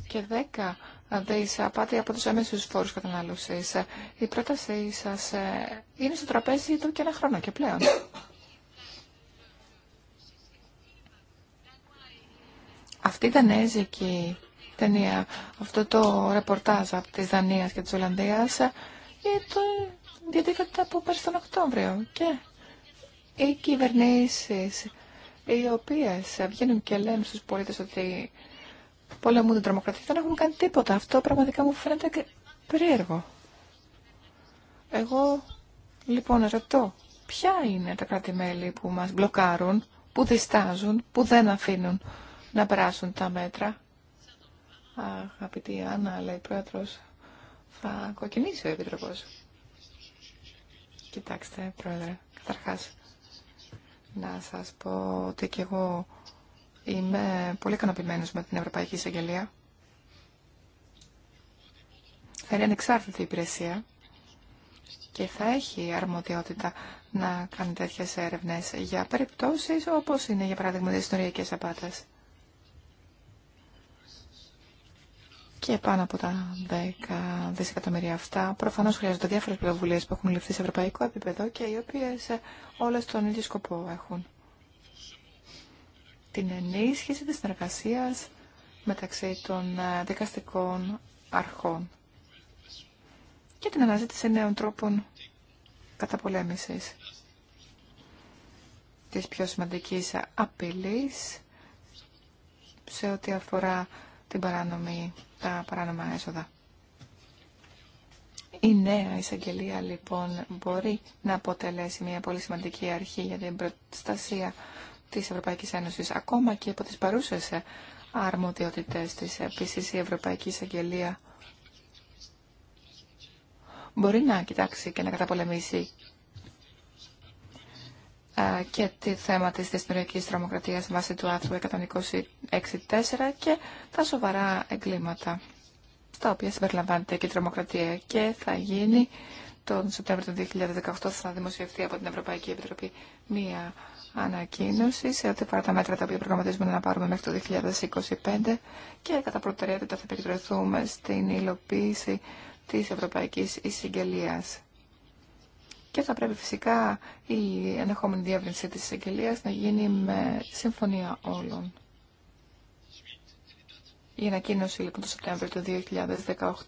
Speaker 2: Και 10 δις απάτη από τους αμέσους φόρους κατανάλωσης. Η πρότασή σας ε, είναι στο τραπέζι του και ένα χρόνο και πλέον. Αυτή ήταν και ταινία, αυτό το ρεπορτάζ από τη Δανία και τη Ολλανδία ε, το διατίθεται από πέρσι τον Οκτώβριο. Και οι κυβερνήσει, οι οποίε βγαίνουν και λένε στου πολίτε ότι πολεμούν την τρομοκρατία δεν έχουν κάνει τίποτα. Αυτό πραγματικά μου φαίνεται περίεργο. Εγώ λοιπόν ρωτώ, ποια είναι τα κράτη-μέλη που μας μπλοκάρουν, που διστάζουν, που δεν αφήνουν να περάσουν τα μέτρα. Αγαπητή Άννα, λέει πρόεδρος, θα κοκκινήσει ο Επιτροπός. Κοιτάξτε, πρόεδρε, καταρχάς, να σας πω ότι και εγώ είμαι πολύ ικανοποιημένος με την Ευρωπαϊκή Εισαγγελία. Θα είναι ανεξάρτητη υπηρεσία και θα έχει αρμοδιότητα να κάνει τέτοιες έρευνες για περιπτώσεις όπως είναι για παράδειγμα τι ιστοριακές απάτες. Και πάνω από τα 10 δισεκατομμύρια αυτά, προφανώ χρειάζονται διάφορε πρωτοβουλίε που έχουν ληφθεί σε ευρωπαϊκό επίπεδο και οι οποίε ε, όλε τον ίδιο σκοπό έχουν. Την ενίσχυση τη συνεργασία μεταξύ των ε, δικαστικών αρχών και την αναζήτηση νέων τρόπων καταπολέμησης της πιο σημαντικής απειλής σε ό,τι αφορά την παράνομη, τα παράνομα έσοδα. Η νέα εισαγγελία λοιπόν μπορεί να αποτελέσει μια πολύ σημαντική αρχή για την προστασία της Ευρωπαϊκής Ένωσης ακόμα και από τις παρούσες αρμοδιότητες της. Επίσης η Ευρωπαϊκή Εισαγγελία μπορεί να κοιτάξει και να καταπολεμήσει και τη θέμα της διαστημιακής τρομοκρατίας βάσει του άρθρου 126.4 και τα σοβαρά εγκλήματα, στα οποία συμπεριλαμβάνεται και η τρομοκρατία και θα γίνει τον Σεπτέμβριο του 2018 θα δημοσιευτεί από την Ευρωπαϊκή Επιτροπή μία ανακοίνωση σε ό,τι αφορά τα μέτρα τα οποία προγραμματίζουμε να πάρουμε μέχρι το 2025 και κατά προτεραιότητα θα επικεντρωθούμε στην υλοποίηση της Ευρωπαϊκής Εισηγγελίας και θα πρέπει φυσικά η ενεχόμενη διεύρυνση της εισαγγελίας να γίνει με συμφωνία όλων. Η ανακοίνωση λοιπόν το Σεπτέμβριο του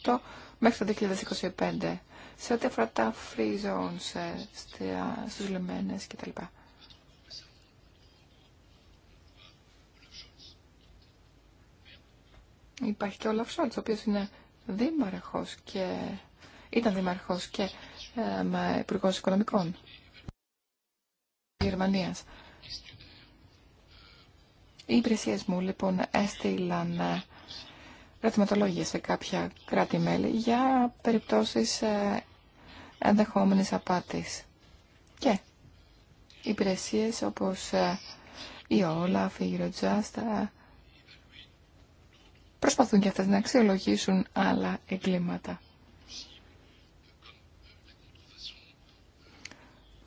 Speaker 2: 2018 μέχρι το 2025 σε ό,τι αφορά τα free zones ε, στους λεμμένες κτλ. Υπάρχει και ο Λαφσόλτς, ο οποίος είναι δήμαρχος και ήταν δήμαρχος και ε, με υπουργό οικονομικών Γερμανία. Οι υπηρεσίε μου λοιπόν έστειλαν ε, ρευματολόγια σε κάποια κράτη-μέλη για περιπτώσεις ε, ενδεχόμενης απάτης. Και υπηρεσίες όπως η Όλαφ, η Eurojust προσπαθούν και αυτές να αξιολογήσουν άλλα εγκλήματα.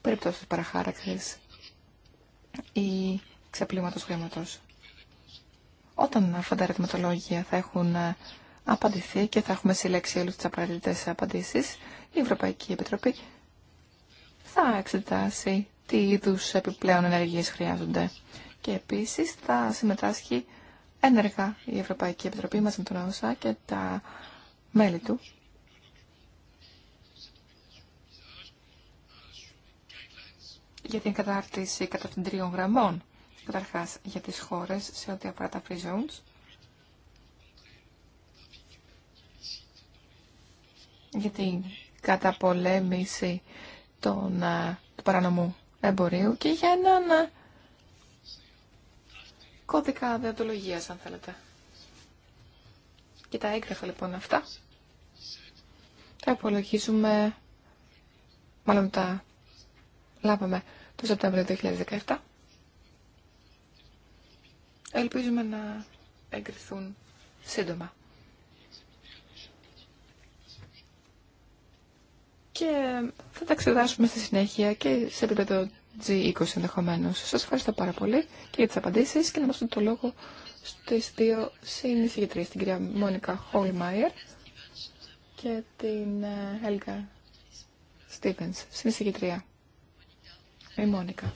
Speaker 2: περιπτώσει παραχάραξη ή ξεπλήματο χρήματο. Όταν αυτά τα ερωτηματολόγια θα έχουν ε, απαντηθεί και θα έχουμε συλλέξει όλους τι απαραίτητε απαντήσει, η Ευρωπαϊκή Επιτροπή θα εξετάσει τι είδου επιπλέον ενεργείε χρειάζονται. Και επίσης θα συμμετάσχει ένεργα η Ευρωπαϊκή Επιτροπή μαζί με τον ΩΣΑ και τα μέλη του για την κατάρτιση κατά των τριών γραμμών, καταρχάς για τις χώρες σε ό,τι αφορά τα free zones, για την καταπολέμηση των, ε, του παρανομού εμπορίου και για έναν ε, κώδικα δεοντολογίας, αν θέλετε. Και τα έγγραφα λοιπόν αυτά. Τα υπολογίζουμε, μάλλον τα λάβαμε το Σεπτέμβριο 2017. Ελπίζουμε να εγκριθούν σύντομα. Και θα τα εξετάσουμε στη συνέχεια και σε επίπεδο G20 ενδεχομένω. Σας ευχαριστώ πάρα πολύ και για τις απαντήσεις και να δώσω το λόγο στις δύο συνεισηγητρίες, την κυρία Μόνικα Χολμάιερ και την Έλγα ε, Στίβεν, συνεισηγητρία η Μόνικα.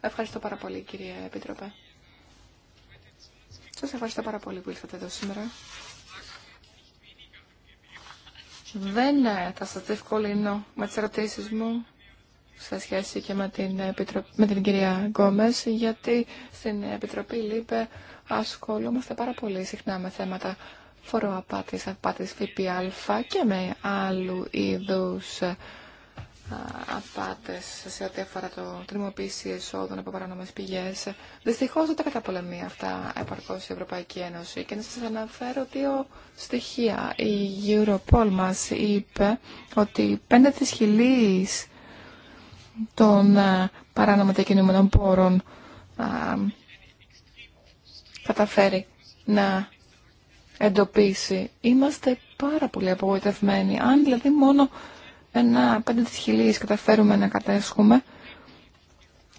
Speaker 2: Ευχαριστώ πάρα πολύ κύριε Επίτροπε. Σας ευχαριστώ πάρα πολύ που ήρθατε εδώ σήμερα. Δεν ε, θα σας διευκολύνω με τις ερωτήσεις μου σε σχέση και με την, με την κυρία Γκόμες, γιατί στην Επιτροπή ΛΥΠΕ ασχολούμαστε πάρα πολύ συχνά με θέματα φοροαπάτης, απάτης ΦΠΑ και με άλλου είδους ε, απάτες σε ό,τι αφορά το τριμοποίηση εσόδων από παράνομες πηγές. Δυστυχώς δεν τα καταπολεμεί αυτά επαρκώς η Ευρωπαϊκή Ένωση. Και να σας αναφέρω δύο στοιχεία. Η Europol μας είπε ότι πέντε της χιλής των ε, παράνομα διακινούμενων πόρων ε, καταφέρει να εντοπίσει. Είμαστε πάρα πολύ απογοητευμένοι. Αν δηλαδή μόνο ένα πέντε της χιλίες καταφέρουμε να κατέσχουμε,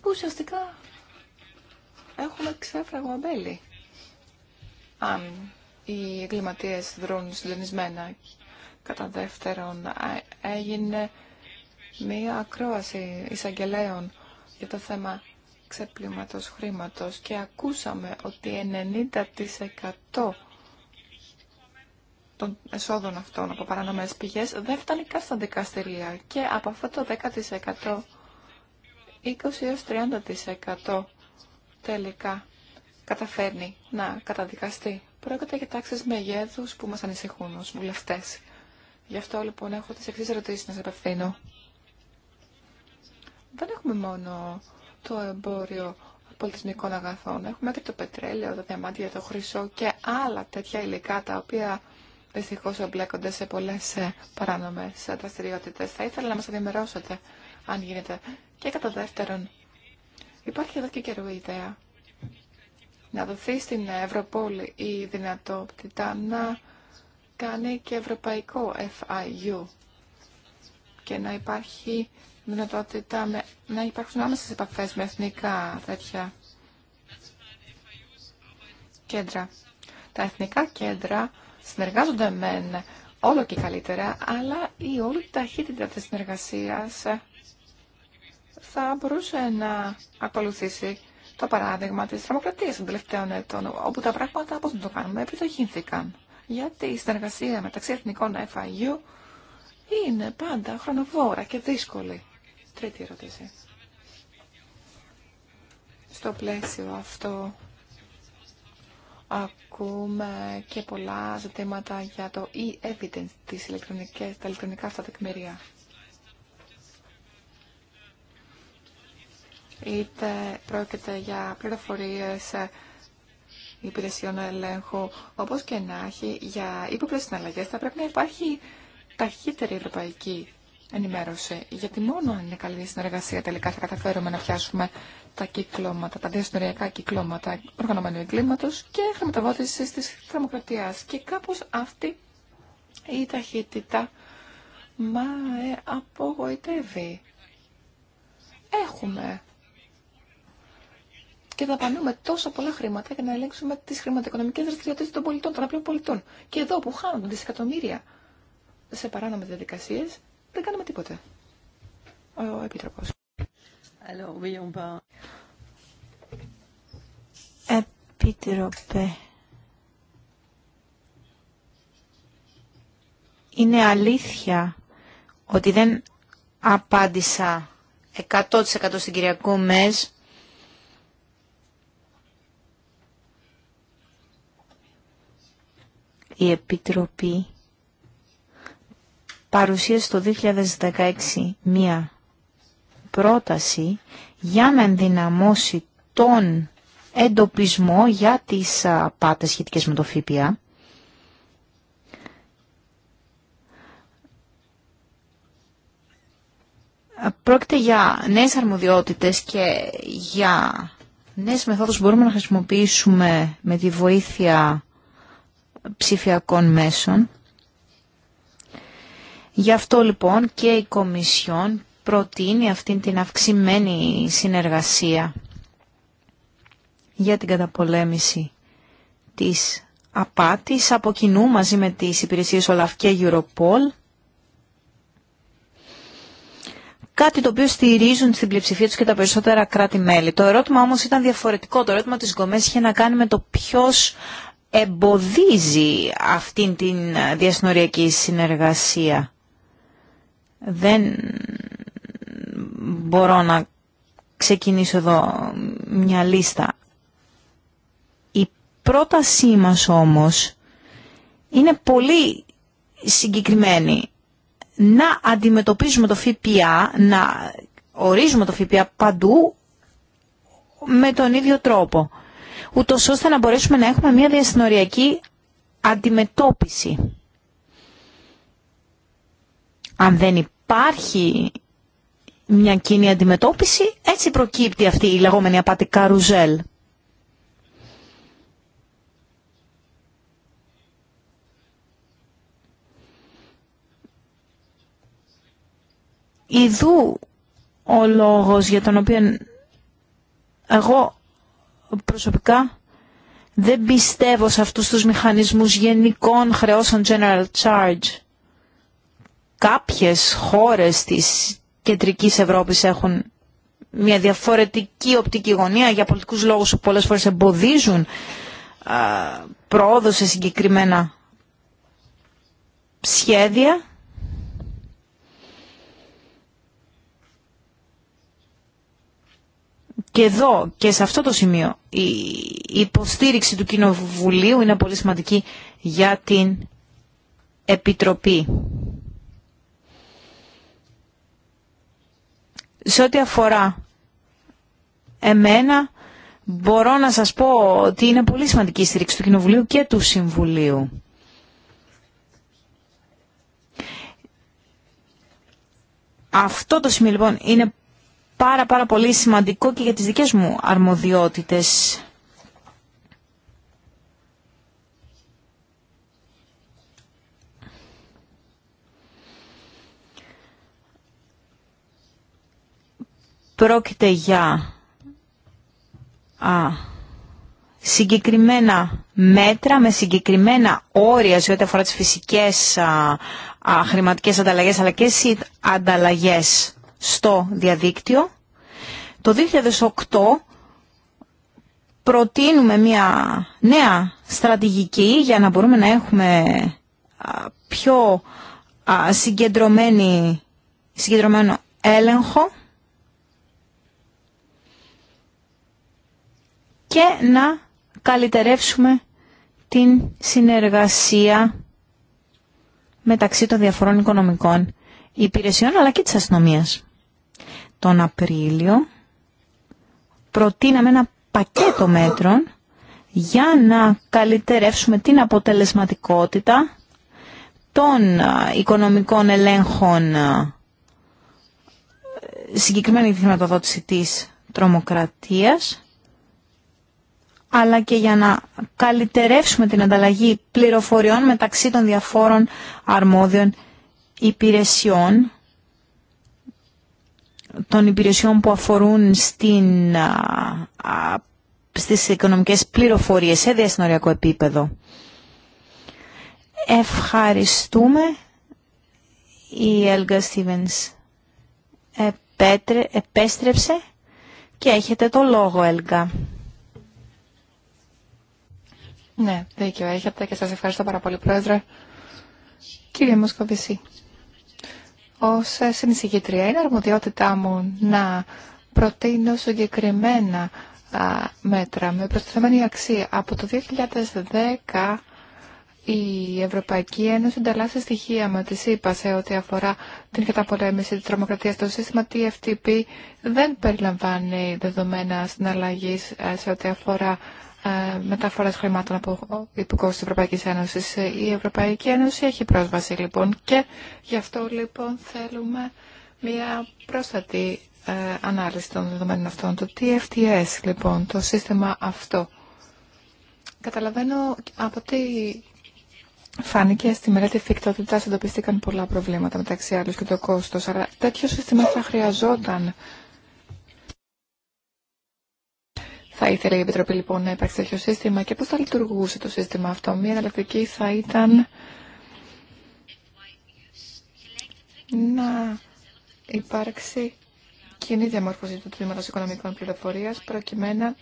Speaker 2: ουσιαστικά έχουμε ξέφραγμα μπέλη. Αν οι εγκληματίες δρούν συντονισμένα. Κατά δεύτερον, έγινε μία ακρόαση εισαγγελέων για το θέμα ξεπλήματος χρήματος και ακούσαμε ότι 90% των εσόδων αυτών από παράνομες πηγές δεν φτάνει καν στα δικαστηρία και από αυτό το 10% 20 έως 30% τελικά καταφέρνει να καταδικαστεί. Πρόκειται για τάξεις μεγέθους που μας ανησυχούν ως βουλευτές. Γι' αυτό λοιπόν έχω τις εξής ερωτήσει να σε απευθύνω. Δεν έχουμε μόνο το εμπόριο πολιτισμικών αγαθών. Έχουμε και το πετρέλαιο, τα διαμάντια, το χρυσό και άλλα τέτοια υλικά τα οποία δυστυχώ εμπλέκονται σε πολλέ ε, παράνομε δραστηριότητε. Θα ήθελα να μα ενημερώσετε, αν γίνεται. Και κατά δεύτερον, υπάρχει εδώ και καιρό η ιδέα να δοθεί στην Ευρωπόλη η δυνατότητα να κάνει και ευρωπαϊκό FIU και να υπάρχει δυνατότητα με, να υπάρχουν άμεσε επαφέ με εθνικά τέτοια κέντρα. Τα εθνικά κέντρα συνεργάζονται μεν όλο και καλύτερα, αλλά η όλη ταχύτητα της συνεργασίας θα μπορούσε να ακολουθήσει το παράδειγμα της τρομοκρατίας των τελευταίων ετών, όπου τα πράγματα, πώς να το κάνουμε, επιτοχύνθηκαν. Γιατί η συνεργασία μεταξύ εθνικών FIU είναι πάντα χρονοβόρα και δύσκολη. Τρίτη ερώτηση. Στο πλαίσιο αυτό Ακούμε και πολλά ζητήματα για το e-evidence, τις τα ηλεκτρονικά αυτά τεκμήρια. Είτε πρόκειται για πληροφορίες υπηρεσιών ελέγχου, όπως και να έχει, για ύποπτες συναλλαγές, θα πρέπει να υπάρχει ταχύτερη ευρωπαϊκή ενημέρωση. Γιατί μόνο αν είναι καλή συνεργασία τελικά θα καταφέρουμε να πιάσουμε τα κυκλώματα, τα διασυνοριακά κυκλώματα οργανωμένου εγκλήματο και χρηματοδότηση τη θερμοκρατία. Και κάπω αυτή η ταχύτητα μα απογοητεύει. Έχουμε και δαπανούμε τόσα πολλά χρήματα για να ελέγξουμε τι χρηματοοικονομικέ δραστηριότητε των πολιτών, των απλών πολιτών. Και εδώ που χάνονται δισεκατομμύρια σε παράνομε διαδικασίε, δεν κάναμε τίποτε. Ο Επίτροπος.
Speaker 3: Επίτροπε. Είναι αλήθεια ότι δεν απάντησα 100% στην κυριακό μές Η Επιτροπή παρουσίασε το 2016 μία πρόταση για να ενδυναμώσει τον εντοπισμό για τις απάτες σχετικές με το ΦΠΑ. Πρόκειται για νέες αρμοδιότητες και για νέες μεθόδους που μπορούμε να χρησιμοποιήσουμε με τη βοήθεια ψηφιακών μέσων. Γι' αυτό λοιπόν και η Κομισιόν προτείνει αυτήν την αυξημένη συνεργασία για την καταπολέμηση της απάτης από κοινού μαζί με τις υπηρεσίες ΟΛΑΦ και Europol κάτι το οποίο στηρίζουν στην πλειοψηφία τους και τα περισσότερα κράτη-μέλη. Το ερώτημα όμως ήταν διαφορετικό. Το ερώτημα της Γκομές είχε να κάνει με το ποιος εμποδίζει αυτήν την διασυνοριακή συνεργασία. Δεν μπορώ να ξεκινήσω εδώ μια λίστα. Η πρότασή μας όμως είναι πολύ συγκεκριμένη. Να αντιμετωπίζουμε το ΦΠΑ, να ορίζουμε το ΦΠΑ παντού με τον ίδιο τρόπο. Ούτως ώστε να μπορέσουμε να έχουμε μια διασυνοριακή αντιμετώπιση. Αν δεν υπάρχει μια κοινή αντιμετώπιση, έτσι προκύπτει αυτή η λεγόμενη απάτη καρουζέλ. Ιδού ο λόγος για τον οποίο εγώ προσωπικά δεν πιστεύω σε αυτούς τους μηχανισμούς γενικών χρεώσεων general charge κάποιες χώρες της κεντρικής Ευρώπης έχουν μια διαφορετική οπτική γωνία για πολιτικούς λόγους που πολλές φορές εμποδίζουν πρόοδο σε συγκεκριμένα σχέδια. Και εδώ και σε αυτό το σημείο η υποστήριξη του Κοινοβουλίου είναι πολύ σημαντική για την Επιτροπή. Σε ό,τι αφορά εμένα, μπορώ να σας πω ότι είναι πολύ σημαντική η στήριξη του Κοινοβουλίου και του Συμβουλίου. Αυτό το σημείο λοιπόν είναι πάρα πάρα πολύ σημαντικό και για τις δικές μου αρμοδιότητες. Πρόκειται για α, συγκεκριμένα μέτρα με συγκεκριμένα όρια σε ό,τι αφορά τις φυσικές α, α, χρηματικές ανταλλαγές αλλά και ανταλλαγές στο διαδίκτυο. Το 2008 προτείνουμε μια νέα στρατηγική για να μπορούμε να έχουμε πιο συγκεντρωμένο έλεγχο και να καλυτερεύσουμε την συνεργασία μεταξύ των διαφορών οικονομικών υπηρεσιών αλλά και της αστυνομίας. Τον Απρίλιο προτείναμε ένα πακέτο μέτρων για να καλυτερεύσουμε την αποτελεσματικότητα των οικονομικών ελέγχων συγκεκριμένη χρηματοδότηση της τρομοκρατίας αλλά και για να καλυτερεύσουμε την ανταλλαγή πληροφοριών μεταξύ των διαφόρων αρμόδιων υπηρεσιών, των υπηρεσιών που αφορούν στην, στις οικονομικές πληροφορίες σε διασυνοριακό επίπεδο. Ευχαριστούμε η Έλγα Στίβενς
Speaker 2: επέστρεψε και έχετε το λόγο Έλγα. Ναι, δίκιο έχετε και σας ευχαριστώ πάρα πολύ, Πρόεδρε. Κύριε Μοσκοβισή, ως συνεισηγήτρια είναι αρμοδιότητά μου να προτείνω συγκεκριμένα μέτρα με προστιθέμενη αξία. Από το 2010 η Ευρωπαϊκή Ένωση ενταλλάσσε στοιχεία με τη ΣΥΠΑ σε ό,τι αφορά την καταπολέμηση της τρομοκρατίας. Το σύστημα TFTP δεν περιλαμβάνει δεδομένα συναλλαγής σε ό,τι αφορά ε, μεταφοράς χρημάτων από υπουργό της Ευρωπαϊκής Ένωσης. Ε, η Ευρωπαϊκή Ένωση έχει πρόσβαση λοιπόν και γι' αυτό λοιπόν θέλουμε μια πρόσθετη ε, ανάλυση των δεδομένων αυτών. Το TFTS λοιπόν, το σύστημα αυτό. Καταλαβαίνω από τι Φάνηκε στη μελέτη φυκτότητα εντοπίστηκαν πολλά προβλήματα μεταξύ άλλων και το κόστο. Αλλά τέτοιο σύστημα θα χρειαζόταν Θα ήθελε η Επιτροπή λοιπόν να υπάρξει τέτοιο σύστημα και πώς θα λειτουργούσε το σύστημα αυτό. Μία εναλλακτική θα ήταν να υπάρξει κοινή διαμόρφωση του τμήματο οικονομικών πληροφορία προκειμένου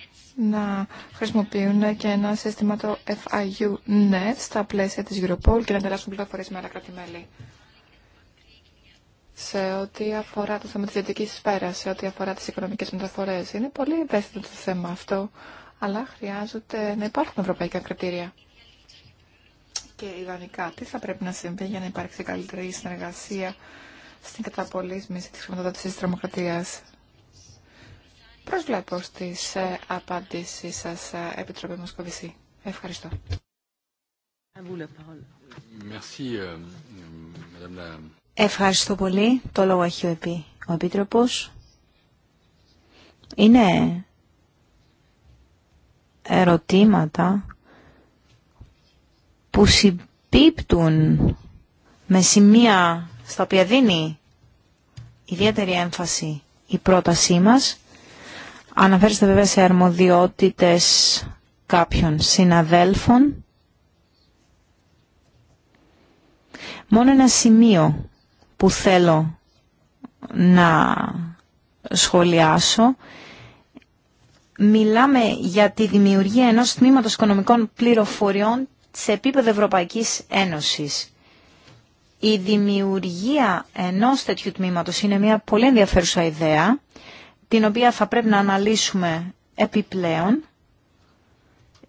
Speaker 2: να χρησιμοποιούν και ένα σύστημα το FIU-NET στα πλαίσια τη Europol και να ανταλλάσσουν πληροφορίε με άλλα κράτη-μέλη σε ό,τι αφορά το θέμα της ιδιωτικής σφαίρας, σε ό,τι αφορά τις οικονομικές μεταφορές. Είναι πολύ ευαίσθητο το θέμα αυτό, αλλά χρειάζεται να υπάρχουν ευρωπαϊκά κριτήρια. Και ιδανικά, τι θα πρέπει να συμβεί για να υπάρξει καλύτερη συνεργασία στην καταπολίσμηση της χρηματοδότησης της τρομοκρατίας. Προσβλέπω στις ε, απαντήσεις σας, ε, Επιτροπή Μοσκοβισή. Ευχαριστώ.
Speaker 1: Merci, euh, Madame la
Speaker 3: Ευχαριστώ πολύ. Το λόγο έχει ο, επί... Επίτροπος. Είναι ερωτήματα που συμπίπτουν με σημεία στα οποία δίνει ιδιαίτερη έμφαση η πρότασή μας. Αναφέρεστε βέβαια σε αρμοδιότητες κάποιων συναδέλφων. Μόνο ένα σημείο που θέλω να σχολιάσω. Μιλάμε για τη δημιουργία ενός τμήματος οικονομικών πληροφοριών σε επίπεδο Ευρωπαϊκής Ένωσης. Η δημιουργία ενός τέτοιου τμήματος είναι μια πολύ ενδιαφέρουσα ιδέα, την οποία θα πρέπει να αναλύσουμε επιπλέον,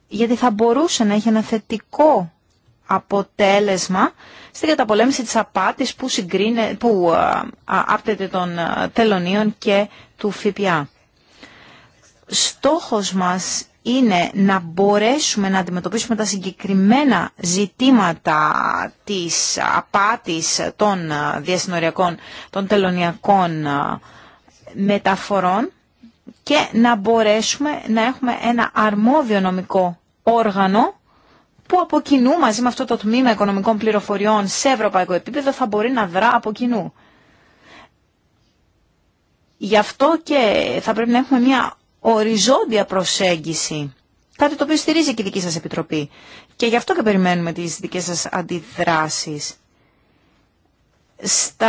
Speaker 3: γιατί θα μπορούσε να έχει ένα θετικό αποτέλεσμα στην καταπολέμηση της απάτης που, συγκρίνε, που άπτεται των τελωνίων και του ΦΠΑ. Στόχος μας είναι να μπορέσουμε να αντιμετωπίσουμε τα συγκεκριμένα ζητήματα της απάτης των διασυνοριακών, των τελωνιακών μεταφορών και να μπορέσουμε να έχουμε ένα αρμόδιο νομικό όργανο που από κοινού μαζί με αυτό το τμήμα οικονομικών πληροφοριών σε ευρωπαϊκό επίπεδο θα μπορεί να δρά από κοινού. Γι' αυτό και θα πρέπει να έχουμε μια οριζόντια προσέγγιση, κάτι το οποίο στηρίζει και η δική σας Επιτροπή. Και γι' αυτό και περιμένουμε τις δικές σας αντιδράσεις. Στα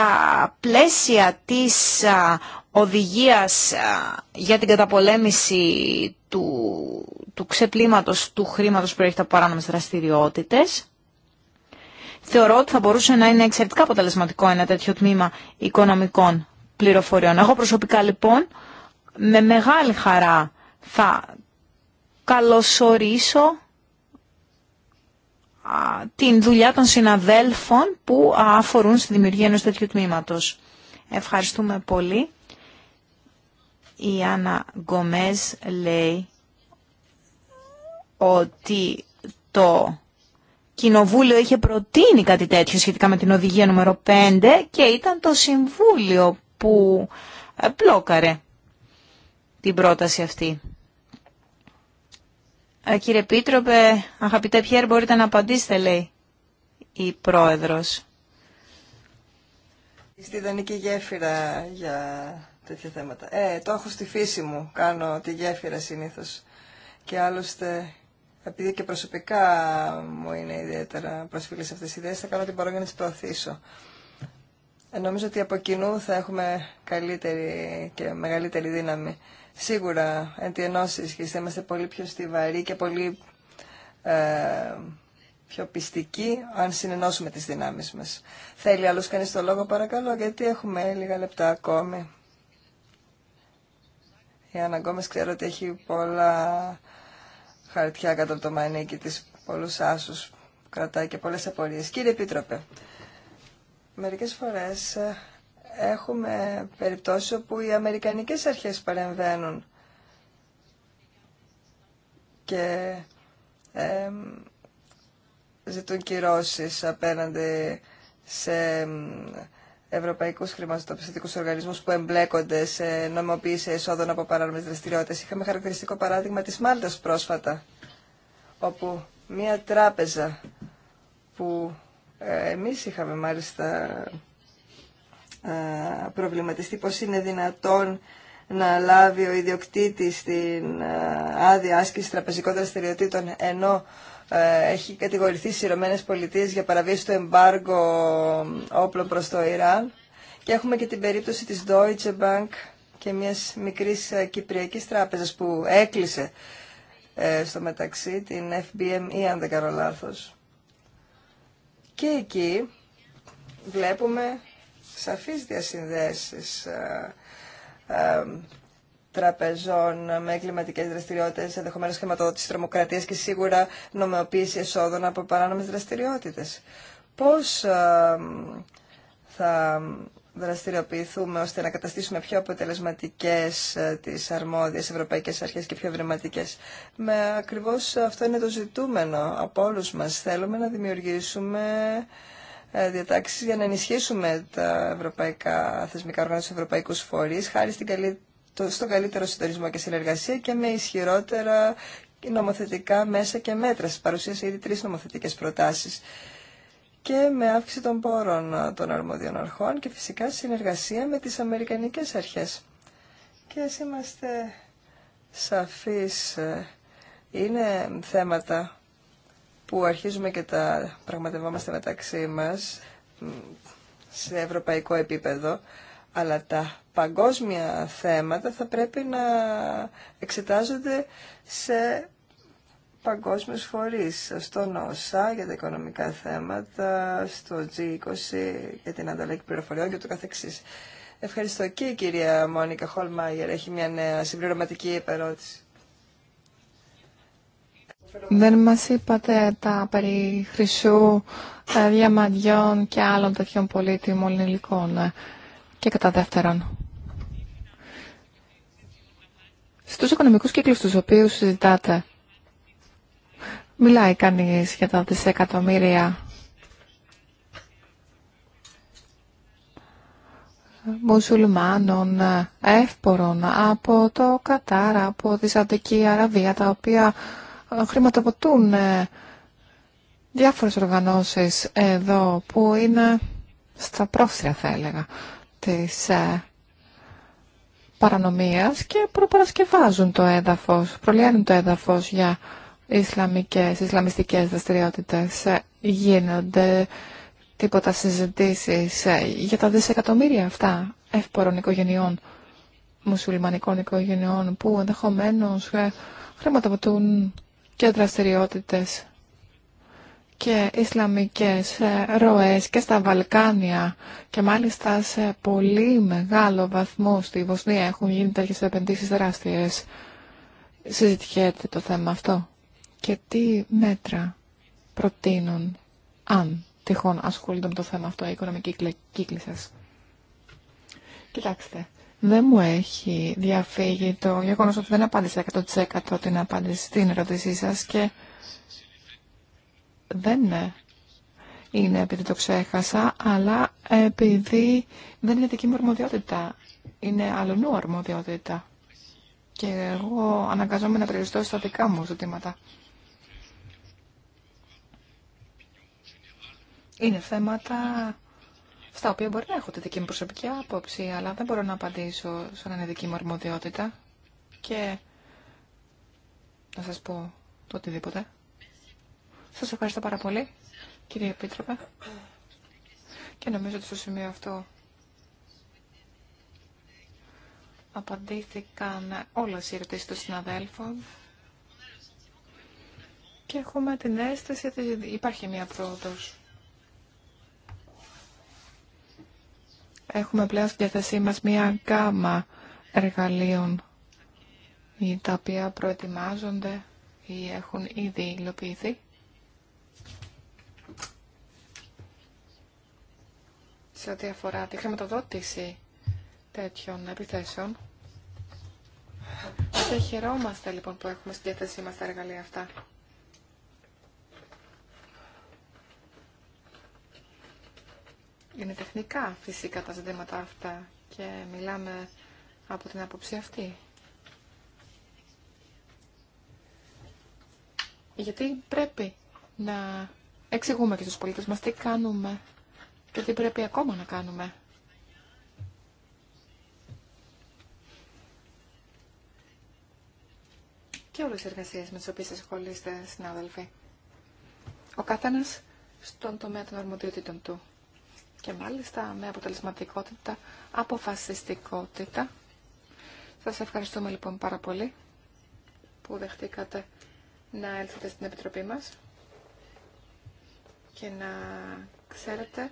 Speaker 3: πλαίσια της οδηγίας για την καταπολέμηση του του ξεπλήματος του χρήματος που έρχεται από παράνομες δραστηριότητες. Θεωρώ ότι θα μπορούσε να είναι εξαιρετικά αποτελεσματικό ένα τέτοιο τμήμα οικονομικών πληροφοριών. Εγώ προσωπικά λοιπόν με μεγάλη χαρά θα καλωσορίσω την δουλειά των συναδέλφων που αφορούν στη δημιουργία ενός τέτοιου τμήματος. Ευχαριστούμε πολύ. Η Άννα Γκομές λέει ότι το Κοινοβούλιο είχε προτείνει κάτι τέτοιο σχετικά με την οδηγία νούμερο 5 και ήταν το Συμβούλιο που ε, πλόκαρε την πρόταση αυτή. Ε, κύριε Πίτροπε, αγαπητέ Πιέρ, μπορείτε να απαντήσετε, λέει η Πρόεδρος.
Speaker 1: Στη Δανική γέφυρα για τέτοια θέματα. Ε, το έχω στη φύση μου, κάνω τη γέφυρα συνήθως. Και άλλωστε επειδή και προσωπικά μου είναι ιδιαίτερα προσφυλής αυτές οι ιδέες, θα κάνω την παρόν για να τις προωθήσω. Ε, νομίζω ότι από κοινού θα έχουμε καλύτερη και μεγαλύτερη δύναμη. Σίγουρα εν τη ενώσεις και είμαστε πολύ πιο στιβαροί και πολύ ε, πιο πιστικοί αν συνενώσουμε τις δυνάμεις μας. Θέλει άλλος κανείς το λόγο παρακαλώ γιατί έχουμε λίγα λεπτά ακόμη. Η Άννα ξέρω ότι έχει πολλά χαρτιά κατά το μανίκι της πολλούς άσους κρατάει και πολλές απορίες. Κύριε Επίτροπε, μερικές φορές ε, έχουμε περιπτώσεις όπου οι Αμερικανικές αρχές παρεμβαίνουν και ε, ζητούν κυρώσεις απέναντι σε ευρωπαϊκούς χρηματοπιστωτικού οργανισμούς που εμπλέκονται σε νομοποίηση εσόδων από παράνομες δραστηριότητε, Είχαμε χαρακτηριστικό παράδειγμα της Μάλτας πρόσφατα, όπου μία τράπεζα που ε, εμείς είχαμε μάλιστα ε, προβληματιστεί πώς είναι δυνατόν να λάβει ο ιδιοκτήτης την ε, άδεια άσκηση τραπεζικών δραστηριοτήτων ενώ ε, έχει κατηγορηθεί στι Ηνωμένε Πολιτείε για παραβίαση του εμπάργου όπλων προς το Ιράν. Και έχουμε και την περίπτωση της Deutsche Bank και μιας μικρής ε, κυπριακής τράπεζας που έκλεισε ε, στο μεταξύ την FBME, αν δεν κάνω λάθο. Και εκεί βλέπουμε σαφείς διασυνδέσεις τραπεζών με εγκληματικέ δραστηριότητε, ενδεχομένω χρηματοδότηση τρομοκρατία και σίγουρα νομοποίηση εσόδων από παράνομε δραστηριότητε. Πώ ε, θα δραστηριοποιηθούμε ώστε να καταστήσουμε πιο αποτελεσματικές ε, τις αρμόδιες ευρωπαϊκές αρχές και πιο ευρηματικέ. Με ακριβώς αυτό είναι το ζητούμενο από όλους μας. Θέλουμε να δημιουργήσουμε ε, διατάξεις για να ενισχύσουμε τα ευρωπαϊκά θεσμικά οργάνωση ευρωπαϊκούς φορείς χάρη στην καλή στο καλύτερο συντονισμό και συνεργασία και με ισχυρότερα νομοθετικά μέσα και μέτρα. Παρουσίασε ήδη τρεις νομοθετικές προτάσεις και με αύξηση των πόρων των αρμόδιων αρχών και φυσικά συνεργασία με τις Αμερικανικές αρχές. Και ας είμαστε σαφείς, ε, είναι θέματα που αρχίζουμε και τα πραγματευόμαστε μεταξύ μας σε ευρωπαϊκό επίπεδο, αλλά τα παγκόσμια θέματα θα πρέπει να εξετάζονται σε παγκόσμιους φορείς, στον νόσά για τα οικονομικά θέματα, στο G20 για την ανταλλαγή πληροφοριών και το καθεξής. Ευχαριστώ και η κυρία Μόνικα Χολμάγερ έχει μια νέα συμπληρωματική επερώτηση. Δεν
Speaker 2: μας είπατε τα περί χρυσού ε, διαμαντιών και άλλων τέτοιων πολύτιμων υλικών. Ε, και κατά δεύτερον, Στους οικονομικούς κύκλους τους οποίους συζητάτε, μιλάει κανείς για τα δισεκατομμύρια μουσουλμάνων, εύπορων από το Κατάρ, από τη Σαντική Αραβία, τα οποία χρηματοδοτούν ε, διάφορες οργανώσεις εδώ που είναι στα πρόσφυγα, θα έλεγα της ε, παρανομίας και προπαρασκευάζουν το έδαφος, προλιάνουν το έδαφος για ισλαμικές, ισλαμιστικές δραστηριότητες. Ε, γίνονται τίποτα συζητήσεις ε, για τα δισεκατομμύρια αυτά εύπορων οικογενειών, μουσουλμανικών οικογενειών που ενδεχομένως ε, χρηματοδοτούν και δραστηριότητες και Ισλαμικές ε, ροές και στα Βαλκάνια και μάλιστα σε πολύ μεγάλο βαθμό στη Βοσνία έχουν γίνει τέτοιες επενδύσεις δράστιες Συζητιέται το θέμα αυτό. Και τι μέτρα προτείνουν αν τυχόν ασχολούνται με το θέμα αυτό η οικονομική κύκλη σας. Κοιτάξτε, δεν μου έχει διαφύγει το γεγονό ότι δεν απάντησα 100% την απάντηση στην ερώτησή σας και δεν ε, είναι επειδή το ξέχασα, αλλά επειδή δεν είναι δική μου αρμοδιότητα. Είναι αλλονού αρμοδιότητα. Και εγώ αναγκαζόμαι να περιοριστώ στα δικά μου ζητήματα. Είναι θέματα στα οποία μπορεί να έχω τη δική μου προσωπική άποψη, αλλά δεν μπορώ να απαντήσω σαν είναι δική μου αρμοδιότητα. Και να σας πω το οτιδήποτε. Σας ευχαριστώ πάρα πολύ, κύριε Επίτροπε. Και νομίζω ότι στο σημείο αυτό απαντήθηκαν όλες οι ερωτήσεις των συναδέλφων. Και έχουμε την αίσθηση ότι υπάρχει μια πρόοδος. Έχουμε πλέον στη διάθεσή μας μια γκάμα εργαλείων τα οποία προετοιμάζονται ή έχουν ήδη υλοποιηθεί σε ό,τι αφορά τη χρηματοδότηση τέτοιων επιθέσεων. Και χαιρόμαστε λοιπόν που έχουμε στη διάθεσή μας τα εργαλεία αυτά. Είναι τεχνικά φυσικά τα ζητήματα αυτά και μιλάμε από την άποψη αυτή. Γιατί πρέπει να εξηγούμε και στους πολίτες μας τι κάνουμε και τι πρέπει ακόμα να κάνουμε. Και όλες τις εργασίες με τις οποίες ασχολείστε, συνάδελφοι. Ο καθένας στον τομέα των αρμοδιοτήτων του. Και μάλιστα με αποτελεσματικότητα, αποφασιστικότητα. Σας ευχαριστούμε λοιπόν πάρα πολύ που δεχτήκατε να έλθετε στην Επιτροπή μας και να ξέρετε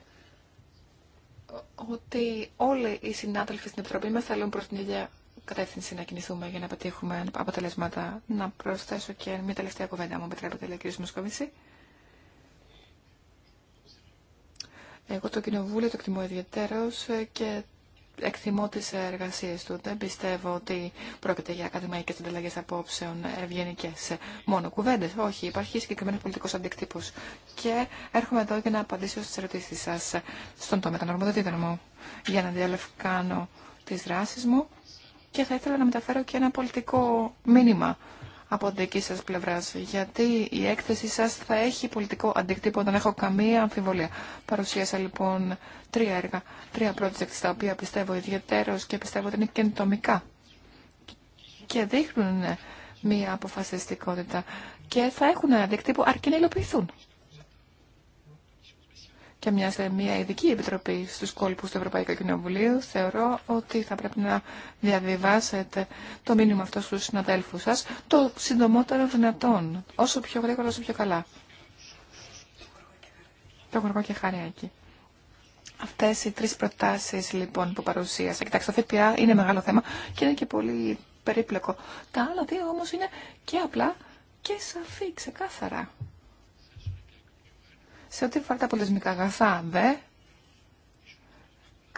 Speaker 2: ότι όλοι οι συνάδελφοι στην Επιτροπή μας θέλουν προς την ίδια κατεύθυνση να κινηθούμε για να πετύχουμε αποτελέσματα. Να προσθέσω και μια τελευταία κουβέντα, μου επιτρέπετε, κύριε ο Εγώ το κοινοβούλιο το εκτιμώ ιδιαίτερω και εκτιμώ τι εργασίε του. Δεν πιστεύω ότι πρόκειται για ακαδημαϊκέ ανταλλαγέ απόψεων ευγενικέ μόνο κουβέντε. Όχι, υπάρχει συγκεκριμένο πολιτικός αντικτύπο. Και έρχομαι εδώ για να απαντήσω στις ερωτήσει σας στον τομέα των αρμοδοτήτων μου, για να διαλευκάνω τι δράσει μου και θα ήθελα να μεταφέρω και ένα πολιτικό μήνυμα από δική σας πλευράς, γιατί η έκθεση σας θα έχει πολιτικό αντικτύπο, δεν έχω καμία αμφιβολία. Παρουσίασα λοιπόν τρία έργα, τρία projects τα οποία πιστεύω ιδιαίτερως και πιστεύω ότι είναι καινοτομικά και δείχνουν μία αποφασιστικότητα και θα έχουν αντικτύπο αρκεί να υλοποιηθούν και μια σε μια ειδική επιτροπή στους κόλπους του Ευρωπαϊκού Κοινοβουλίου, θεωρώ ότι θα πρέπει να διαβιβάσετε το μήνυμα αυτό στους συναδέλφους σας το συντομότερο δυνατόν, όσο πιο γρήγορα, όσο πιο καλά. Το χωριό και εκεί. Αυτές οι τρεις προτάσεις λοιπόν που παρουσίασα. Κοιτάξτε, το ΦΠΑ είναι μεγάλο θέμα και είναι και πολύ περίπλοκο. Τα άλλα δύο όμως είναι και απλά και σαφή, ξεκάθαρα. Σε ό,τι αφορά τα πολιτισμικά αγαθά, δε,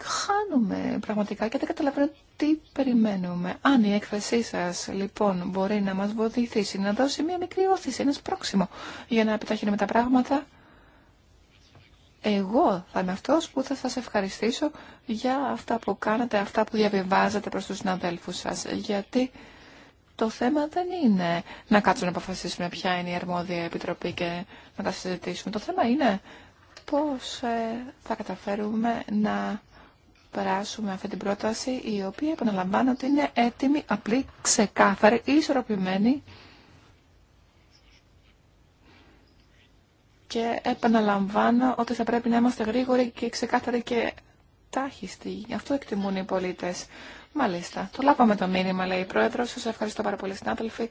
Speaker 2: χάνουμε πραγματικά και δεν καταλαβαίνω τι περιμένουμε. Αν η έκθεσή σας, λοιπόν, μπορεί να μας βοηθήσει, να δώσει μια μικρή όθηση, ένα πρόξιμο, για να επιταχύνουμε τα πράγματα, εγώ θα είμαι αυτός που θα σας ευχαριστήσω για αυτά που κάνετε, αυτά που διαβιβάζετε προς τους συναδέλφους σας, γιατί το θέμα δεν είναι να κάτσουμε να αποφασίσουμε ποια είναι η αρμόδια επιτροπή και να τα συζητήσουμε. Το θέμα είναι πώς ε, θα καταφέρουμε να περάσουμε αυτή την πρόταση η οποία επαναλαμβάνω ότι είναι έτοιμη, απλή, ξεκάθαρη, ισορροπημένη και επαναλαμβάνω ότι θα πρέπει να είμαστε γρήγοροι και ξεκάθαροι και τάχιστοι. Αυτό εκτιμούν οι πολίτες. Μάλιστα. Το λάβαμε το μήνυμα, λέει η Πρόεδρο. Σα ευχαριστώ πάρα πολύ, συνάδελφοι.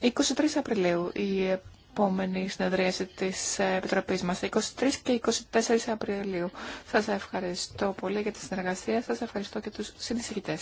Speaker 2: 23 Απριλίου η επόμενη συνεδρίαση τη Επιτροπή μα. 23 και 24 Απριλίου. Σα ευχαριστώ πολύ για τη συνεργασία. Σα ευχαριστώ και του συνεισηγητέ.